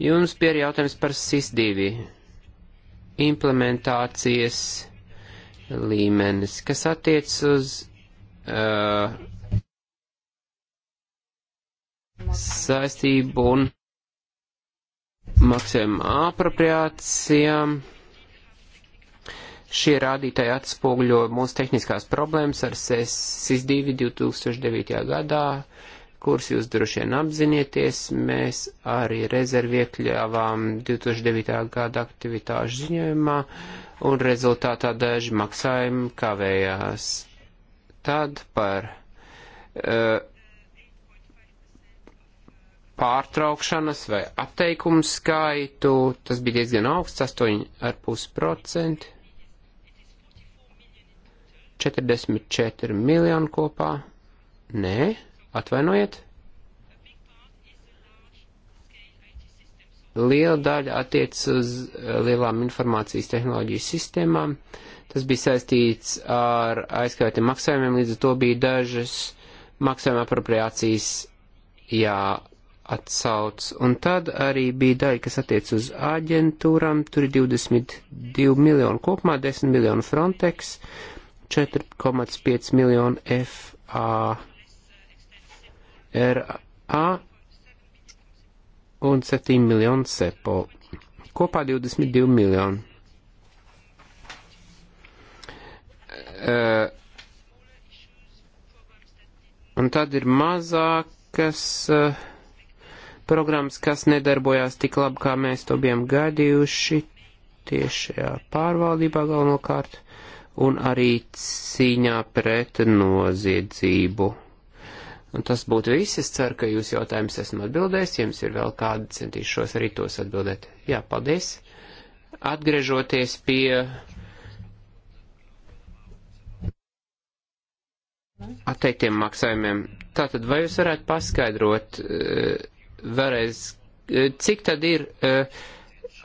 Jums bija jautājums par SIS-2 implementācijas līmenis, kas attiec uz uh, saistību un maksājumu apropriācijām. Šie rādītāji atspoguļo mūsu tehniskās problēmas ar SIS-2 2009. gadā, kuras jūs droši vien apzinieties. Mēs arī rezervi iekļāvām 2009. gada aktivitāšu ziņojumā, un rezultātā daži maksājumi kavējās. Tad par. Uh, pārtraukšanas vai atteikumu skaitu, tas bija diezgan augsts, 8,5%. 44 miljoni kopā. Nē, atvainojiet. Liela daļa attiec uz lielām informācijas tehnoloģiju sistēmām. Tas bija saistīts ar aizskaitiem maksājumiem, līdz ar to bija dažas maksājuma apropriācijas jāatsauc. Un tad arī bija daļa, kas attiec uz aģentūram. Tur ir 22 miljonu kopumā, 10 miljonu Frontex. Uh, 4,5 miljonu FARA un 7 miljonu SEPO. Kopā 22 miljoni. Uh, un tad ir mazākas uh, programmas, kas nedarbojās tik labi, kā mēs to bijām gaidījuši tiešajā eh, pārvaldībā galvenokārt un arī cīņā pret noziedzību. Un tas būtu viss. Es ceru, ka jūs jautājumus esmu atbildējis. Ja jums ir vēl kādi, centīšos arī tos atbildēt. Jā, paldies. Atgriežoties pie. Atteiktiem maksājumiem. Tātad, vai jūs varētu paskaidrot eh, vēlreiz, eh, cik tad ir uh,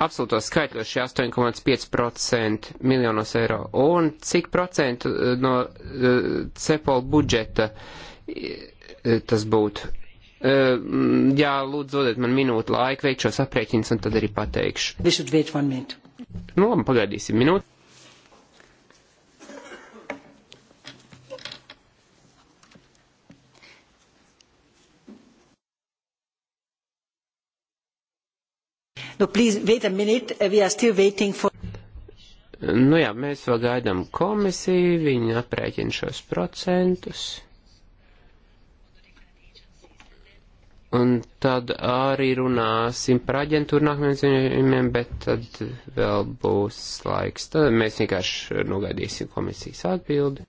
absolūtos skaitļos šie 8,5% miljonos eiro. Un cik procentu eh, no eh, cepola budžeta eh, tas būtu? Jā, lūdzu, dodiet man minūtu laiku, veikšos aprēķins un tad arī pateikšu. Nu, labi, pagaidīsim minūti. No, please, wait a minute, uh, we are still waiting for. Nu jā, mēs vēl gaidām komisiju, viņi aprēķina šos procentus. Un tad arī runāsim par aģentūru nākamajiem ziņojumiem, bet tad vēl būs laiks. Tad mēs vienkārši nogaidīsim komisijas atbildi.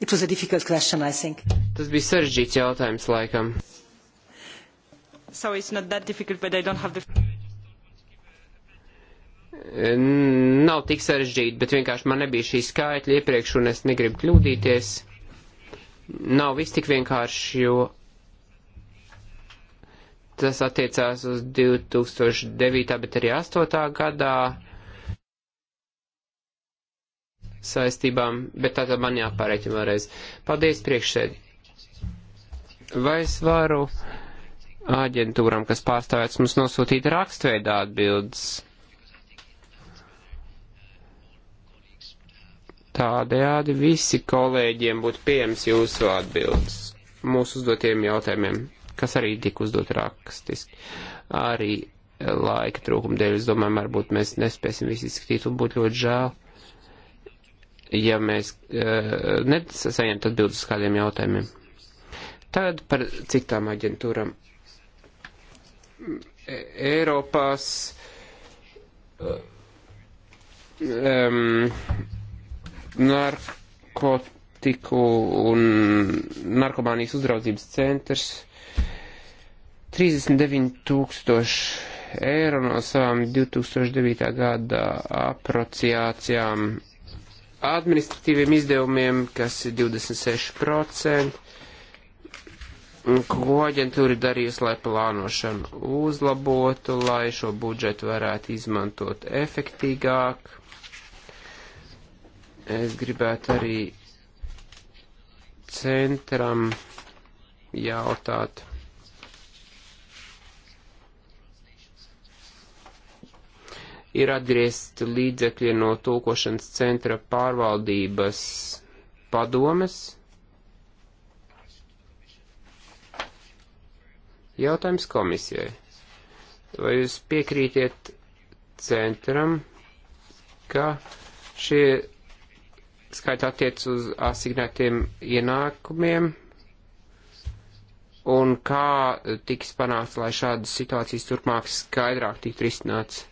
It was a difficult question, I think. Tas bija sarežģīts jautājums laikam. So it's not that difficult, but I don't have the... Nav tik sarežģīti, bet vienkārši man nebija šī skaitļa iepriekš, un es negribu kļūdīties. Nav viss tik vienkārši, jo tas attiecās uz 2009. bet arī 8. gadā saistībām, bet tātad man jāpārēķina vēlreiz. Paldies priekšsēdi. Vai es varu aģentūram, kas pārstāvēts mums nosūtīt rakstveidā atbildes? Tādējādi visi kolēģiem būtu pieejams jūsu atbildes mūsu uzdotiem jautājumiem, kas arī tika uzdot rakstiski. Arī laika trūkuma dēļ, es domāju, varbūt mēs nespēsim visu izskatīt un būtu ļoti žēl ja mēs uh, eh, nesaņemt atbildes uz kādiem jautājumiem. Tagad par citām aģentūram. E, Eiropās um, eh, narkotiku un narkomānijas uzraudzības centrs 39 tūkstoši eiro no savām 2009. gada aprociācijām administratīviem izdevumiem, kas ir 26%, ko aģentūra darījusi, lai plānošanu uzlabotu, lai šo budžetu varētu izmantot efektīgāk. Es gribētu arī centram jautāt ir atgriezt līdzekļi no tulkošanas centra pārvaldības padomes. Jautājums komisijai. Vai jūs piekrītiet centram, ka šie skaita attiec uz asignētiem ienākumiem un kā tiks panākts, lai šādas situācijas turpmāk skaidrāk tiktu risināts?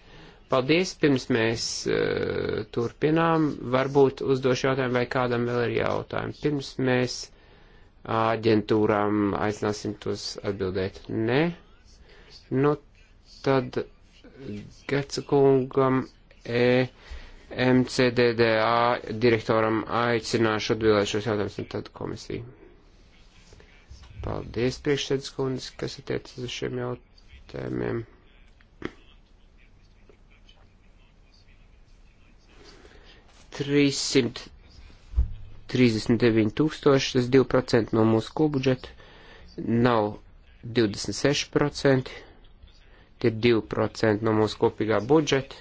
Paldies, pirms mēs uh, turpinām, varbūt uzdošu jautājumu, vai kādam vēl ir jautājumi. Pirms mēs aģentūrām aicināsim tos atbildēt. Nē. Nu, tad Geca kungam e, MCDDA direktoram aicināšu atbildēt šos jautājumus un tad komisiju. Paldies, priekšsēdus kundze, kas attiecas uz šiem jautājumiem. 339 tūkstoši, tas 2% no mūsu kūbudžeta, nav 26%, tie ir 2% no mūsu kopīgā budžeta,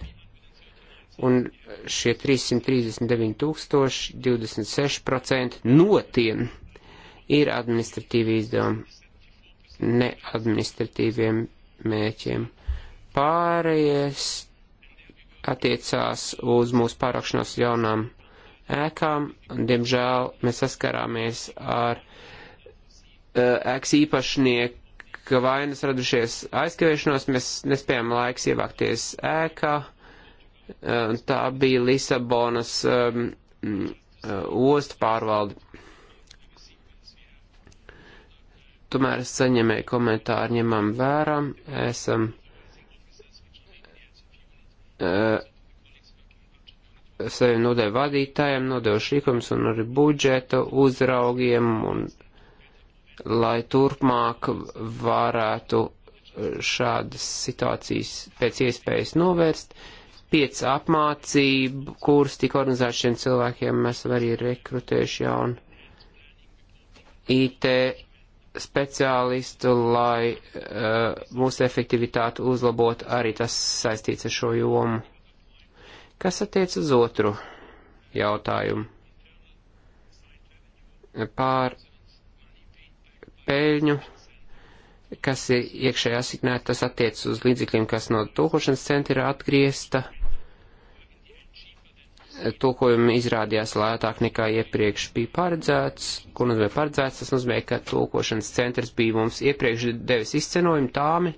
un šie 339 tūkstoši, 26% no tiem ir administratīvi izdevumi, neadministratīviem mēķiem. Pārējais attiecās uz mūsu pārākšanos jaunām ēkām. Diemžēl mēs saskarāmies ar eh, ēkas īpašnieka vainas radušies aizkavēšanos. Mēs nespējām laiks ievākties ēkā. Eh, tā bija Lisabonas um, ostu pārvalde. Tomēr saņemēju komentāru ņemam vērā. Esam. Um, Eh, saviem nodeļu vadītājiem, nodeļu šīkums un arī budžeta uzraugiem, un, lai turpmāk varētu šādas situācijas pēc iespējas novērst. Piec apmācību kurs tika organizēts šiem cilvēkiem, mēs arī rekrutējuši jaunu IT speciālistu, lai uh, mūsu efektivitāti uzlabotu, arī tas saistīts ar šo jomu. Kas attiec uz otru jautājumu? Pār pēļņu, kas ir iekšēji asignēta, tas attiec uz līdzekļiem, kas no tūkošanas centra ir atgriezta tulkojumi izrādījās lētāk nekā iepriekš bija paredzēts. Ko nozīmē paredzēts? Tas nozīmē, ka tulkošanas centrs bija mums iepriekš devis izcenojumu tāmi.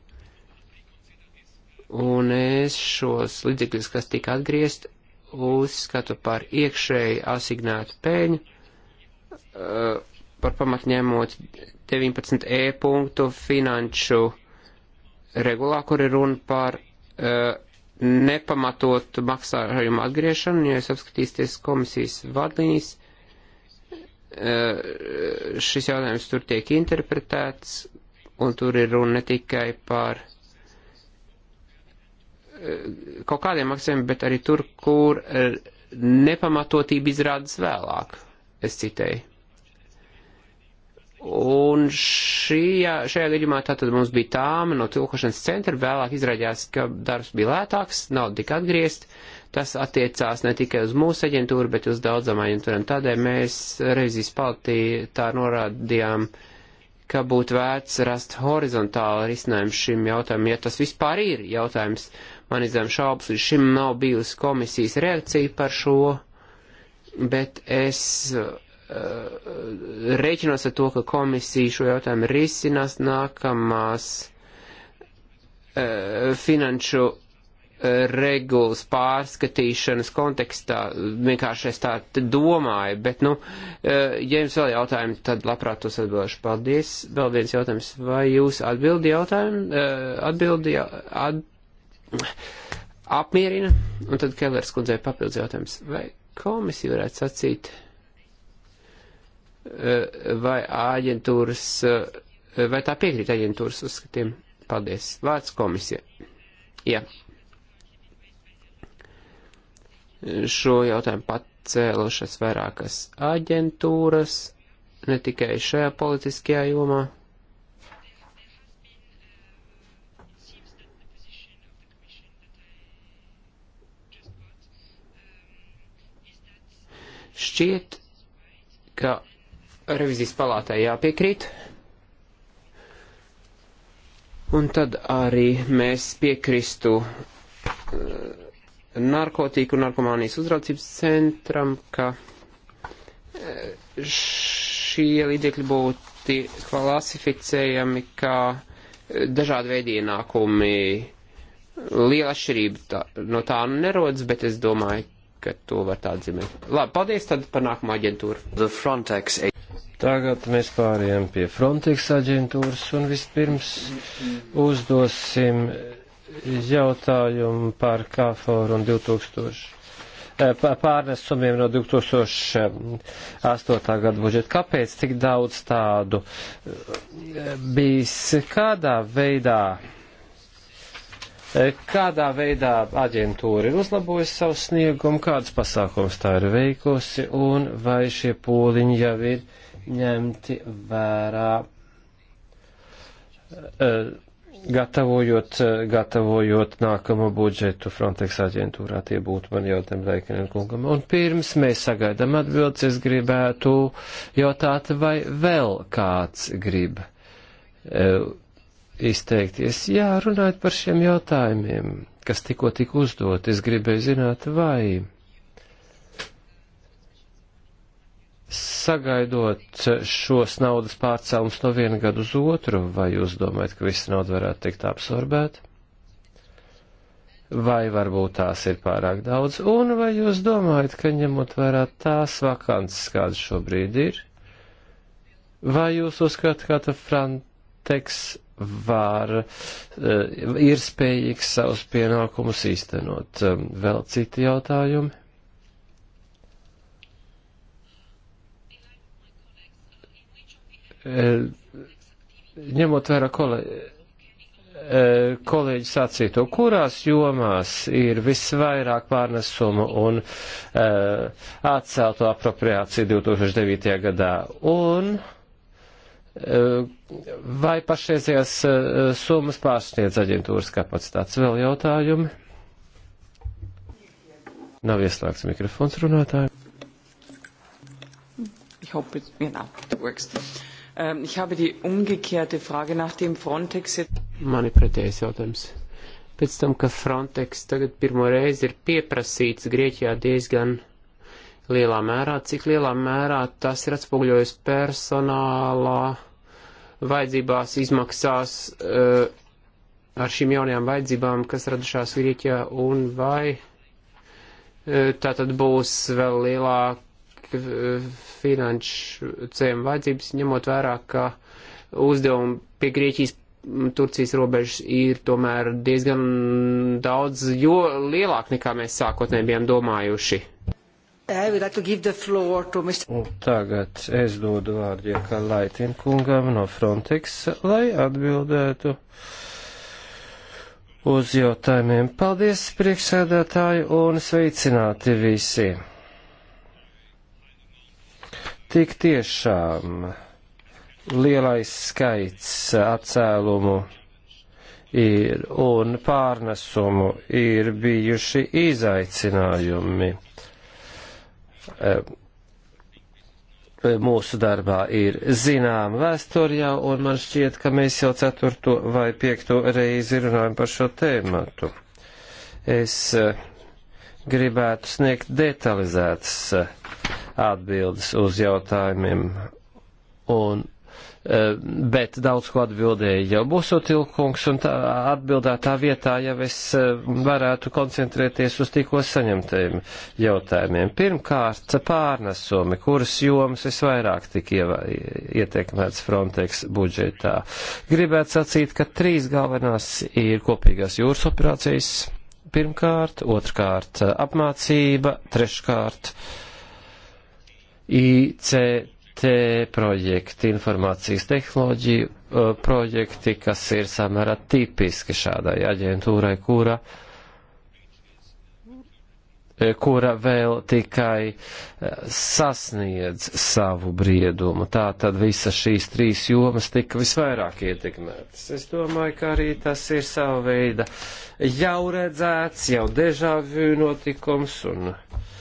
Un es šos līdzekļus, kas tika atgriezt, uzskatu par iekšēji asignētu pēļņu, eh, par pamatņemot 19 e punktu finanšu regulā, kur ir runa par uh, nepamatot maksājumu atgriešanu, jo es apskatīsties komisijas vadlīnijas, e, šis jautājums tur tiek interpretēts, un tur ir runa ne tikai par e, kaut kādiem maksājumiem, bet arī tur, kur e, nepamatotība izrādas vēlāk, es citēju. Un šajā, šajā gadījumā tātad mums bija tāma no tulkošanas centra, vēlāk izrādījās, ka darbs bija lētāks, nauda tika atgriezt. Tas attiecās ne tikai uz mūsu aģentūru, bet uz daudzām aģentūrām. Tādēļ mēs revizijas paltī tā norādījām, ka būtu vērts rast horizontālu risinājumu šim jautājumam, ja tas vispār ir jautājums. Man izdevām šaubas, līdz šim nav bijusi komisijas reakcija par šo, bet es Eh, eh, rēķinos ar to, ka komisija šo jautājumu risinās nākamās eh, finanšu regulas pārskatīšanas kontekstā. Vienkārši es tā domāju, bet, nu, ja jums vēl jautājumi, tad labprāt tos atbildēšu. Paldies. Vēl viens jautājums. Vai jūs atbildi jautājumu? Atbildi, at, apmierina? Un tad Kellers kundzei papildz jautājums. Vai komisija varētu sacīt? Eh, vai aģentūras, eh, vai tā piekrīt aģentūras uzskatiem? Paldies. Vārds komisija. Jā. Šo jautājumu pacēlušas vairākas aģentūras, ne tikai šajā politiskajā jomā. Šķiet, ka revizijas palātai jāpiekrīt. Un tad arī mēs piekristu eh, narkotiku un narkomānijas uzraudzības centram, ka eh, šie līdzekļi būtu klasificējami kā eh, dažādi veidi ienākumi. Liela atšķirība tā, no tā nu nerodas, bet es domāju, ka to var tā atzīmēt. Labi, paldies tad par nākamo aģentūru. Frontex. Tagad mēs pāriem pie Frontex aģentūras un vispirms uzdosim jautājumu par KFOR un 2000 eh, pārnesumiem no 2008. gada budžeta. Kāpēc tik daudz tādu eh, bijis? Kādā veidā Kādā veidā aģentūra ir uzlabojusi savu sniegumu, kādas pasākums tā ir veikusi un vai šie pūliņi jau ir ņemti vērā, eh, gatavojot, eh, gatavojot nākamo budžetu Frontex aģentūrā. Tie būtu man jautājumi Reikinen kungam. Un pirms mēs sagaidām atbildes, es gribētu jautāt, vai vēl kāds grib eh, izteikties. Jā, runājot par šiem jautājumiem, kas tikko tika uzdot, es gribēju zināt, vai sagaidot šos naudas pārcēlums no viena gada uz otru, vai jūs domājat, ka visa nauda varētu tikt absorbēta? Vai varbūt tās ir pārāk daudz, un vai jūs domājat, ka ņemot vērā tās vakances, kādas šobrīd ir, vai jūs uzskatāt, ka Fran Frontex var, eh, ir spējīgs savus pienākumus īstenot. Um, vēl citi jautājumi? Eh, ņemot vērā kolēģi eh, kolēģi sacīto, kurās jomās ir visvairāk pārnesumu un uh, atcelto apropriāciju 2009. gadā. Un uh, vai pašreizējās eh, summas pārsniedz aģentūras kapacitātes? Vēl jautājumi? Nav ieslēgts mikrofons runātājiem. Ich hoffe, it, you know, it works. Um, ähm, ich habe die umgekehrte Frage nach dem Frontex jetzt. Mani pretējais jautājums. Pēc tam, ka Frontex tagad pirmo reizi ir pieprasīts Grieķijā diezgan lielā mērā, cik lielā mērā tas ir atspoguļojis personālā vajadzībās, izmaksās uh, ar šīm jaunajām vajadzībām, kas radušās Grieķijā, un vai uh, tā tad būs vēl lielāk uh, eh, finansējuma vajadzības, ņemot vērā, ka uzdevumi pie Grieķijas Turcijas robežas ir tomēr diezgan daudz, jo lielāk nekā mēs sākotnēji bijām domājuši. Un tagad es dodu vārdu Jekalaitin kungam no Frontex, lai atbildētu uz jautājumiem. Paldies, priekšsēdētāji, un sveicināti visi! Tik tiešām lielais skaits atcēlumu ir un pārnesumu ir bijuši izaicinājumi Eh, eh, mūsu darbā ir zināma vēsture jau, un man šķiet, ka mēs jau ceturto vai piekto reizi runājam par šo tēmatu. Es eh, gribētu sniegt detalizētas atbildes uz jautājumiem, un Eh, bet daudz ko atbildēja jau Busotilkungs, un tā atbildētā vietā jau es eh, varētu koncentrēties uz tikko saņemtajiem jautājumiem. Pirmkārt, pārnesumi, kuras jomas visvairāk tika ietekmēts Frontex budžetā. Gribētu sacīt, ka trīs galvenās ir kopīgās jūras operācijas. Pirmkārt, otrkārt eh, apmācība, treškārt ICT IT projekti, informācijas tehnoloģiju projekti, kas ir samērā tipiski šādai aģentūrai, kura, e, kura vēl tikai e, sasniedz savu briedumu. Tā tad visas šīs trīs jomas tika visvairāk ietekmētas. Es domāju, ka arī tas ir sava veida jau redzēts, jau dežāvju notikums un. Uh,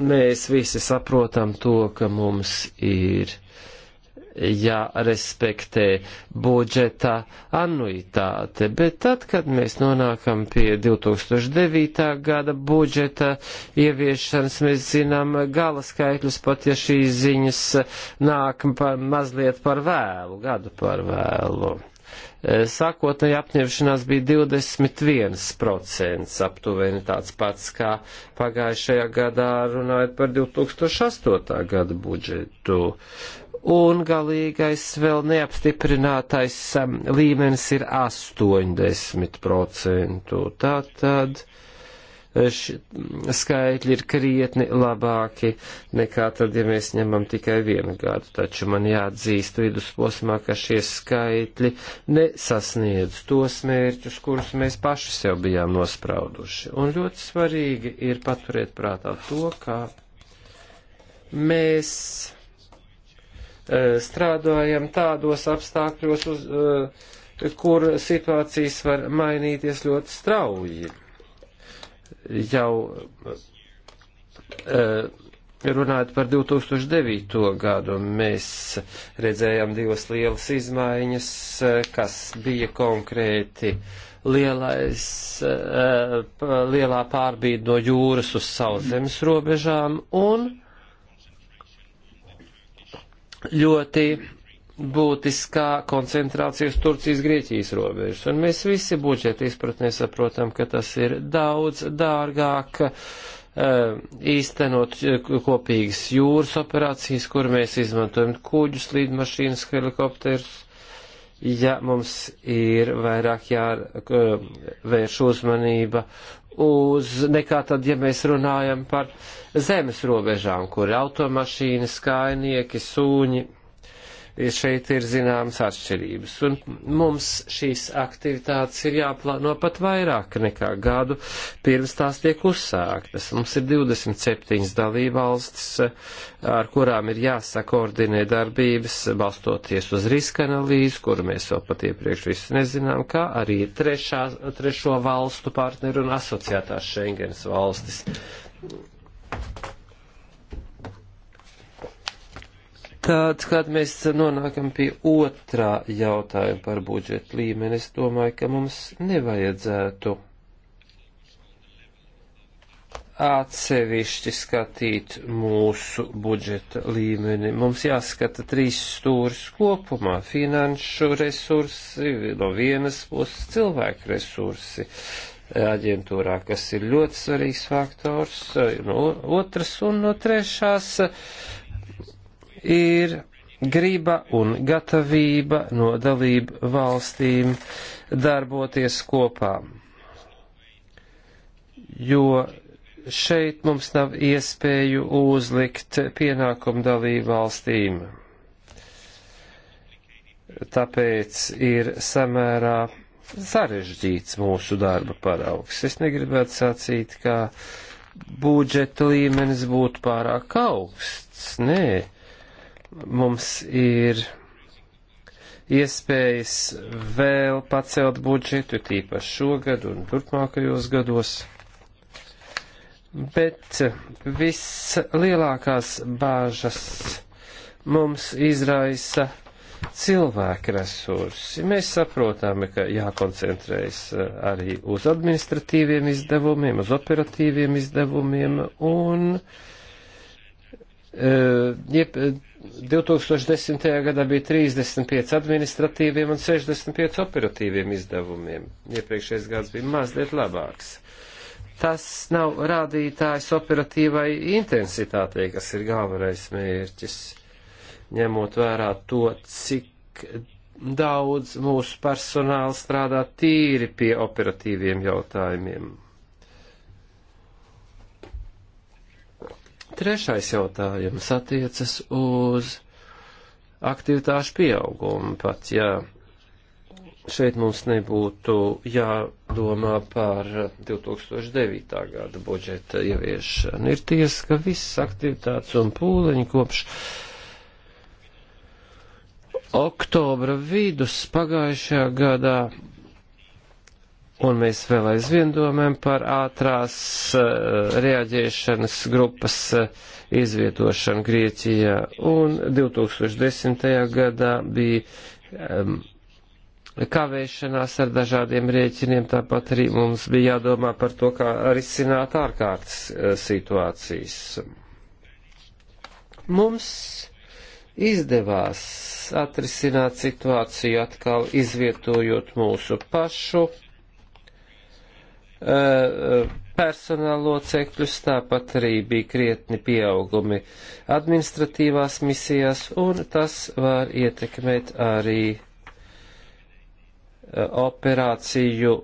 mēs visi saprotam to, ka mums ir jārespektē budžeta anuitāte, bet tad, kad mēs nonākam pie 2009. gada budžeta ieviešanas, mēs zinām gala skaitļus, pat ja šīs ziņas nāk par, mazliet par vēlu, gadu par vēlu. Eh, sākotnēji apņemšanās bija 21% aptuveni tāds pats, kā pagājušajā gadā runājot par 2008. gada budžetu. Un galīgais vēl neapstiprinātais eh, līmenis ir 80%. Tātad š, skaitļi ir krietni labāki nekā tad, ja mēs ņemam tikai vienu gadu. Taču man jāatzīst vidusposmā, ka šie skaitļi nesasniedz tos mērķus, kurus mēs paši sev bijām nosprauduši. Un ļoti svarīgi ir paturēt prātā to, ka mēs e, strādājam tādos apstākļos, uz, e, kur situācijas var mainīties ļoti strauji jau eh, runāt par 2009. gadu. Mēs redzējām divas lielas izmaiņas, eh, kas bija konkrēti lielais, eh, lielā pārbīde no jūras uz sauszemes robežām un ļoti būtiskā koncentrācija uz Turcijas-Grieķijas robežas. Un mēs visi budžeta izpratnē saprotam, ka tas ir daudz dārgāk eh, īstenot eh, kopīgas jūras operācijas, kur mēs izmantojam kuģus, līdmašīnas, helikopterus. Ja mums ir vairāk jāvērš eh, uzmanība uz nekā tad, ja mēs runājam par zemes robežām, kur automašīnas, kainieki, sūņi šeit ir zināmas atšķirības. Un mums šīs aktivitātes ir jāplāno pat vairāk nekā gadu pirms tās tiek uzsāktas. Mums ir 27 dalībvalstis, ar kurām ir jāsakoordinē darbības, balstoties uz riska analīzi, kuru mēs vēl pat iepriekš visu nezinām, kā arī trešā, trešo valstu partneru un asociētās Schengens valstis Tad, kad mēs nonākam pie otrā jautājuma par budžeta līmeni, es domāju, ka mums nevajadzētu atsevišķi skatīt mūsu budžeta līmeni. Mums jāskata trīs stūris kopumā - finanšu resursi, no vienas puses cilvēku resursi aģentūrā, kas ir ļoti svarīgs faktors, no otras un no trešās ir griba un gatavība no dalību valstīm darboties kopā. Jo šeit mums nav iespēju uzlikt pienākumu dalību valstīm. Tāpēc ir samērā sarežģīts mūsu darba paraugs. Es negribētu sacīt, ka budžeta līmenis būtu pārāk augsts. Nē, Mums ir iespējas vēl pacelt budžetu, tīpaši šogad un turpmākajos gados. Bet vislielākās bāžas mums izraisa cilvēku resursi. Mēs saprotam, ka jākoncentrējas eh, arī uz administratīviem izdevumiem, uz operatīviem izdevumiem un uh, 2010. gadā bija 35 administratīviem un 65 operatīviem izdevumiem. Iepriekšējais gads bija mazliet labāks. Tas nav rādītājs operatīvai intensitātei, kas ir galvenais mērķis, ņemot vērā to, cik daudz mūsu personāla strādā tīri pie operatīviem jautājumiem. Trešais jautājums attiecas uz aktivitāšu pieaugumu pat, jā. Šeit mums nebūtu jādomā par 2009. gada budžeta ieviešanu. Ir tiesa, ka viss aktivitātes un pūliņi kopš oktobra vidus pagājušajā gadā Un mēs vēl aizvien domājam par ātrās uh, reaģēšanas grupas uh, izvietošanu Grieķijā. Un 2010. gadā bija um, kavēšanās ar dažādiem rēķiniem, tāpat arī mums bija jādomā par to, kā risināt ārkārtas uh, situācijas. Mums izdevās atrisināt situāciju atkal izvietojot mūsu pašu Eh, eh, personāla locekļus, tāpat arī bija krietni pieaugumi administratīvās misijās, un tas var ietekmēt arī eh, operāciju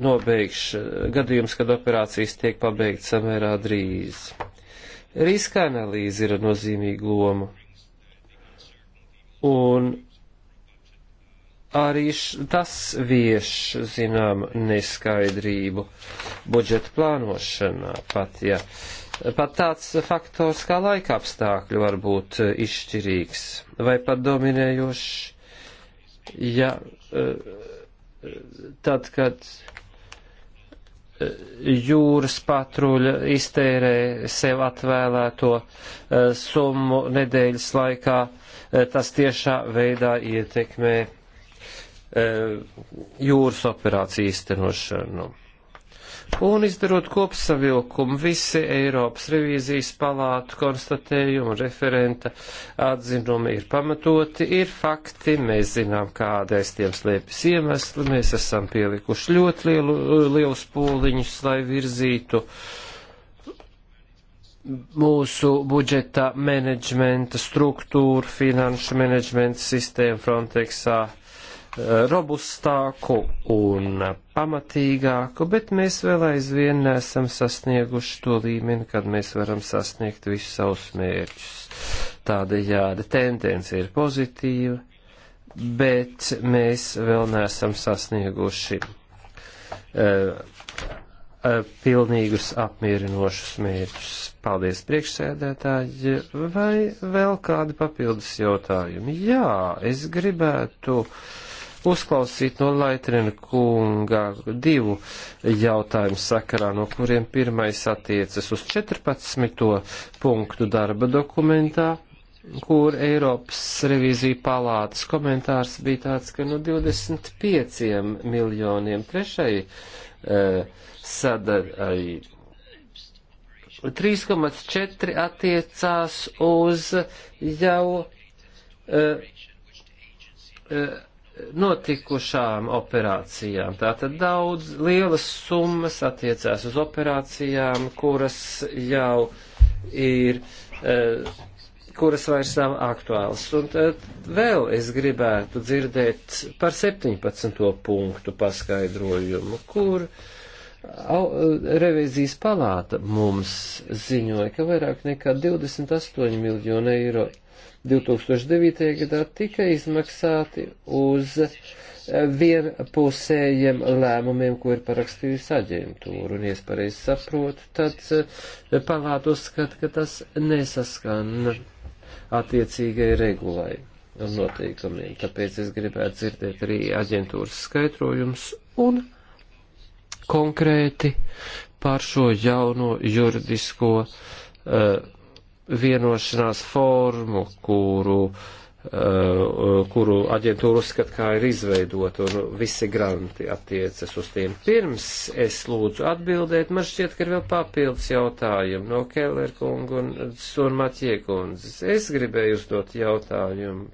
nobeigšanu, gadījums, kad operācijas tiek pabeigts samērā drīz. Riska analīze ir nozīmīga loma. Un arī š, tas vieš, zinām, neskaidrību budžeta plānošanā, pat, ja, pat tāds faktors kā laika apstākļi var būt izšķirīgs vai pat dominējošs, ja eh, tad, kad eh, jūras patruļa iztērē sev atvēlēto eh, summu nedēļas laikā, tas tiešā veidā ietekmē E, jūras operāciju īstenošanu. Un izdarot kopsavilkumu visi Eiropas revīzijas palātu konstatējumi un referenta atzinumi ir pamatoti, ir fakti, mēs zinām, kādēs tiem slēpjas iemesli, mēs esam pielikuši ļoti lielu, lielus pūliņus, lai virzītu mūsu budžeta menedžmenta struktūru, finanšu menedžmenta sistēmu Frontexā robustāku un pamatīgāku, bet mēs vēl aizvien nesam sasnieguši to līmeni, kad mēs varam sasniegt visus savus mērķus. Tādējādi tendence ir pozitīva, bet mēs vēl nesam sasnieguši uh, pilnīgus apmierinošus mērķus. Paldies priekšsēdētāji. Vai vēl kādi papildus jautājumi? Jā, es gribētu uh, uzklausīt no Laitrina kunga divu jautājumu sakarā, no kuriem pirmais attiecas uz 14. punktu darba dokumentā, kur Eiropas revīzija palātas komentārs bija tāds, ka no 25 miljoniem trešai eh, sadaļai 3,4 attiecās uz jau eh, eh, notikušām operācijām. Tātad daudz lielas summas attiecās uz operācijām, kuras jau ir, eh, kuras vairs nav aktuālas. Un tad vēl es gribētu dzirdēt par 17. punktu paskaidrojumu, kur eh, revizijas palāta mums ziņoja, ka vairāk nekā 28 miljonu eiro 2009. gadā tika izmaksāti uz vienpusējiem lēmumiem, ko ir parakstījusi aģentūra. Un, ja es pareizi saprotu, tad eh, palāta uzskata, ka tas nesaskan attiecīgai regulai un noteikumiem. Tāpēc es gribētu dzirdēt arī aģentūras skaidrojums un konkrēti par šo jauno juridisko uh, vienošanās formu, kuru, uh, kuru aģentūra uzskata, kā ir izveidota, un visi granti attiecas uz tiem. Pirms es lūdzu atbildēt, man šķiet, ka ir vēl papildus jautājumi no Keller kunga un, un Maķie kundzes. Es gribēju uzdot jautājumu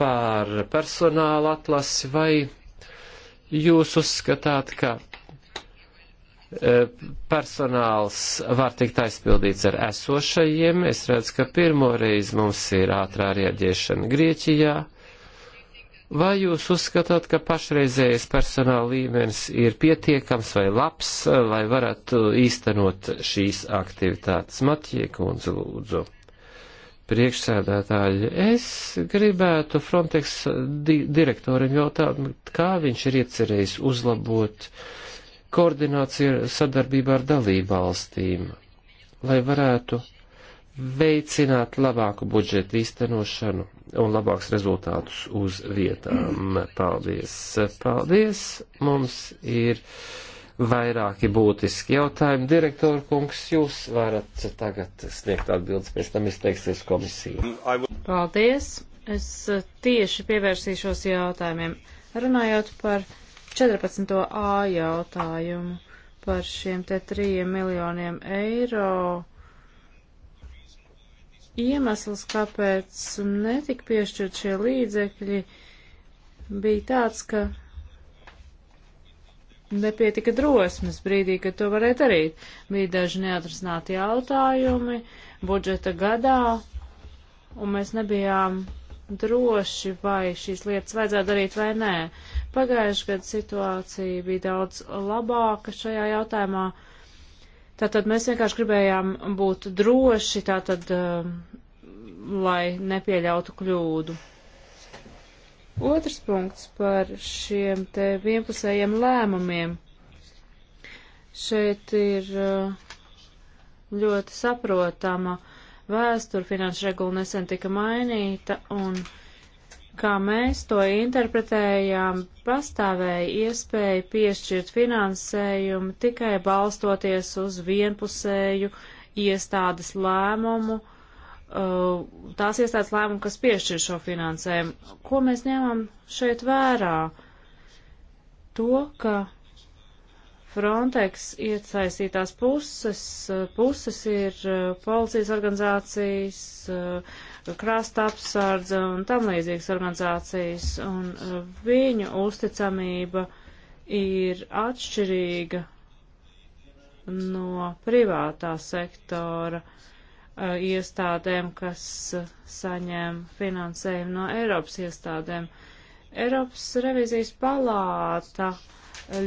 par personāla atlasi vai jūs uzskatāt, ka Eh, personāls var tikt aizpildīts ar esošajiem. Es redzu, ka pirmo reizi mums ir ātrā rieģiešana Grieķijā. Vai jūs uzskatāt, ka pašreizējais personāla līmenis ir pietiekams vai labs, eh, lai varētu īstenot šīs aktivitātes? Matjie kundze lūdzu. Priekšsēdētāji, es gribētu Frontex di direktorim jautāt, kā viņš ir iecerējis uzlabot uh, koordinācija sadarbībā ar dalību valstīm, lai varētu veicināt labāku budžetu īstenošanu un labāks rezultātus uz vietām. Paldies! Paldies! Mums ir vairāki būtiski jautājumi. Direktora kungs, jūs varat tagad sniegt atbildes, pēc tam izteiksies komisija. Paldies! Es tieši pievērsīšos jautājumiem. Runājot par 14. A jautājumu par šiem te 3 miljoniem eiro. Iemesls, kāpēc netika piešķirt šie līdzekļi, bija tāds, ka nepietika drosmes brīdī, kad to varēja darīt. Bija daži neatrisināti jautājumi budžeta gadā, un mēs nebijām droši, vai šīs lietas vajadzētu darīt vai nē. Uh, Pagājušajā gadā situācija bija daudz labāka šajā jautājumā. Tātad mēs vienkārši gribējām būt droši, tātad, um, lai nepieļautu kļūdu. Otrs punkts par šiem te vienpusējiem lēmumiem. Šeit ir uh, ļoti saprotama vēsture, finanšu regula nesen tika mainīta, un kā mēs to interpretējām, pastāvēja iespēja piešķirt finansējumu tikai balstoties uz vienpusēju iestādes lēmumu, uh, tās iestādes lēmumu, kas piešķir šo finansējumu. Ko mēs ņemam šeit vērā? To, ka Frontex iesaistītās puses, puses ir uh, policijas organizācijas, uh, krasta apsardze un tam līdzīgas organizācijas, un uh, viņu uzticamība ir atšķirīga no privātā sektora uh, iestādēm, kas uh, saņem finansējumu no Eiropas iestādēm. Eiropas revizijas palāta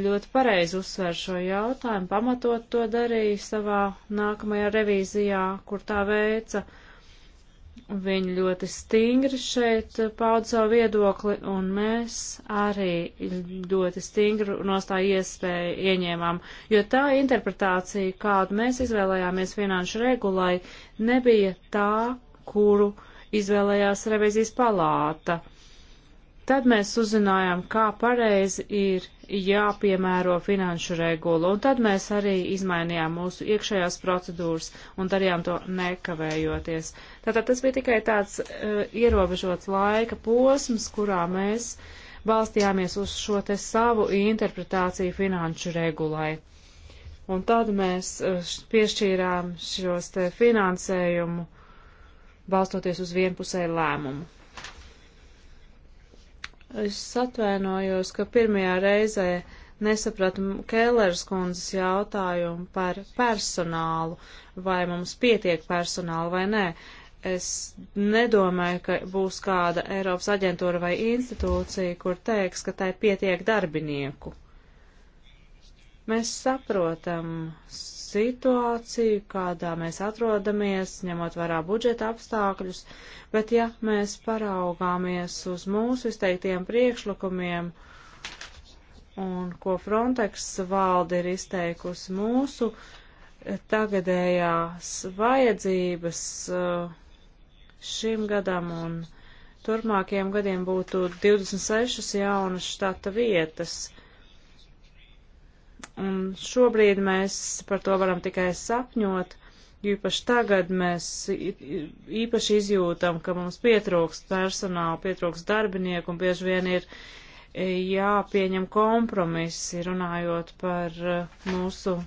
ļoti pareizi uzsver šo jautājumu, pamatot to darīja savā nākamajā revīzijā, kur tā veica uh, Viņi ļoti stingri šeit pauda savu viedokli, un mēs arī ļoti stingru nostāju iespēju ieņēmām, jo tā interpretācija, kādu mēs izvēlējāmies finanšu regulai, nebija tā, kuru izvēlējās revizijas palāta. Tad mēs uzzinājām, kā pareizi ir jāpiemēro finanšu regulu, un tad mēs arī izmainījām mūsu iekšējās procedūras un darījām to nekavējoties. Tātad tas bija tikai tāds uh, ierobežots laika posms, kurā mēs balstījāmies uz šo te savu interpretāciju finanšu regulai. Un tad mēs uh, piešķīrām šos te finansējumu balstoties uz vienpusēju lēmumu. Es atvainojos, ka pirmajā reizē nesapratu Kēlers kundzes jautājumu par personālu, vai mums pietiek personāla vai nē. Es nedomāju, ka būs kāda Eiropas aģentūra vai institūcija, kur teiks, ka tai pietiek darbinieku. Mēs saprotam situāciju, kādā mēs atrodamies, ņemot vērā budžeta apstākļus, bet ja mēs paraugāmies uz mūsu izteiktiem priekšlikumiem un ko Frontex valde ir izteikusi mūsu tagadējās vajadzības eh, šim gadam un turpmākajiem gadiem būtu 26 jaunas štata vietas Un šobrīd mēs par to varam tikai sapņot, īpaši tagad mēs īpaši izjūtam, ka mums pietrūkst personāla, pietrūkst darbinieku un bieži vien ir e, jāpieņem kompromisi, runājot par e, mūsu e,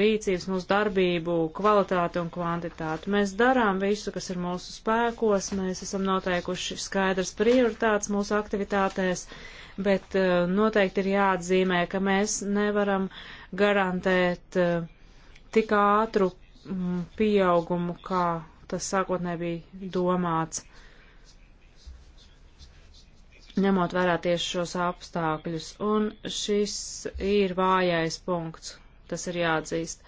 rīcības, mūsu darbību, kvalitāti un kvantitāti. Mēs darām visu, kas ir mūsu spēkos, mēs esam noteikuši skaidrs prioritātes mūsu aktivitātēs, bet eh, noteikti ir jāatzīmē, ka mēs nevaram garantēt eh, tik ātru mm, pieaugumu, kā tas sākotnē bija domāts, ņemot vērā tieši šos apstākļus. Un šis ir vājais punkts, tas ir jāatzīst.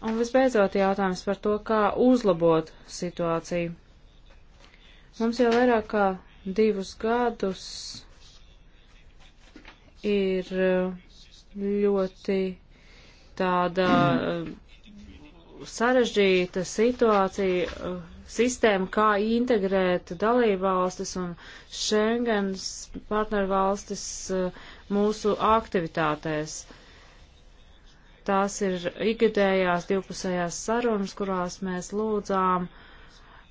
Un visbeidzot jautājums par to, kā uzlabot situāciju. Mums jau vairāk kā divus gadus ir eh, ļoti tāda eh, sarežģīta situācija, eh, sistēma, kā integrēt dalībvalstis un Schengens partnervalstis mūsu aktivitātēs. Tās ir ikgadējās divpusējās sarunas, kurās mēs lūdzām uh,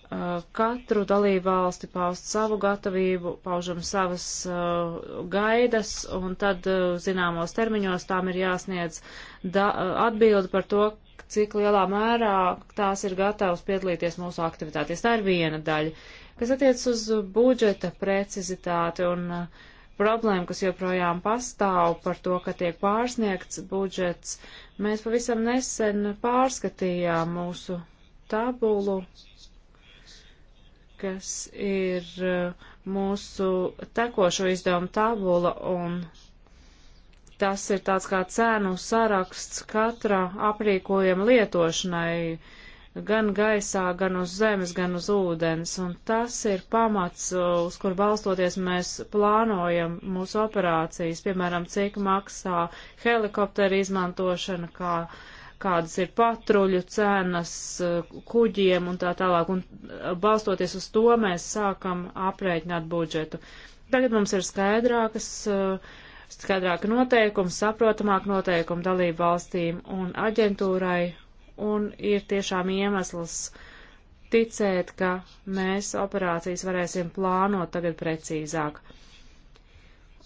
Uh, katru dalību valsti paust savu gatavību, paužam savas uh, gaidas, un tad uh, zināmos termiņos tām ir jāsniedz da, uh, atbildi par to, cik lielā mērā tās ir gatavas piedalīties mūsu aktivitātēs. Tā ir viena daļa, kas attiec uz budžeta precizitāti un uh, problēmu, kas joprojām pastāv par to, ka tiek pārsniegts budžets. Mēs pavisam nesen pārskatījām mūsu tabulu kas ir uh, mūsu tekošo izdevumu tabula, un tas ir tāds kā cēnu saraksts katra aprīkojuma lietošanai, gan gaisā, gan uz zemes, gan uz ūdens, un tas ir pamats, uh, uz kur balstoties mēs plānojam mūsu operācijas, piemēram, cik maksā helikoptera izmantošana, kā uh, kādas ir patruļu cenas eh, kuģiem un tā tālāk. Un eh, balstoties uz to mēs sākam aprēķināt budžetu. Tagad mums ir skaidrākas, eh, skaidrāka noteikuma, saprotamāka noteikuma dalību valstīm un aģentūrai un ir tiešām iemesls ticēt, ka mēs operācijas varēsim plānot tagad precīzāk.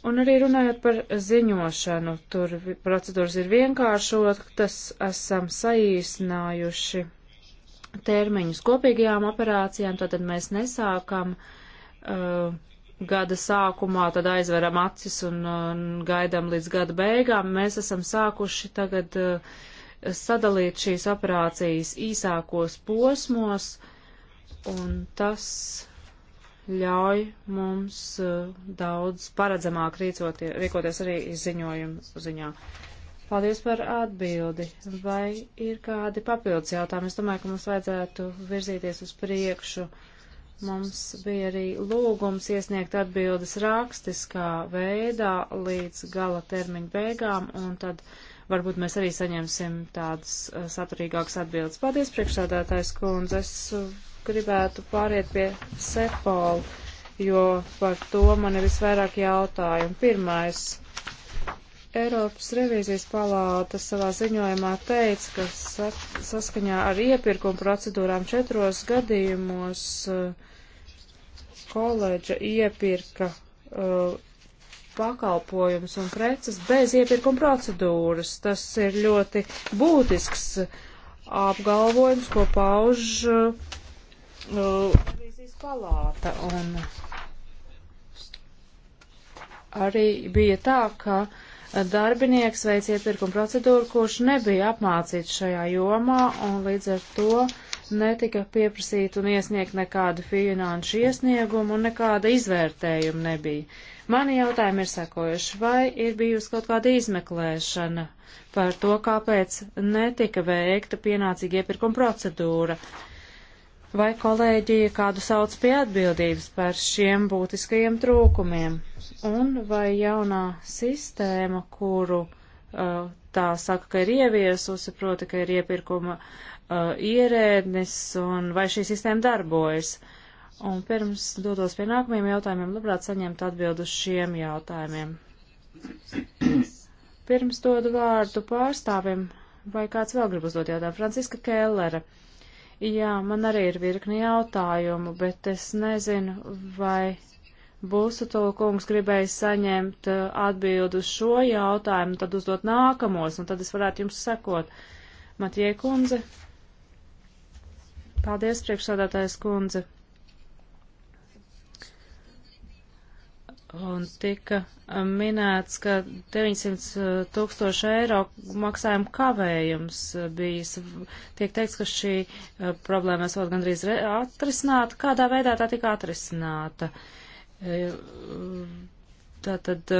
Un arī runājot par ziņošanu, tur procedūras ir vienkāršotas, esam saīsinājuši termiņus kopīgajām operācijām, tātad mēs nesākam uh, gada sākumā, tad aizveram acis un uh, gaidām līdz gada beigām. Mēs esam sākuši tagad uh, sadalīt šīs operācijas īsākos posmos, un tas ļauj mums eh, daudz paredzamāk rīkoties arī ziņojumu ziņā. Paldies par atbildi. Vai ir kādi papildus jautājumi? Es domāju, ka mums vajadzētu virzīties uz priekšu. Mums bija arī lūgums iesniegt atbildes rakstiskā veidā līdz gala termiņa beigām, un tad varbūt mēs arī saņemsim tādas eh, saturīgākas atbildes. Paldies, priekšsādātājs kundze. Es eh, gribētu pāriet pie Sepola, jo par to man ir visvairāk jautājumu. Pirmais. Eiropas revīzijas palāta savā ziņojumā teica, ka saskaņā ar iepirkuma procedūrām četros gadījumos uh, koledža iepirka uh, pakalpojums un preces bez iepirkuma procedūras. Tas ir ļoti būtisks uh, apgalvojums, ko pauž revīzijas nu, palāta. Un arī bija tā, ka darbinieks veic iepirkuma procedūru, kurš nebija apmācīts šajā jomā, un līdz ar to netika pieprasīta un iesniegt nekādu finanšu iesniegumu un nekāda izvērtējuma nebija. Mani jautājumi ir sekojuši, vai ir bijusi kaut kāda izmeklēšana par to, kāpēc netika veikta pienācīga iepirkuma procedūra? Uh, vai kolēģi kādu sauc pie atbildības par šiem būtiskajiem trūkumiem, un vai jaunā sistēma, kuru uh, tā saka, ka ir ieviesusi, proti, ka ir iepirkuma uh, ierēdnis, un vai šī sistēma darbojas. Un pirms dodos pie nākamajiem jautājumiem, labprāt saņemt atbildu uz šiem jautājumiem. Pirms dodu vārdu pārstāvim, vai kāds vēl grib uzdot jautājumu? Franciska Kellere. Uh, Jā, man arī ir virkni jautājumu, bet es nezinu, vai Būsatola kungs gribēja saņemt uh, atbildu uz šo jautājumu, tad uzdot nākamos, un tad es varētu jums sekot. Matie kundze. Paldies, priekšsādātājs kundze. Un tika minēts, ka 900 tūkstoši eiro maksājuma kavējums bijis. Tiek teikts, ka šī problēma esot gandrīz atrisināta. Kādā veidā tā tika atrisināta? E, tātad,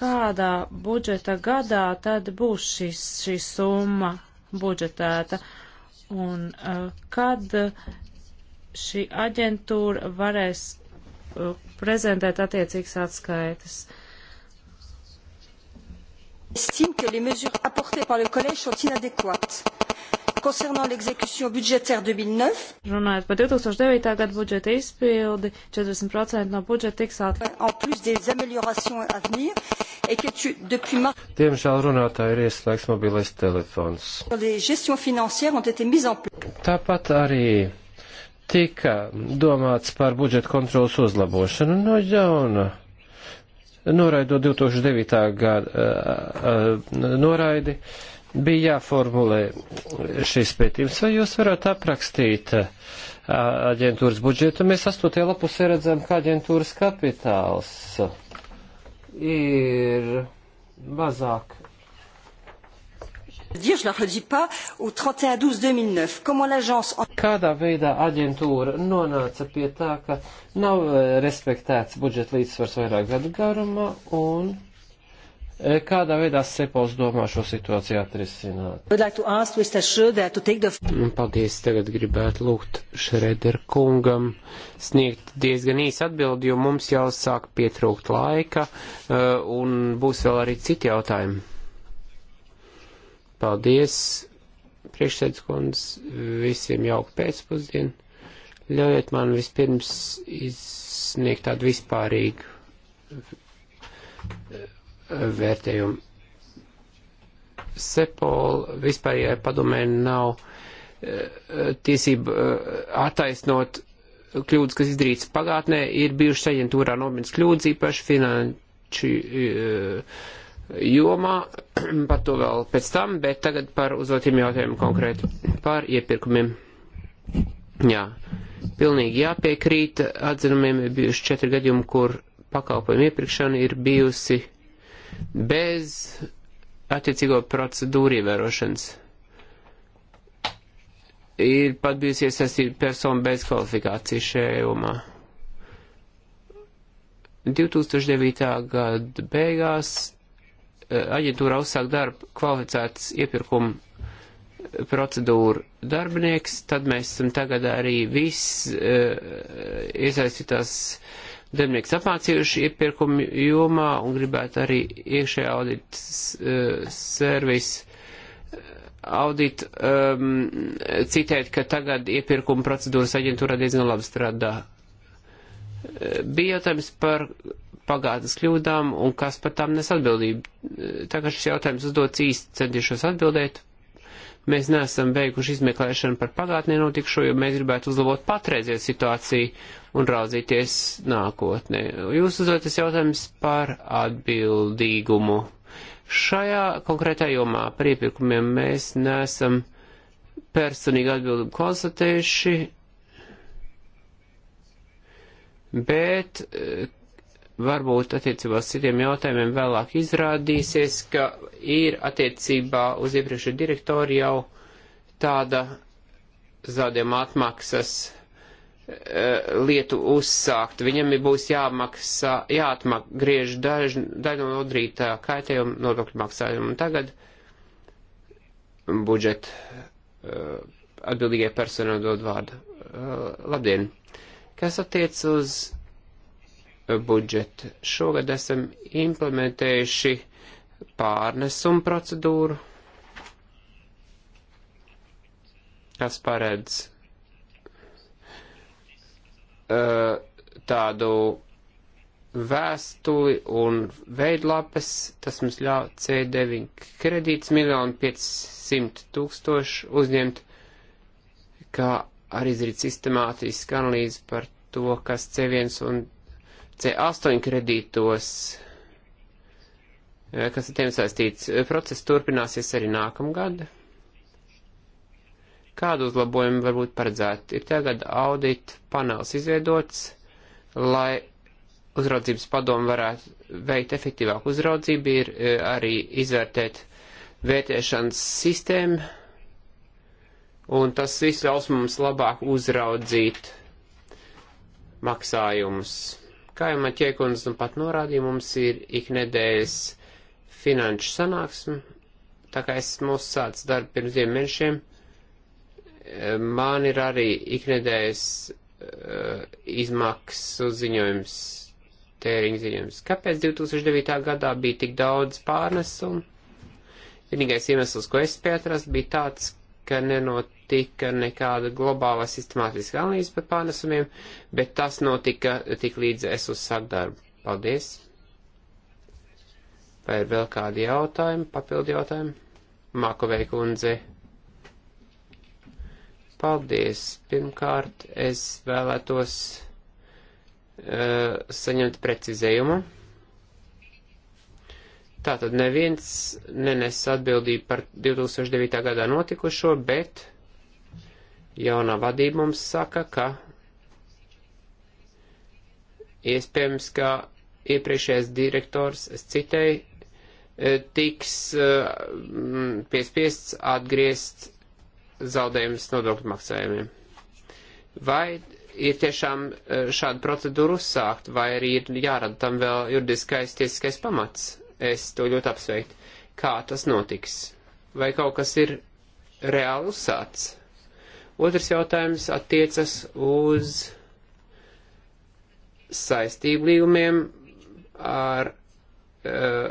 kādā budžeta gadā tad būs šis, šī summa budžetēta? Un kad šī aģentūra varēs prezentēt attiecīgas atskaitas. Estime que les mesures apportées par le collège sont inadéquates. Concernant l'exécution budgétaire 2009, runājot par 2009. gada budžeta izpildi, 40% no budžeta tiks atlikts. Diemžēl runātāji ir ieslēgts mobilais telefons. Tāpat arī tika domāts par budžeta kontrolas uzlabošanu no jauna. Noraidot 2009. gada noraidi, bija jāformulē šis pētījums. Vai jūs varētu aprakstīt aģentūras budžetu? Mēs astotajā lapusē redzam, ka aģentūras kapitāls ir mazāk Kādā veidā aģentūra nonāca pie tā, ka nav eh, respektēts budžeta līdzsvars vairāk gadu garumā un eh, kādā veidā Sepols domā šo situāciju atrisināt? Mm, paldies, tagad gribētu lūgt Šreder kungam sniegt diezgan īsu atbildi, jo mums jau sāk pietrūkt laika eh, un būs vēl arī citi jautājumi. Paldies, priekšsēdus kundze, visiem jauku pēcpusdienu. Ļaujiet man vispirms izsniegt tādu vispārīgu eh, vērtējumu. Sepol vispārējai padomē nav eh, tiesība eh, attaisnot kļūdas, kas izdarīts pagātnē, ir bijušas aģentūrā nopietnas kļūdas, īpaši finanšu jomā, par to vēl pēc tam, bet tagad par uzdotiem jautājumiem konkrēti par iepirkumiem. Jā, pilnīgi jāpiekrīt atzinumiem, ir bijuši četri gadījumi, kur pakalpojumu iepirkšana ir bijusi bez attiecīgo procedūru ievērošanas. Ir pat bijusi iesaistīta persona bez kvalifikācijas šajā jomā. 2009. gada beigās aģentūra uzsāk darbu kvalificētas iepirkuma procedūru darbinieks, tad mēs esam tagad arī viss eh, iesaistītās darbinieks apmācījuši iepirkuma jomā un gribētu arī iekšējā audita servis audit um, citēt, ka tagad iepirkuma procedūras aģentūra diezgan labi strādā. Bija jautājums par pagātnes kļūdām un kas par tām nes atbildību. Tā kā šis jautājums uzdots īsti centīšos atbildēt, mēs neesam beiguši izmeklēšanu par pagātnē notikušo, jo mēs gribētu uzlabot patreizie situāciju un raudzīties nākotnē. Jūs uzdotas jautājums par atbildīgumu. Šajā konkrētā jomā par iepirkumiem mēs neesam personīgi atbildību konstatējuši, bet varbūt attiecībā uz citiem jautājumiem vēlāk izrādīsies, ka ir attiecībā uz iepriekšēju direktoru jau tāda zaudējuma atmaksas e, lietu uzsākt. Viņam ir būs jāmaksā, jāatmagriež daļu nodrītā kaitējuma nodokļu maksājumu. Un tagad budžeta e, atbildīgai personai dod vārdu. E, labdien! Kas attiec uz budžetu. Šogad esam implementējuši pārnesumu procedūru, kas paredz uh, tādu vēstuli un veidlapes, tas mums ļauj C9 kredīts miljonu 500 tūkstoši uzņemt, kā arī izrīt sistemātiski analīzi par to, kas C1 un C8 kredītos, eh, kas ar tiem saistīts. Eh, process turpināsies arī nākamgad. Kādu uzlabojumu varbūt paredzēt? Ir tagad audit panels izveidots, lai uzraudzības padomu varētu veikt efektīvāku uzraudzību, ir eh, arī izvērtēt vērtēšanas sistēmu, un tas viss ļaus mums labāk uzraudzīt maksājumus. Kā jau Maķēkundze nu pat norādīja, mums ir iknedēļas finanšu sanāksme, tā kā es mūsu sācu darbu pirms diviem mēnešiem, man ir arī iknedēļas uh, izmaksu ziņojums, tēriņu ziņojums. Kāpēc 2009. gadā bija tik daudz pārnesumu? Vienīgais iemesls, ko es spēju atrast, bija tāds, ka nenotika nekāda globāla sistemātiska analīze par pārnesumiem, bet tas notika tik līdz es uzsāku darbu. Paldies! Vai ir vēl kādi jautājumi, papildi jautājumi? Makovei kundze. Paldies! Pirmkārt, es vēlētos uh, saņemt precizējumu. Tātad neviens nenes atbildību par 2009. gadā notikušo, bet jaunā vadība mums saka, ka iespējams, ka iepriekšējais direktors, es citēju, e, tiks e, piespiests atgriezt zaudējumus nodokļu maksājumiem. Vai ir tiešām e, šāda procedūra uzsākt, vai arī ir jārada tam vēl juridiskais tiesiskais pamats? Es to ļoti apsveiktu. Kā tas notiks? Vai kaut kas ir reāli uzsāts? Otrs jautājums attiecas uz saistību līgumiem ar uh,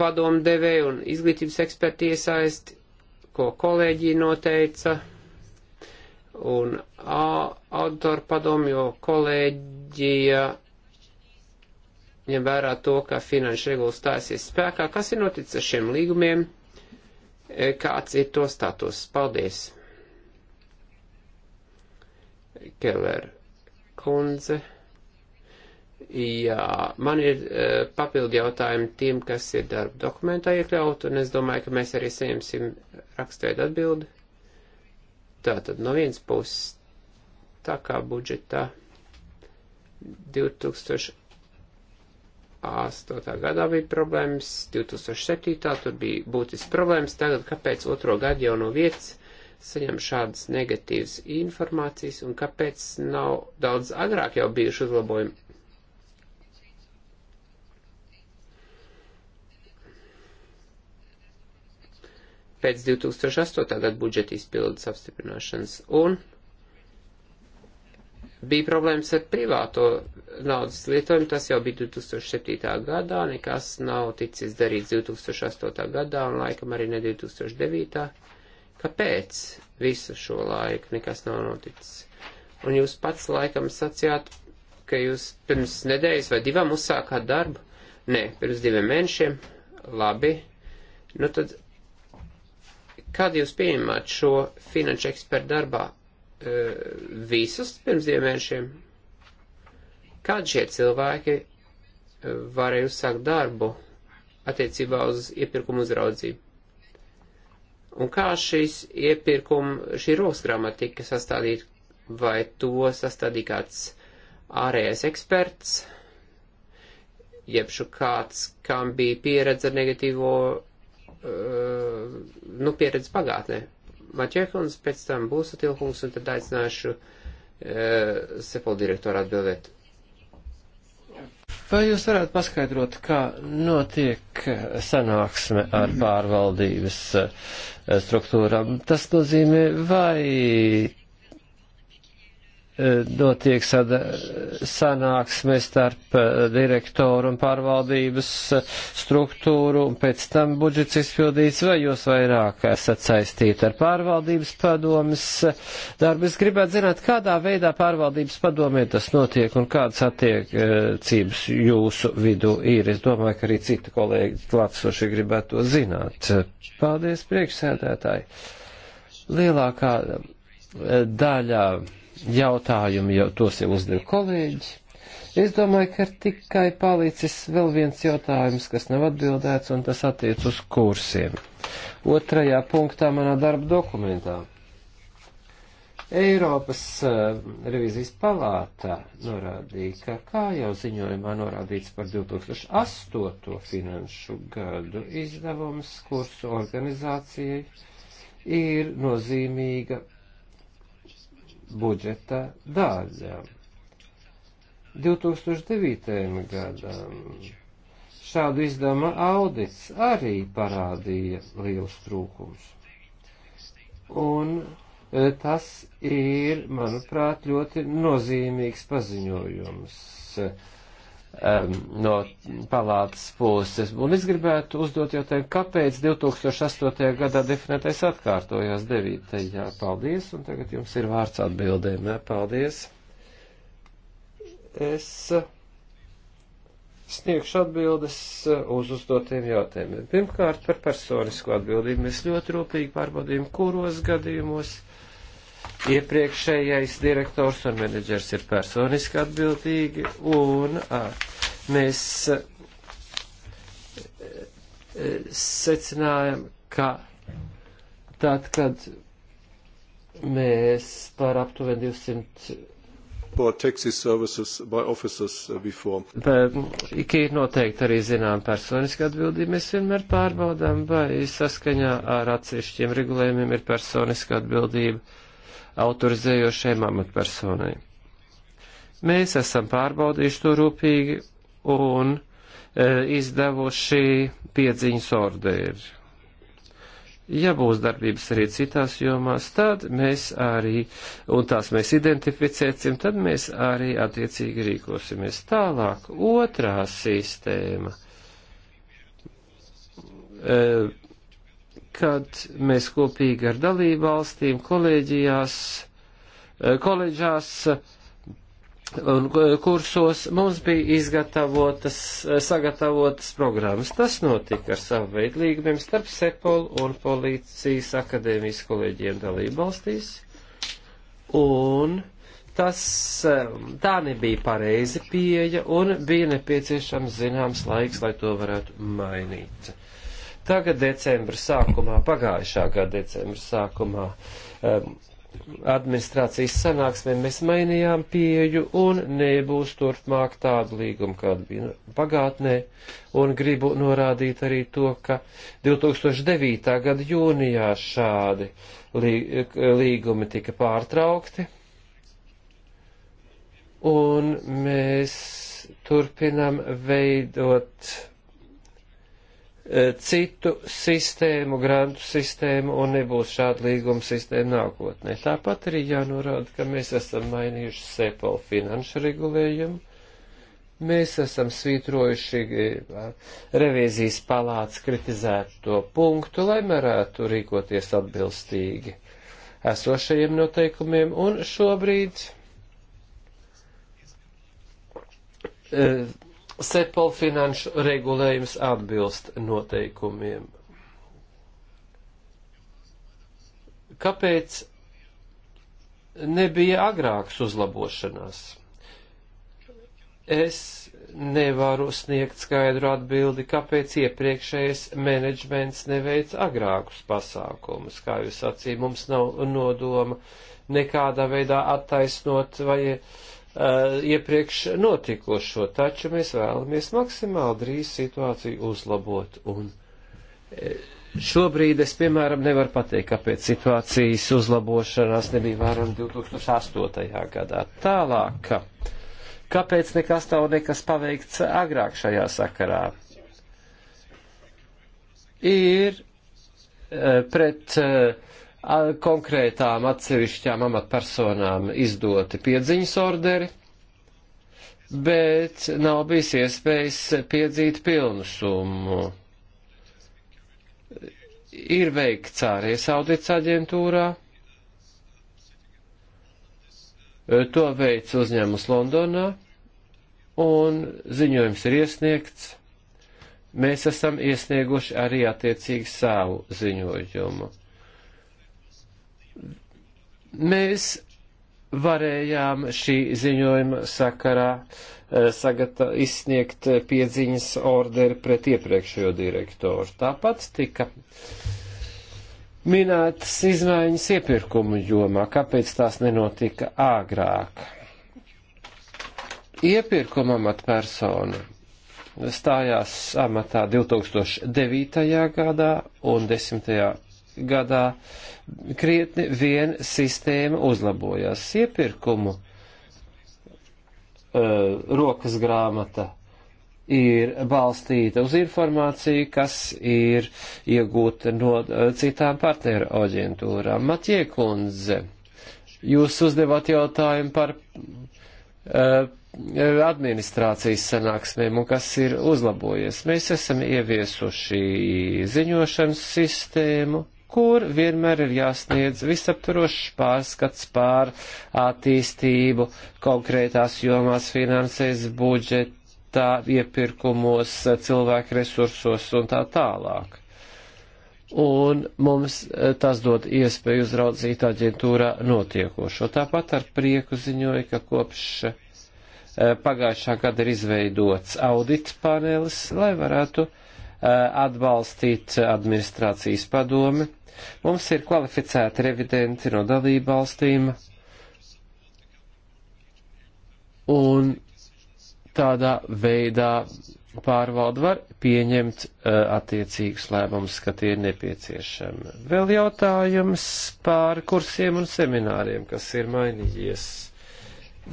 padomdevēju un izglītības eksperti iesaisti, ko kolēģija noteica un autoru padomju kolēģija ņem vērā to, ka finanšu regulas stāsies spēkā, kas ir noticis ar šiem līgumiem, e, kāds ir to status. Paldies! Keller kundze. Jā, man ir e, papildi jautājumi tiem, kas ir darba dokumentā iekļaut, un es domāju, ka mēs arī saņemsim rakstveidu atbildi. Tātad no vienas puses, tā kā budžetā 2000. 2008. gadā bija problēmas, 2007. tur bija būtisks problēmas, tagad kāpēc otro gadu jau no vietas saņem šādas negatīvas informācijas un kāpēc nav daudz agrāk jau bijuši uzlabojumi. Pēc 2008. gada budžeta izpildes apstiprināšanas un bija problēmas ar privāto naudas lietojumu, tas jau bija 2007. gadā, nekas nav ticis darīts 2008. gadā un laikam arī ne 2009. Kāpēc visu šo laiku nekas nav noticis? Un jūs pats laikam sacījāt, ka jūs pirms nedēļas vai divām uzsākāt darbu? Nē, pirms diviem mēnešiem. Labi. Nu tad, kad jūs pieņemāt šo finanšu ekspertu darbā, E, visus pirms diviem mēnešiem, kad šie cilvēki e, varēja uzsākt darbu attiecībā uz iepirkumu uzraudzību. Un kā šīs iepirkuma, šī rokasgrāmata tika sastādīta, vai to sastādīja kāds ārējais eksperts, jebšu kāds, kam bija pieredze ar negatīvo, uh, nu, pieredze pagātnē, Maķēkons, pēc tam būs atilkums, un tad aicināšu uh, e, Sepol direktoru atbildēt. Vai jūs varētu paskaidrot, kā notiek sanāksme ar pārvaldības e, struktūrām? Tas nozīmē, vai notiek sanāksme starp eh, direktoru un pārvaldības eh, struktūru, un pēc tam budžets izpildīts, vai jūs vairāk esat saistīti ar pārvaldības padomas eh, darbu. Es gribētu zināt, kādā veidā pārvaldības padomē tas notiek un kādas attiecības jūsu vidū ir. Es domāju, ka arī citi kolēģi klātsoši gribētu to zināt. Paldies, priekšsēdētāji! Lielākā daļā jautājumi, jo tos jau uzdev kolēģi. Es domāju, ka ir tikai palicis vēl viens jautājums, kas nav atbildēts, un tas attiec uz kursiem. Otrajā punktā manā darba dokumentā. Eiropas uh, revizijas palātā norādīja, ka, kā jau ziņojumā norādīts par 2008. finanšu gadu izdevums kursu organizācijai, ir nozīmīga budžeta daļa. 2009. gadam šādu izdevuma audits arī parādīja liels trūkums. Un e, tas ir, manuprāt, ļoti nozīmīgs paziņojums. Uh, um, no palātas puses. Un es gribētu uzdot jautājumu, kāpēc 2008. gadā definētais atkārtojās 9. Jā, paldies, un tagad jums ir vārds atbildēm. Jā, paldies. Es uh, sniegšu atbildes uh, uz uzdotiem jautājumiem. Pirmkārt, par personisko atbildību mēs ļoti rūpīgi pārbaudījām, kuros gadījumos iepriekšējais direktors un menedžers ir personiski atbildīgi, un a, mēs a, secinājam, ka tad, kad mēs par aptuveni 200 taxi services by officers uh, before. Ik ir noteikti arī zinām personiski atbildība. Mēs vienmēr pārbaudām, vai saskaņā ar atsevišķiem regulējumiem ir personiska atbildība autorizējošajam amatpersonai. Mēs esam pārbaudījuši to rūpīgi un e, izdevuši piedziņas orderi. Ja būs darbības arī citās jomās, tad mēs arī, un tās mēs identificēsim, tad mēs arī attiecīgi rīkosimies tālāk. Otrā sistēma. E, kad mēs kopīgi ar dalību valstīm kolēģijās, eh, koledžās un eh, kursos mums bija izgatavotas, eh, sagatavotas programmas. Tas notika ar savu veidu līgumiem starp Sepol un Policijas akadēmijas kolēģiem dalību valstīs. Un tas, tā nebija pareizi pieeja un bija nepieciešams zināms laiks, lai to varētu mainīt. Tagad decembra sākumā, pagājušā gada decembra sākumā, um, administrācijas sanāksmē mēs mainījām pieju un nebūs turpmāk tādu līgumu, kāda bija pagātnē. Un gribu norādīt arī to, ka 2009. gada jūnijā šādi līgumi tika pārtraukti. Un mēs turpinam veidot E, citu sistēmu, grantu sistēmu un nebūs šāda līguma sistēma nākotnē. Tāpat arī jānorāda, ka mēs esam mainījuši SEPOL finanšu regulējumu, mēs esam svītrojuši e, revīzijas palāts kritizēto punktu, lai varētu rīkoties atbilstīgi esošajiem noteikumiem un šobrīd. Uh, e, Sepal finanšu regulējums atbilst noteikumiem. Kāpēc nebija agrāks uzlabošanās? Es nevaru sniegt skaidru atbildi, kāpēc iepriekšējais menedžments neveica agrākus pasākumus. Kā jūs sacījāt, mums nav nodoma nekādā veidā attaisnot vai uh, Eh, iepriekš notikušo, taču mēs vēlamies maksimāli drīz situāciju uzlabot. Un eh, šobrīd es, piemēram, nevaru pateikt, kāpēc situācijas uzlabošanās nebija vērojama 2008. gadā. Tālāk, kāpēc nekas nav nekas paveikts agrāk šajā sakarā? Ir eh, pret uh, konkrētām atsevišķām amatpersonām izdoti piedziņas orderi, bet nav bijis iespējas piedzīt pilnu summu. Ir veikts ārējais audits aģentūrā. To veids uzņēmums Londonā, un ziņojums ir iesniegts. Mēs esam iesnieguši arī attiecīgi savu ziņojumu. Mēs varējām šī ziņojuma sakarā eh, sagata, izsniegt piedziņas orderi pret iepriekšējo direktoru. Tāpat tika minētas izmaiņas iepirkumu jomā, kāpēc tās nenotika agrāk. Iepirkuma amatpersona stājās amatā 2009. gadā un 10 gadā krietni vien sistēma uzlabojās. Iepirkumu uh, rokas grāmata ir balstīta uz informāciju, kas ir iegūta no uh, citām partneru aģentūrām. Matie kundze, jūs uzdevāt jautājumu par uh, administrācijas sanāksmēm un kas ir uzlabojies. Mēs esam ieviesuši ziņošanas sistēmu kur vienmēr ir jāsniedz visaptvarošs pārskats pār attīstību konkrētās jomās finansēs budžetā, iepirkumos, cilvēku resursos un tā tālāk. Un mums eh, tas dod iespēju uzraudzīt aģentūrā notiekošo. Tāpat ar prieku ziņoja, ka kopš eh, pagājušā gada ir izveidots audit panelis, lai varētu eh, atbalstīt administrācijas padomi Mums ir kvalificēti revidenti no dalību valstīm, un tādā veidā pārvalda var pieņemt uh, attiecīgus lēmumus, ka tie ir nepieciešami. Vēl jautājums par kursiem un semināriem, kas ir mainījies.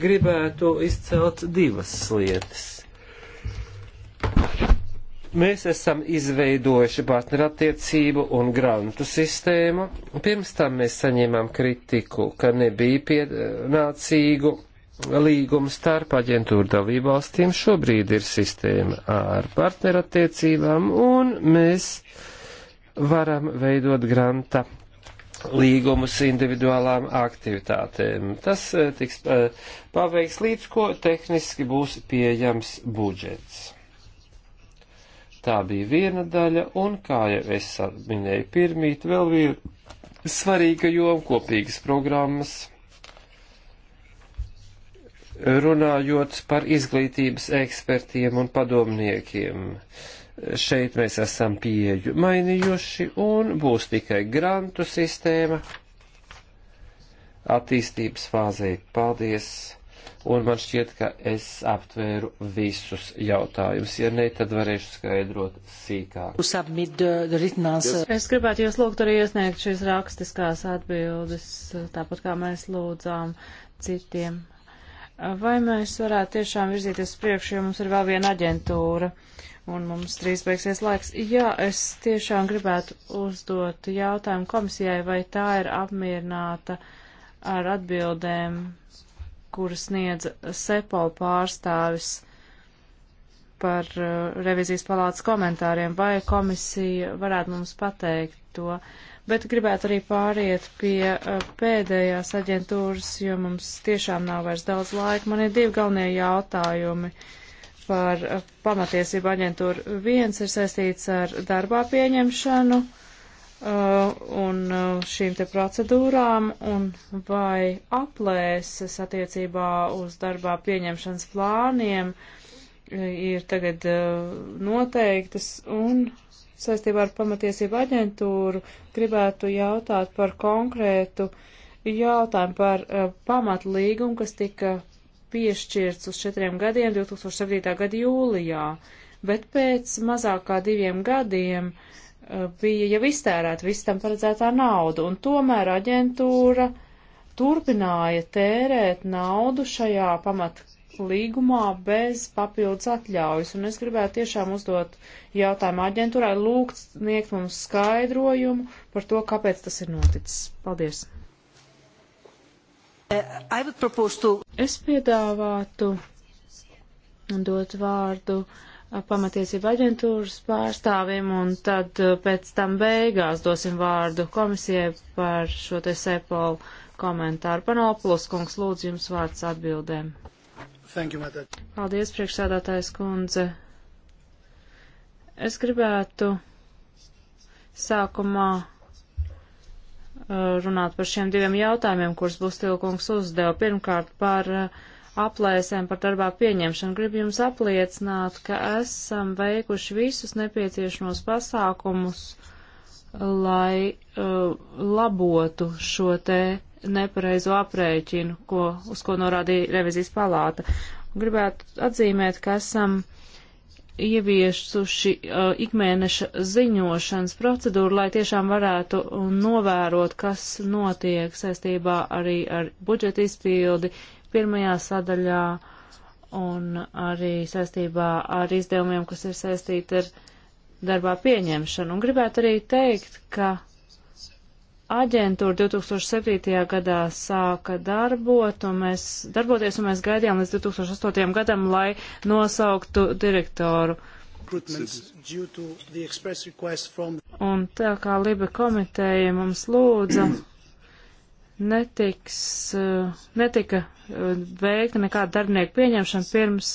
Gribētu izcelt divas lietas. Mēs esam izveidojuši partnerattiecību un grantu sistēmu. Pirms tam mēs saņēmām kritiku, ka nebija pienācīgu līgumu starp aģentūru dalībvalstīm. Šobrīd ir sistēma ar partnerattiecībām un mēs varam veidot granta līgumus individuālām aktivitātēm. Tas eh, tiks eh, paveiks līdz ko tehniski būs pieejams budžets. Tā bija viena daļa, un, kā jau es minēju pirmīt, vēl bija svarīga joma kopīgas programmas, runājot par izglītības ekspertiem un padomniekiem. Šeit mēs esam pieeju mainījuši, un būs tikai grantu sistēma attīstības fāzē. Paldies! un man šķiet, ka es aptvēru visus jautājumus. Ja ne, tad varēšu skaidrot sīkāk. Es gribētu jūs lūgt arī iesniegt šīs rakstiskās atbildes, tāpat kā mēs lūdzām citiem. Vai mēs varētu tiešām virzīties priekšu, jo mums ir vēl viena aģentūra un mums drīz beigsies laiks. Jā, es tiešām gribētu uzdot jautājumu komisijai, vai tā ir apmierināta ar atbildēm kuras sniedz SEPOL pārstāvis par uh, revizijas palātas komentāriem, vai komisija varētu mums pateikt to. Bet gribētu arī pāriet pie uh, pēdējās aģentūras, jo mums tiešām nav vairs daudz laika. Man ir divi galvenie jautājumi par uh, pamatiesību aģentūru. Viens ir saistīts ar darbā pieņemšanu. Uh, Uh, un uh, šīm te procedūrām, un vai aplēses attiecībā uz darbā pieņemšanas plāniem uh, ir tagad noteiktas, un saistībā ar pamatiesību aģentūru gribētu jautāt par konkrētu jautājumu par pamatlīgumu, kas tika piešķirts uz četriem gadiem 2007. gada jūlijā, bet pēc mazāk kā diviem gadiem uh, Uh, bija jau iztērēta viss tam paredzētā nauda, un tomēr aģentūra turpināja tērēt naudu šajā pamat līgumā bez papildus atļaujas, un es gribētu tiešām uzdot jautājumu aģentūrai, lūgt sniegt mums skaidrojumu par to, kāpēc tas ir noticis. Paldies! Uh, es piedāvātu dot vārdu uh, pamatiesību aģentūras pārstāvim, un tad uh, pēc tam beigās dosim vārdu komisijai par šo te sepolu komentāru. Panopulus kungs, lūdzu jums vārds atbildēm. Thank you, madam. Paldies, priekšsādātājs kundze. Es gribētu sākumā uh, runāt par šiem diviem jautājumiem, kurus Bustilkungs uzdeva. Pirmkārt, par uh, aplēsēm par darbā pieņemšanu. Gribu jums apliecināt, ka esam veikuši visus nepieciešamos pasākumus, lai uh, labotu šo te nepareizo aprēķinu, ko, uz ko norādīja revizijas palāta. Gribētu atzīmēt, ka esam ieviesuši uh, ikmēneša ziņošanas procedūru, lai tiešām varētu novērot, kas notiek saistībā arī ar budžeta izpildi, uh, pirmajā sadaļā un arī saistībā ar izdevumiem, kas ir saistīti ar darbā pieņemšanu. Un gribētu arī teikt, ka aģentūra 2007. gadā sāka darbot, un mēs, darboties, un mēs gaidījām līdz 2008. gadam, lai nosauktu direktoru. Un tā kā Liba komiteja mums lūdza netiks, eh, netika eh, veikta nekāda darbinieku pieņemšana pirms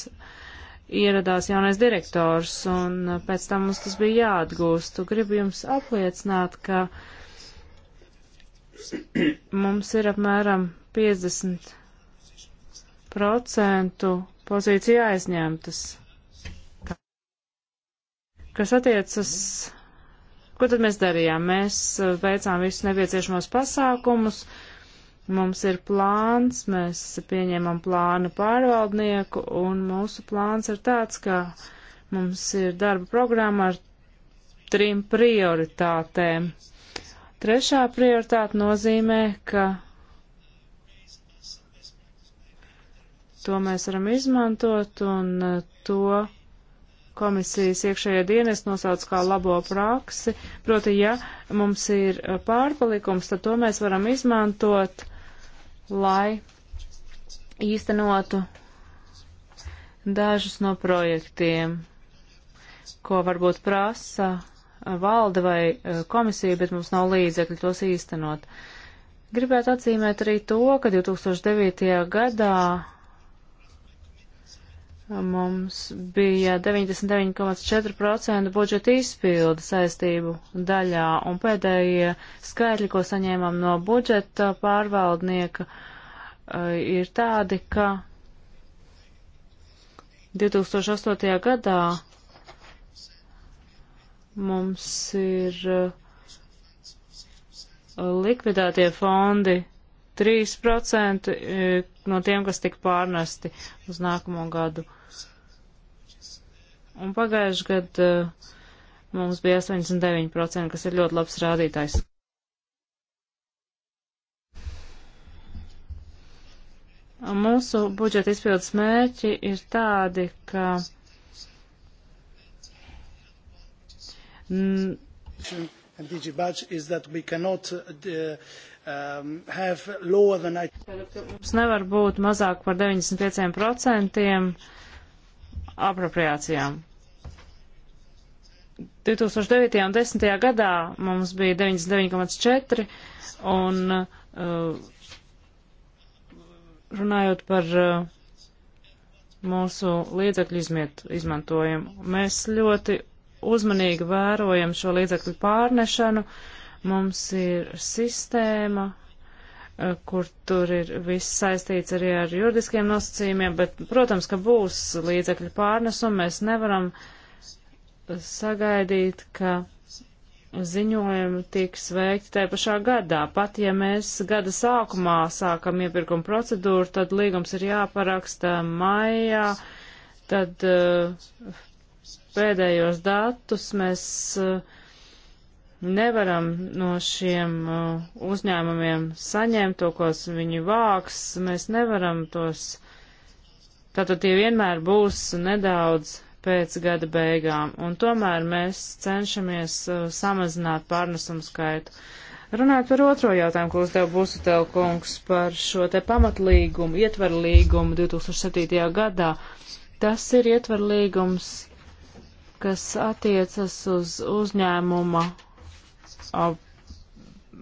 ieradās jaunais direktors, un eh, pēc tam mums tas bija jāatgūst. Gribu jums apliecināt, ka mums ir apmēram 50% pozīcija aizņemtas. Kas attiecas Ko tad mēs darījām? Mēs veicām visus nepieciešamos pasākumus, uh, Mums ir plāns, mēs pieņemam plānu pārvaldnieku, un mūsu plāns ir tāds, ka mums ir darba programma ar trim prioritātēm. Trešā prioritāte nozīmē, ka to mēs varam izmantot, un eh, to komisijas iekšējā dienas nosauc kā labo praksi. Proti, ja mums ir eh, pārpalikums, tad to mēs varam izmantot lai īstenotu dažus no projektiem, ko varbūt prasa eh, valde vai eh, komisija, bet mums nav līdzekļi tos īstenot. Gribētu atzīmēt arī to, ka 2009. gadā Mums bija 99,4% budžeta izpildu saistību daļā, un pēdējie skaitļi, ko saņēmām no budžeta pārvaldnieka, eh, ir tādi, ka 2008. gadā mums ir eh, likvidētie fondi 3% eh, no tiem, kas tika pārnesti uz nākamo gadu. Un pagājuši gad uh, mums bija 89%, kas ir ļoti labs rādītājs. Un mūsu budžeta izpildes mērķi ir tādi, ka and DG Budge is that we cannot uh, um, have lower than Mums nevar būt mazāk par 95% apropriācijām. 2009. un 10. gadā mums bija 99,4 un uh, runājot par uh, mūsu līdzekļu izmiet, izmantojumu, mēs ļoti uzmanīgi vērojam šo līdzekļu pārnešanu. Mums ir sistēma, uh, kur tur ir viss saistīts arī ar juridiskiem nosacījumiem, bet, protams, ka būs līdzekļu pārnesumi, mēs nevaram uh, sagaidīt, ka ziņojumi tiks veikti tajā pašā gadā. Pat ja mēs gada sākumā sākam iepirkuma procedūru, tad līgums ir jāparaksta maijā, tad uh, pēdējos datus mēs uh, nevaram no šiem uh, uzņēmumiem saņemt to, ko viņi vāks. Mēs nevaram tos. Tātad tie vienmēr būs nedaudz pēc gada beigām, un tomēr mēs cenšamies uh, samazināt pārnesumu skaitu. Runājot par otro jautājumu, ko uzdev Busutel kungs par šo te pamatlīgumu, ietveru līgumu 2007. gadā, tas ir ietveru līgums, kas attiecas uz uzņēmuma,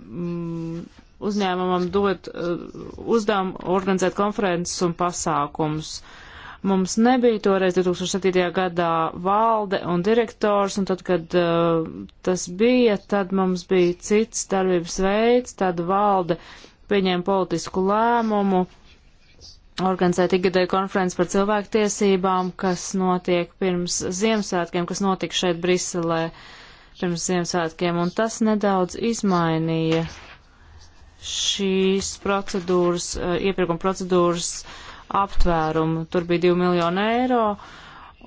mm, uzņēmumam dot uh, uzdevumu organizēt konferences un pasākumus. Uh, Mums nebija toreiz 2007. gadā valde un direktors, un tad, kad uh, tas bija, tad mums bija cits darbības veids, tad valde pieņēma politisku lēmumu organizēt ikgadēju konferenci par cilvēktiesībām, kas notiek pirms Ziemassvētkiem, kas notika šeit Briselē pirms Ziemassvētkiem, un tas nedaudz izmainīja šīs procedūras, uh, iepirkuma procedūras uh, aptvērumu. Tur bija 2 miljoni eiro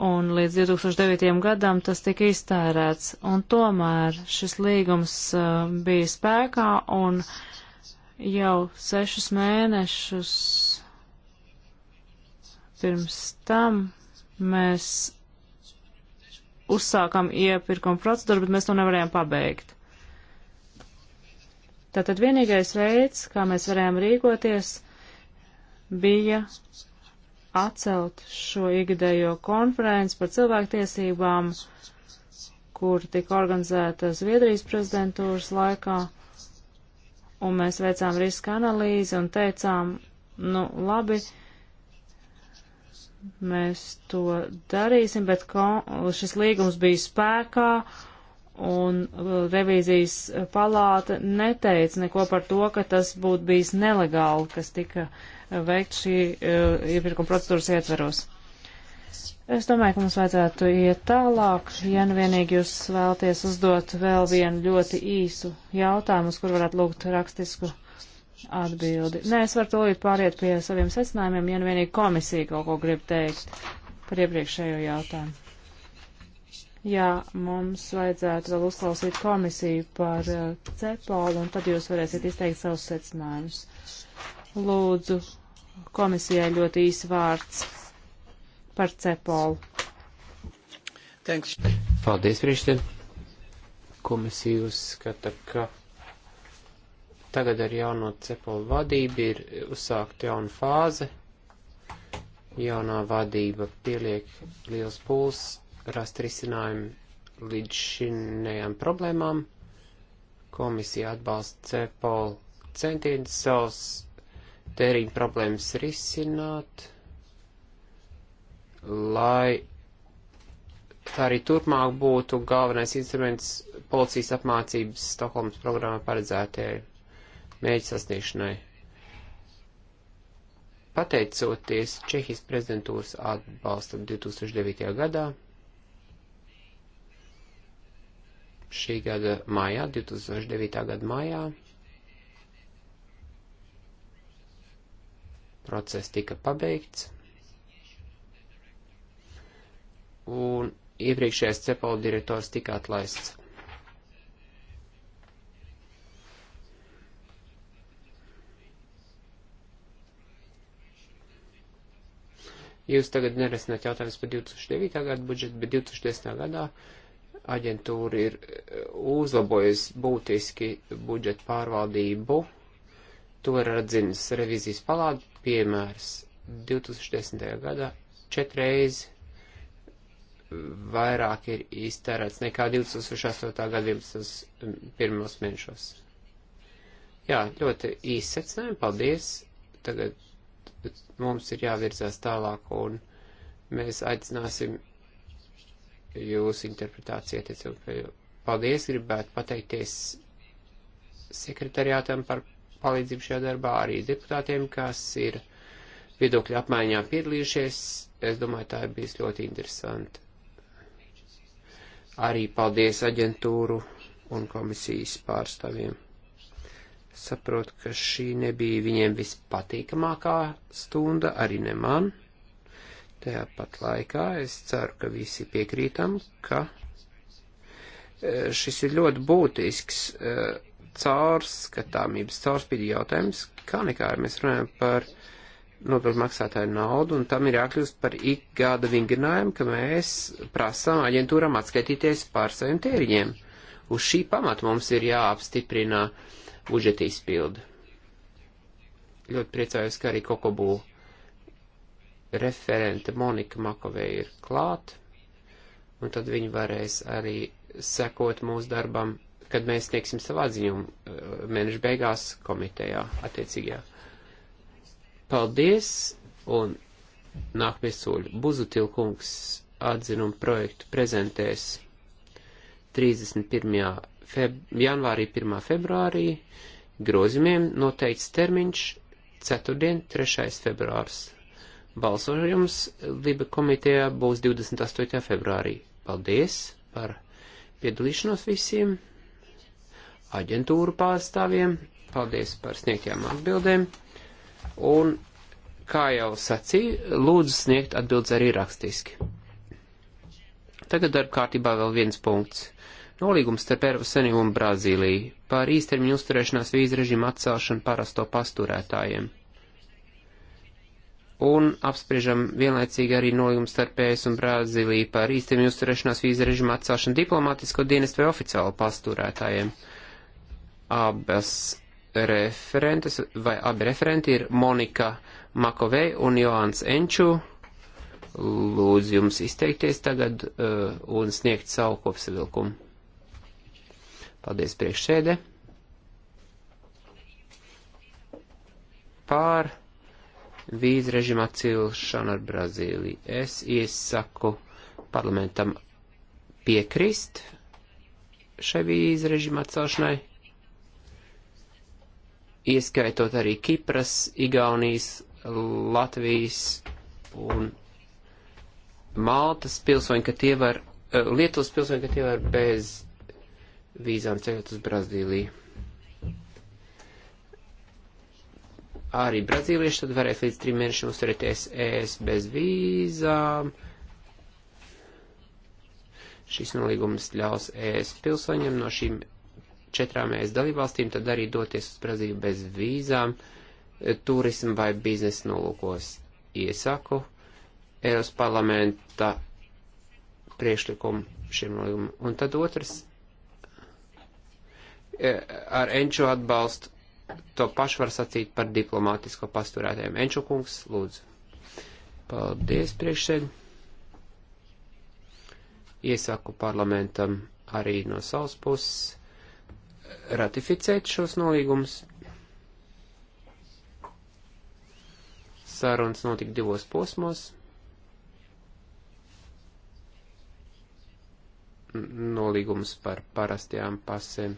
un līdz 2009. gadam tas tika iztērēts, un tomēr šis līgums uh, bija spēkā, un jau sešus mēnešus pirms tam mēs uzsākam iepirkuma procedūru, bet mēs to nevarējām pabeigt. Tātad vienīgais veids, kā mēs varējām rīkoties, bija atcelt šo ikgadējo konferenci par cilvēktiesībām, kur tika organizēta Zviedrijas prezidentūras laikā, un mēs veicām riska analīzi un teicām, nu labi, mēs to darīsim, bet šis līgums bija spēkā, un uh, revīzijas palāta neteica neko par to, ka tas būtu bijis nelegāli, kas tika uh, veikt šī eh, iepirkuma procedūras ietveros. Es domāju, ka mums vajadzētu iet tālāk, ja nu vienīgi jūs vēlaties uzdot vēl vienu ļoti īsu jautājumu, uz kur varētu lūgt rakstisku atbildi. Nē, es varu tūlīt pāriet pie saviem secinājumiem, ja nu vienīgi komisija kaut ko grib teikt par iepriekšējo jautājumu. Jā, mums vajadzētu vēl uzklausīt komisiju par uh, cepolu, un tad jūs varēsiet izteikt savus secinājumus. Lūdzu, komisijai ļoti īsi vārds par cepolu. Thanks. Paldies, priekšsēd. Komisija uzskata, ka tagad ar jauno cepolu vadību ir uzsākta jauna fāze. Jaunā vadība pieliek liels puls rast risinājumu līdz šinējām problēmām. Komisija atbalsta cepolu centienus savus tēriņu problēmas risināt, lai tā arī turpmāk būtu galvenais instruments policijas apmācības Stokholmas programmā paredzētajai mēģi sasniegšanai. Pateicoties Čehijas prezidentūras atbalstam 2009. gadā, šī gada mājā, 2009. gada mājā, Process tika pabeigts. Un iepriekšējais cepalu direktors tika atlaists. Jūs tagad nerasināt jautājumus par 2009. gadu budžetu, bet 2010. gadā aģentūra ir uh, uzlabojusi būtiski budžetu pārvaldību. To ir atzinis revizijas palāda, piemērs. 2010. gadā četreiz vairāk ir iztērēts nekā 2008. gada 11. pirmos mēnešos. Jā, ļoti īsi secinājumi, paldies. Tagad mums ir jāvirzās tālāk un mēs aicināsim jūsu interpretāciju attiecībā. Paldies, gribētu pateikties sekretariātam par palīdzību šajā darbā, arī deputātiem, kas ir viedokļu apmaiņā piedalījušies. Es domāju, tā ir bijis ļoti interesanti. Arī paldies aģentūru un komisijas pārstāvjiem. Saprotu, ka šī nebija viņiem vispatīkamākā stunda, arī ne man. Tajā pat laikā es ceru, ka visi piekrītam, ka e, šis ir ļoti būtisks e, caurskatāmības, caurspīdīgi jautājums, kā nekā mēs runājam par nodokļu maksātāju naudu, un tam ir jākļūst par ik gada vingrinājumu, ka mēs prasām aģentūram atskaitīties par saviem tēriņiem. Uz šī pamata mums ir jāapstiprina budžeta izpildi. Ļoti priecājos, ka arī Kokobu referente Monika Makovēja ir klāt, un tad viņi varēs arī sekot mūsu darbam kad mēs teiksim savu atziņumu uh, mēneša beigās komitejā attiecīgajā. Paldies un nākamie soļi. Buzutilkungs atzinumu projektu prezentēs 31. Feb... janvārī, 1. februārī. Grozījumiem noteikts termiņš ceturtdien, 3. februārs. Balsojums Liba komitejā būs 28. februārī. Paldies par piedalīšanos visiem! aģentūru pārstāvjiem. Paldies par sniegtajām atbildēm. Un, kā jau sacīju, lūdzu sniegt atbildes arī rakstiski. Tagad ar kārtībā vēl viens punkts. Nolīgums starp Eiropas Savienību un Brazīliju par īstermiņu uzturēšanās vīzu režīmu atcelšanu parasto pasturētājiem. Un apspriežam vienlaicīgi arī nolīgums starp ES un Brazīliju par īstermiņu uzturēšanās vīzu režīmu atcelšanu diplomātisko dienestu vai oficiālu pasturētājiem. Uh, abas referentes, vai abi referenti ir Monika Makovei un Johans Enču. Lūdzu jums izteikties tagad uh, un sniegt savu kopsavilkumu. Paldies priekšsēdē. Pār vīzu režīmu atcilšanu ar Brazīliju. Es iesaku parlamentam piekrist šai vīzu režīmu atcelšanai ieskaitot arī Kipras, Igaunijas, Latvijas un Maltas pilsoņi, ka tie var, eh, Lietuvas pilsoņi, ka tie var bez vīzām ceļot uz Brazīliju. Arī brazīlieši tad varēs līdz trim mēnešiem uzturēties ES bez vīzām. Šis nolīgums ļaus ES pilsoņiem no šīm četrām ES dalībvalstīm, tad arī doties uz Brazīliju bez vīzām, e, turismu vai biznesa nolūkos. Iesaku Eiropas parlamenta priekšlikumu šim nolīgumam. Un tad otrs e, ar Enču atbalstu to pašu var sacīt par diplomātisko pasturētājiem. Enču kungs, lūdzu. Paldies priekšsēd. Iesaku parlamentam arī no savas puses ratificēt šos nolīgumus. Sārunas notika divos posmos. Nolīgums par parastajām pasēm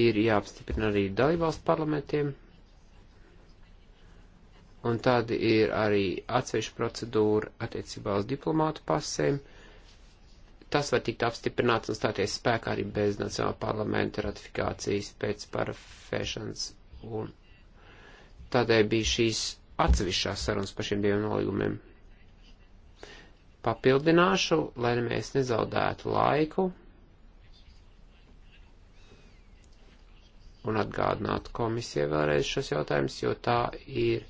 ir jāapstiprina arī dalībvalstu parlamentiem, un tad ir arī atsevišķa procedūra attiecībā uz diplomātu pasēm. Uh, tas var tikt apstiprināts un stāties spēkā arī bez Nacionāla parlamenta ratifikācijas pēc parafēšanas. Un tādēļ bija šīs atsevišķās sarunas par šiem diviem nolīgumiem. Papildināšu, lai mēs nezaudētu laiku un atgādinātu komisijai vēlreiz šos jautājumus, jo tā ir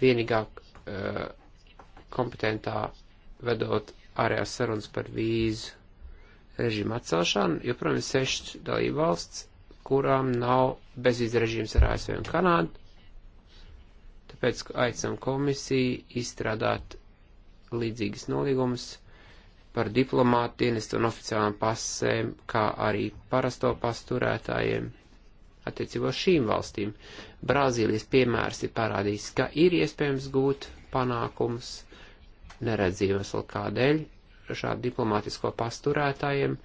vienīgā uh, kompetentā vedot ārējās sarunas par vīzu režīmu atcelšanu, joprojām ir sešas dalībvalsts, kurām nav bezvīzu režīms ar ASV un Kanādu. Tāpēc aicinām komisiju izstrādāt līdzīgas nolīgumus par diplomātu dienestu un oficiālām pasēm, kā arī parasto pasturētājiem attiecībā uz šīm valstīm. Brazīlijas piemērs ir parādījis, ka ir iespējams gūt panākumus neredz iemeslu kādēļ šādu diplomātisko pasturētājiem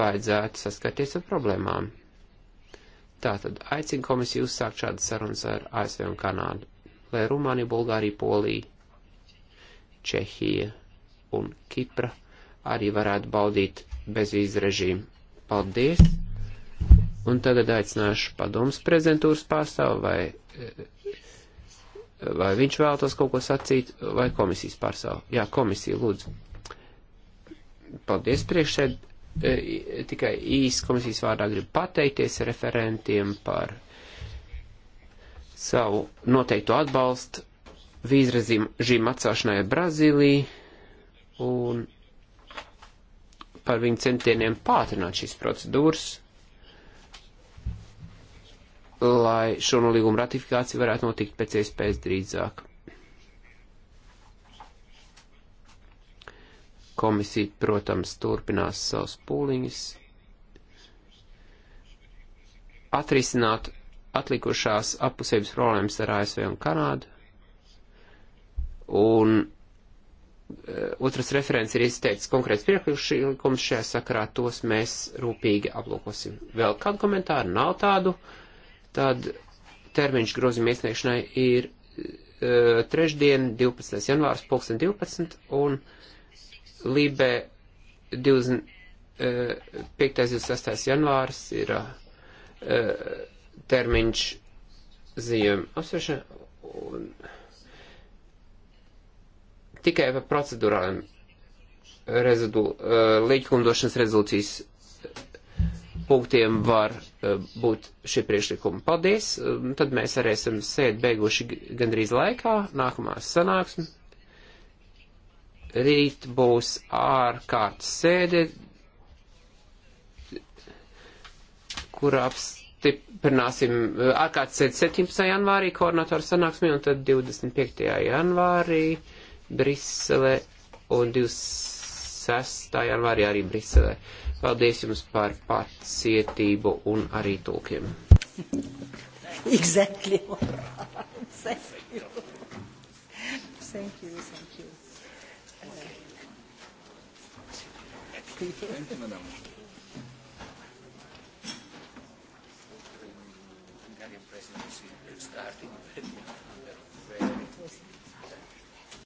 vajadzētu saskarties ar problēmām. Tātad aicinu komisiju uzsākt šādas sarunas ar ASV un Kanādu, lai Rumānija, Bulgārija, Polija, Čehija un Kipra arī varētu baudīt bezvīzu režīmu. Paldies! Un tagad aicināšu padomus prezentūras pārstāvu vai eh, Vai viņš vēlētos kaut ko sacīt, vai komisijas pārstāv? Jā, komisija, lūdzu. Paldies priekšsēd. E, tikai īsi komisijas vārdā gribu pateikties referentiem par savu noteikto atbalstu vīzrežīmu atcelšanai Brazīlijai un par viņu centieniem pātrināt šīs procedūras lai šo nolīgumu ratifikācija varētu notikt pēc iespējas drīzāk. Komisija, protams, turpinās savus pūliņus atrisināt atlikušās apusējums problēmas ar ASV un Kanādu. Un e, otrs referents ir izteicis konkrēts priekšlikums šajā sakarā, tos mēs rūpīgi aplūkosim. Vēl kādu komentāru nav tādu. Uh, tad termiņš grozījuma iesniegšanai ir uh, trešdien, 12. janvārs, 2012, un Lībe 25. Uh, 26. janvārs ir uh, termiņš ziņojuma apsvēršanai, un tikai par procedurāliem rezidu, uh, e, līķkundošanas rezolūcijas punktiem var Eh, būt šie priekšlikumi. Paldies! Eh, tad mēs arī esam sēdi beiguši gandrīz laikā. Nākamā sanāksme. Rīt būs ārkārtas sēde, kurā apstiprināsim eh, ārkārtas sēdi 17. janvārī koordinatoru sanāksmi un tad 25. janvārī Brisele un 200. 26. janvārī arī Briselē. Paldies jums par pacietību un arī tūkiem. Exactly. thank you. Thank you. Thank you. Uh, thank you, madam. starting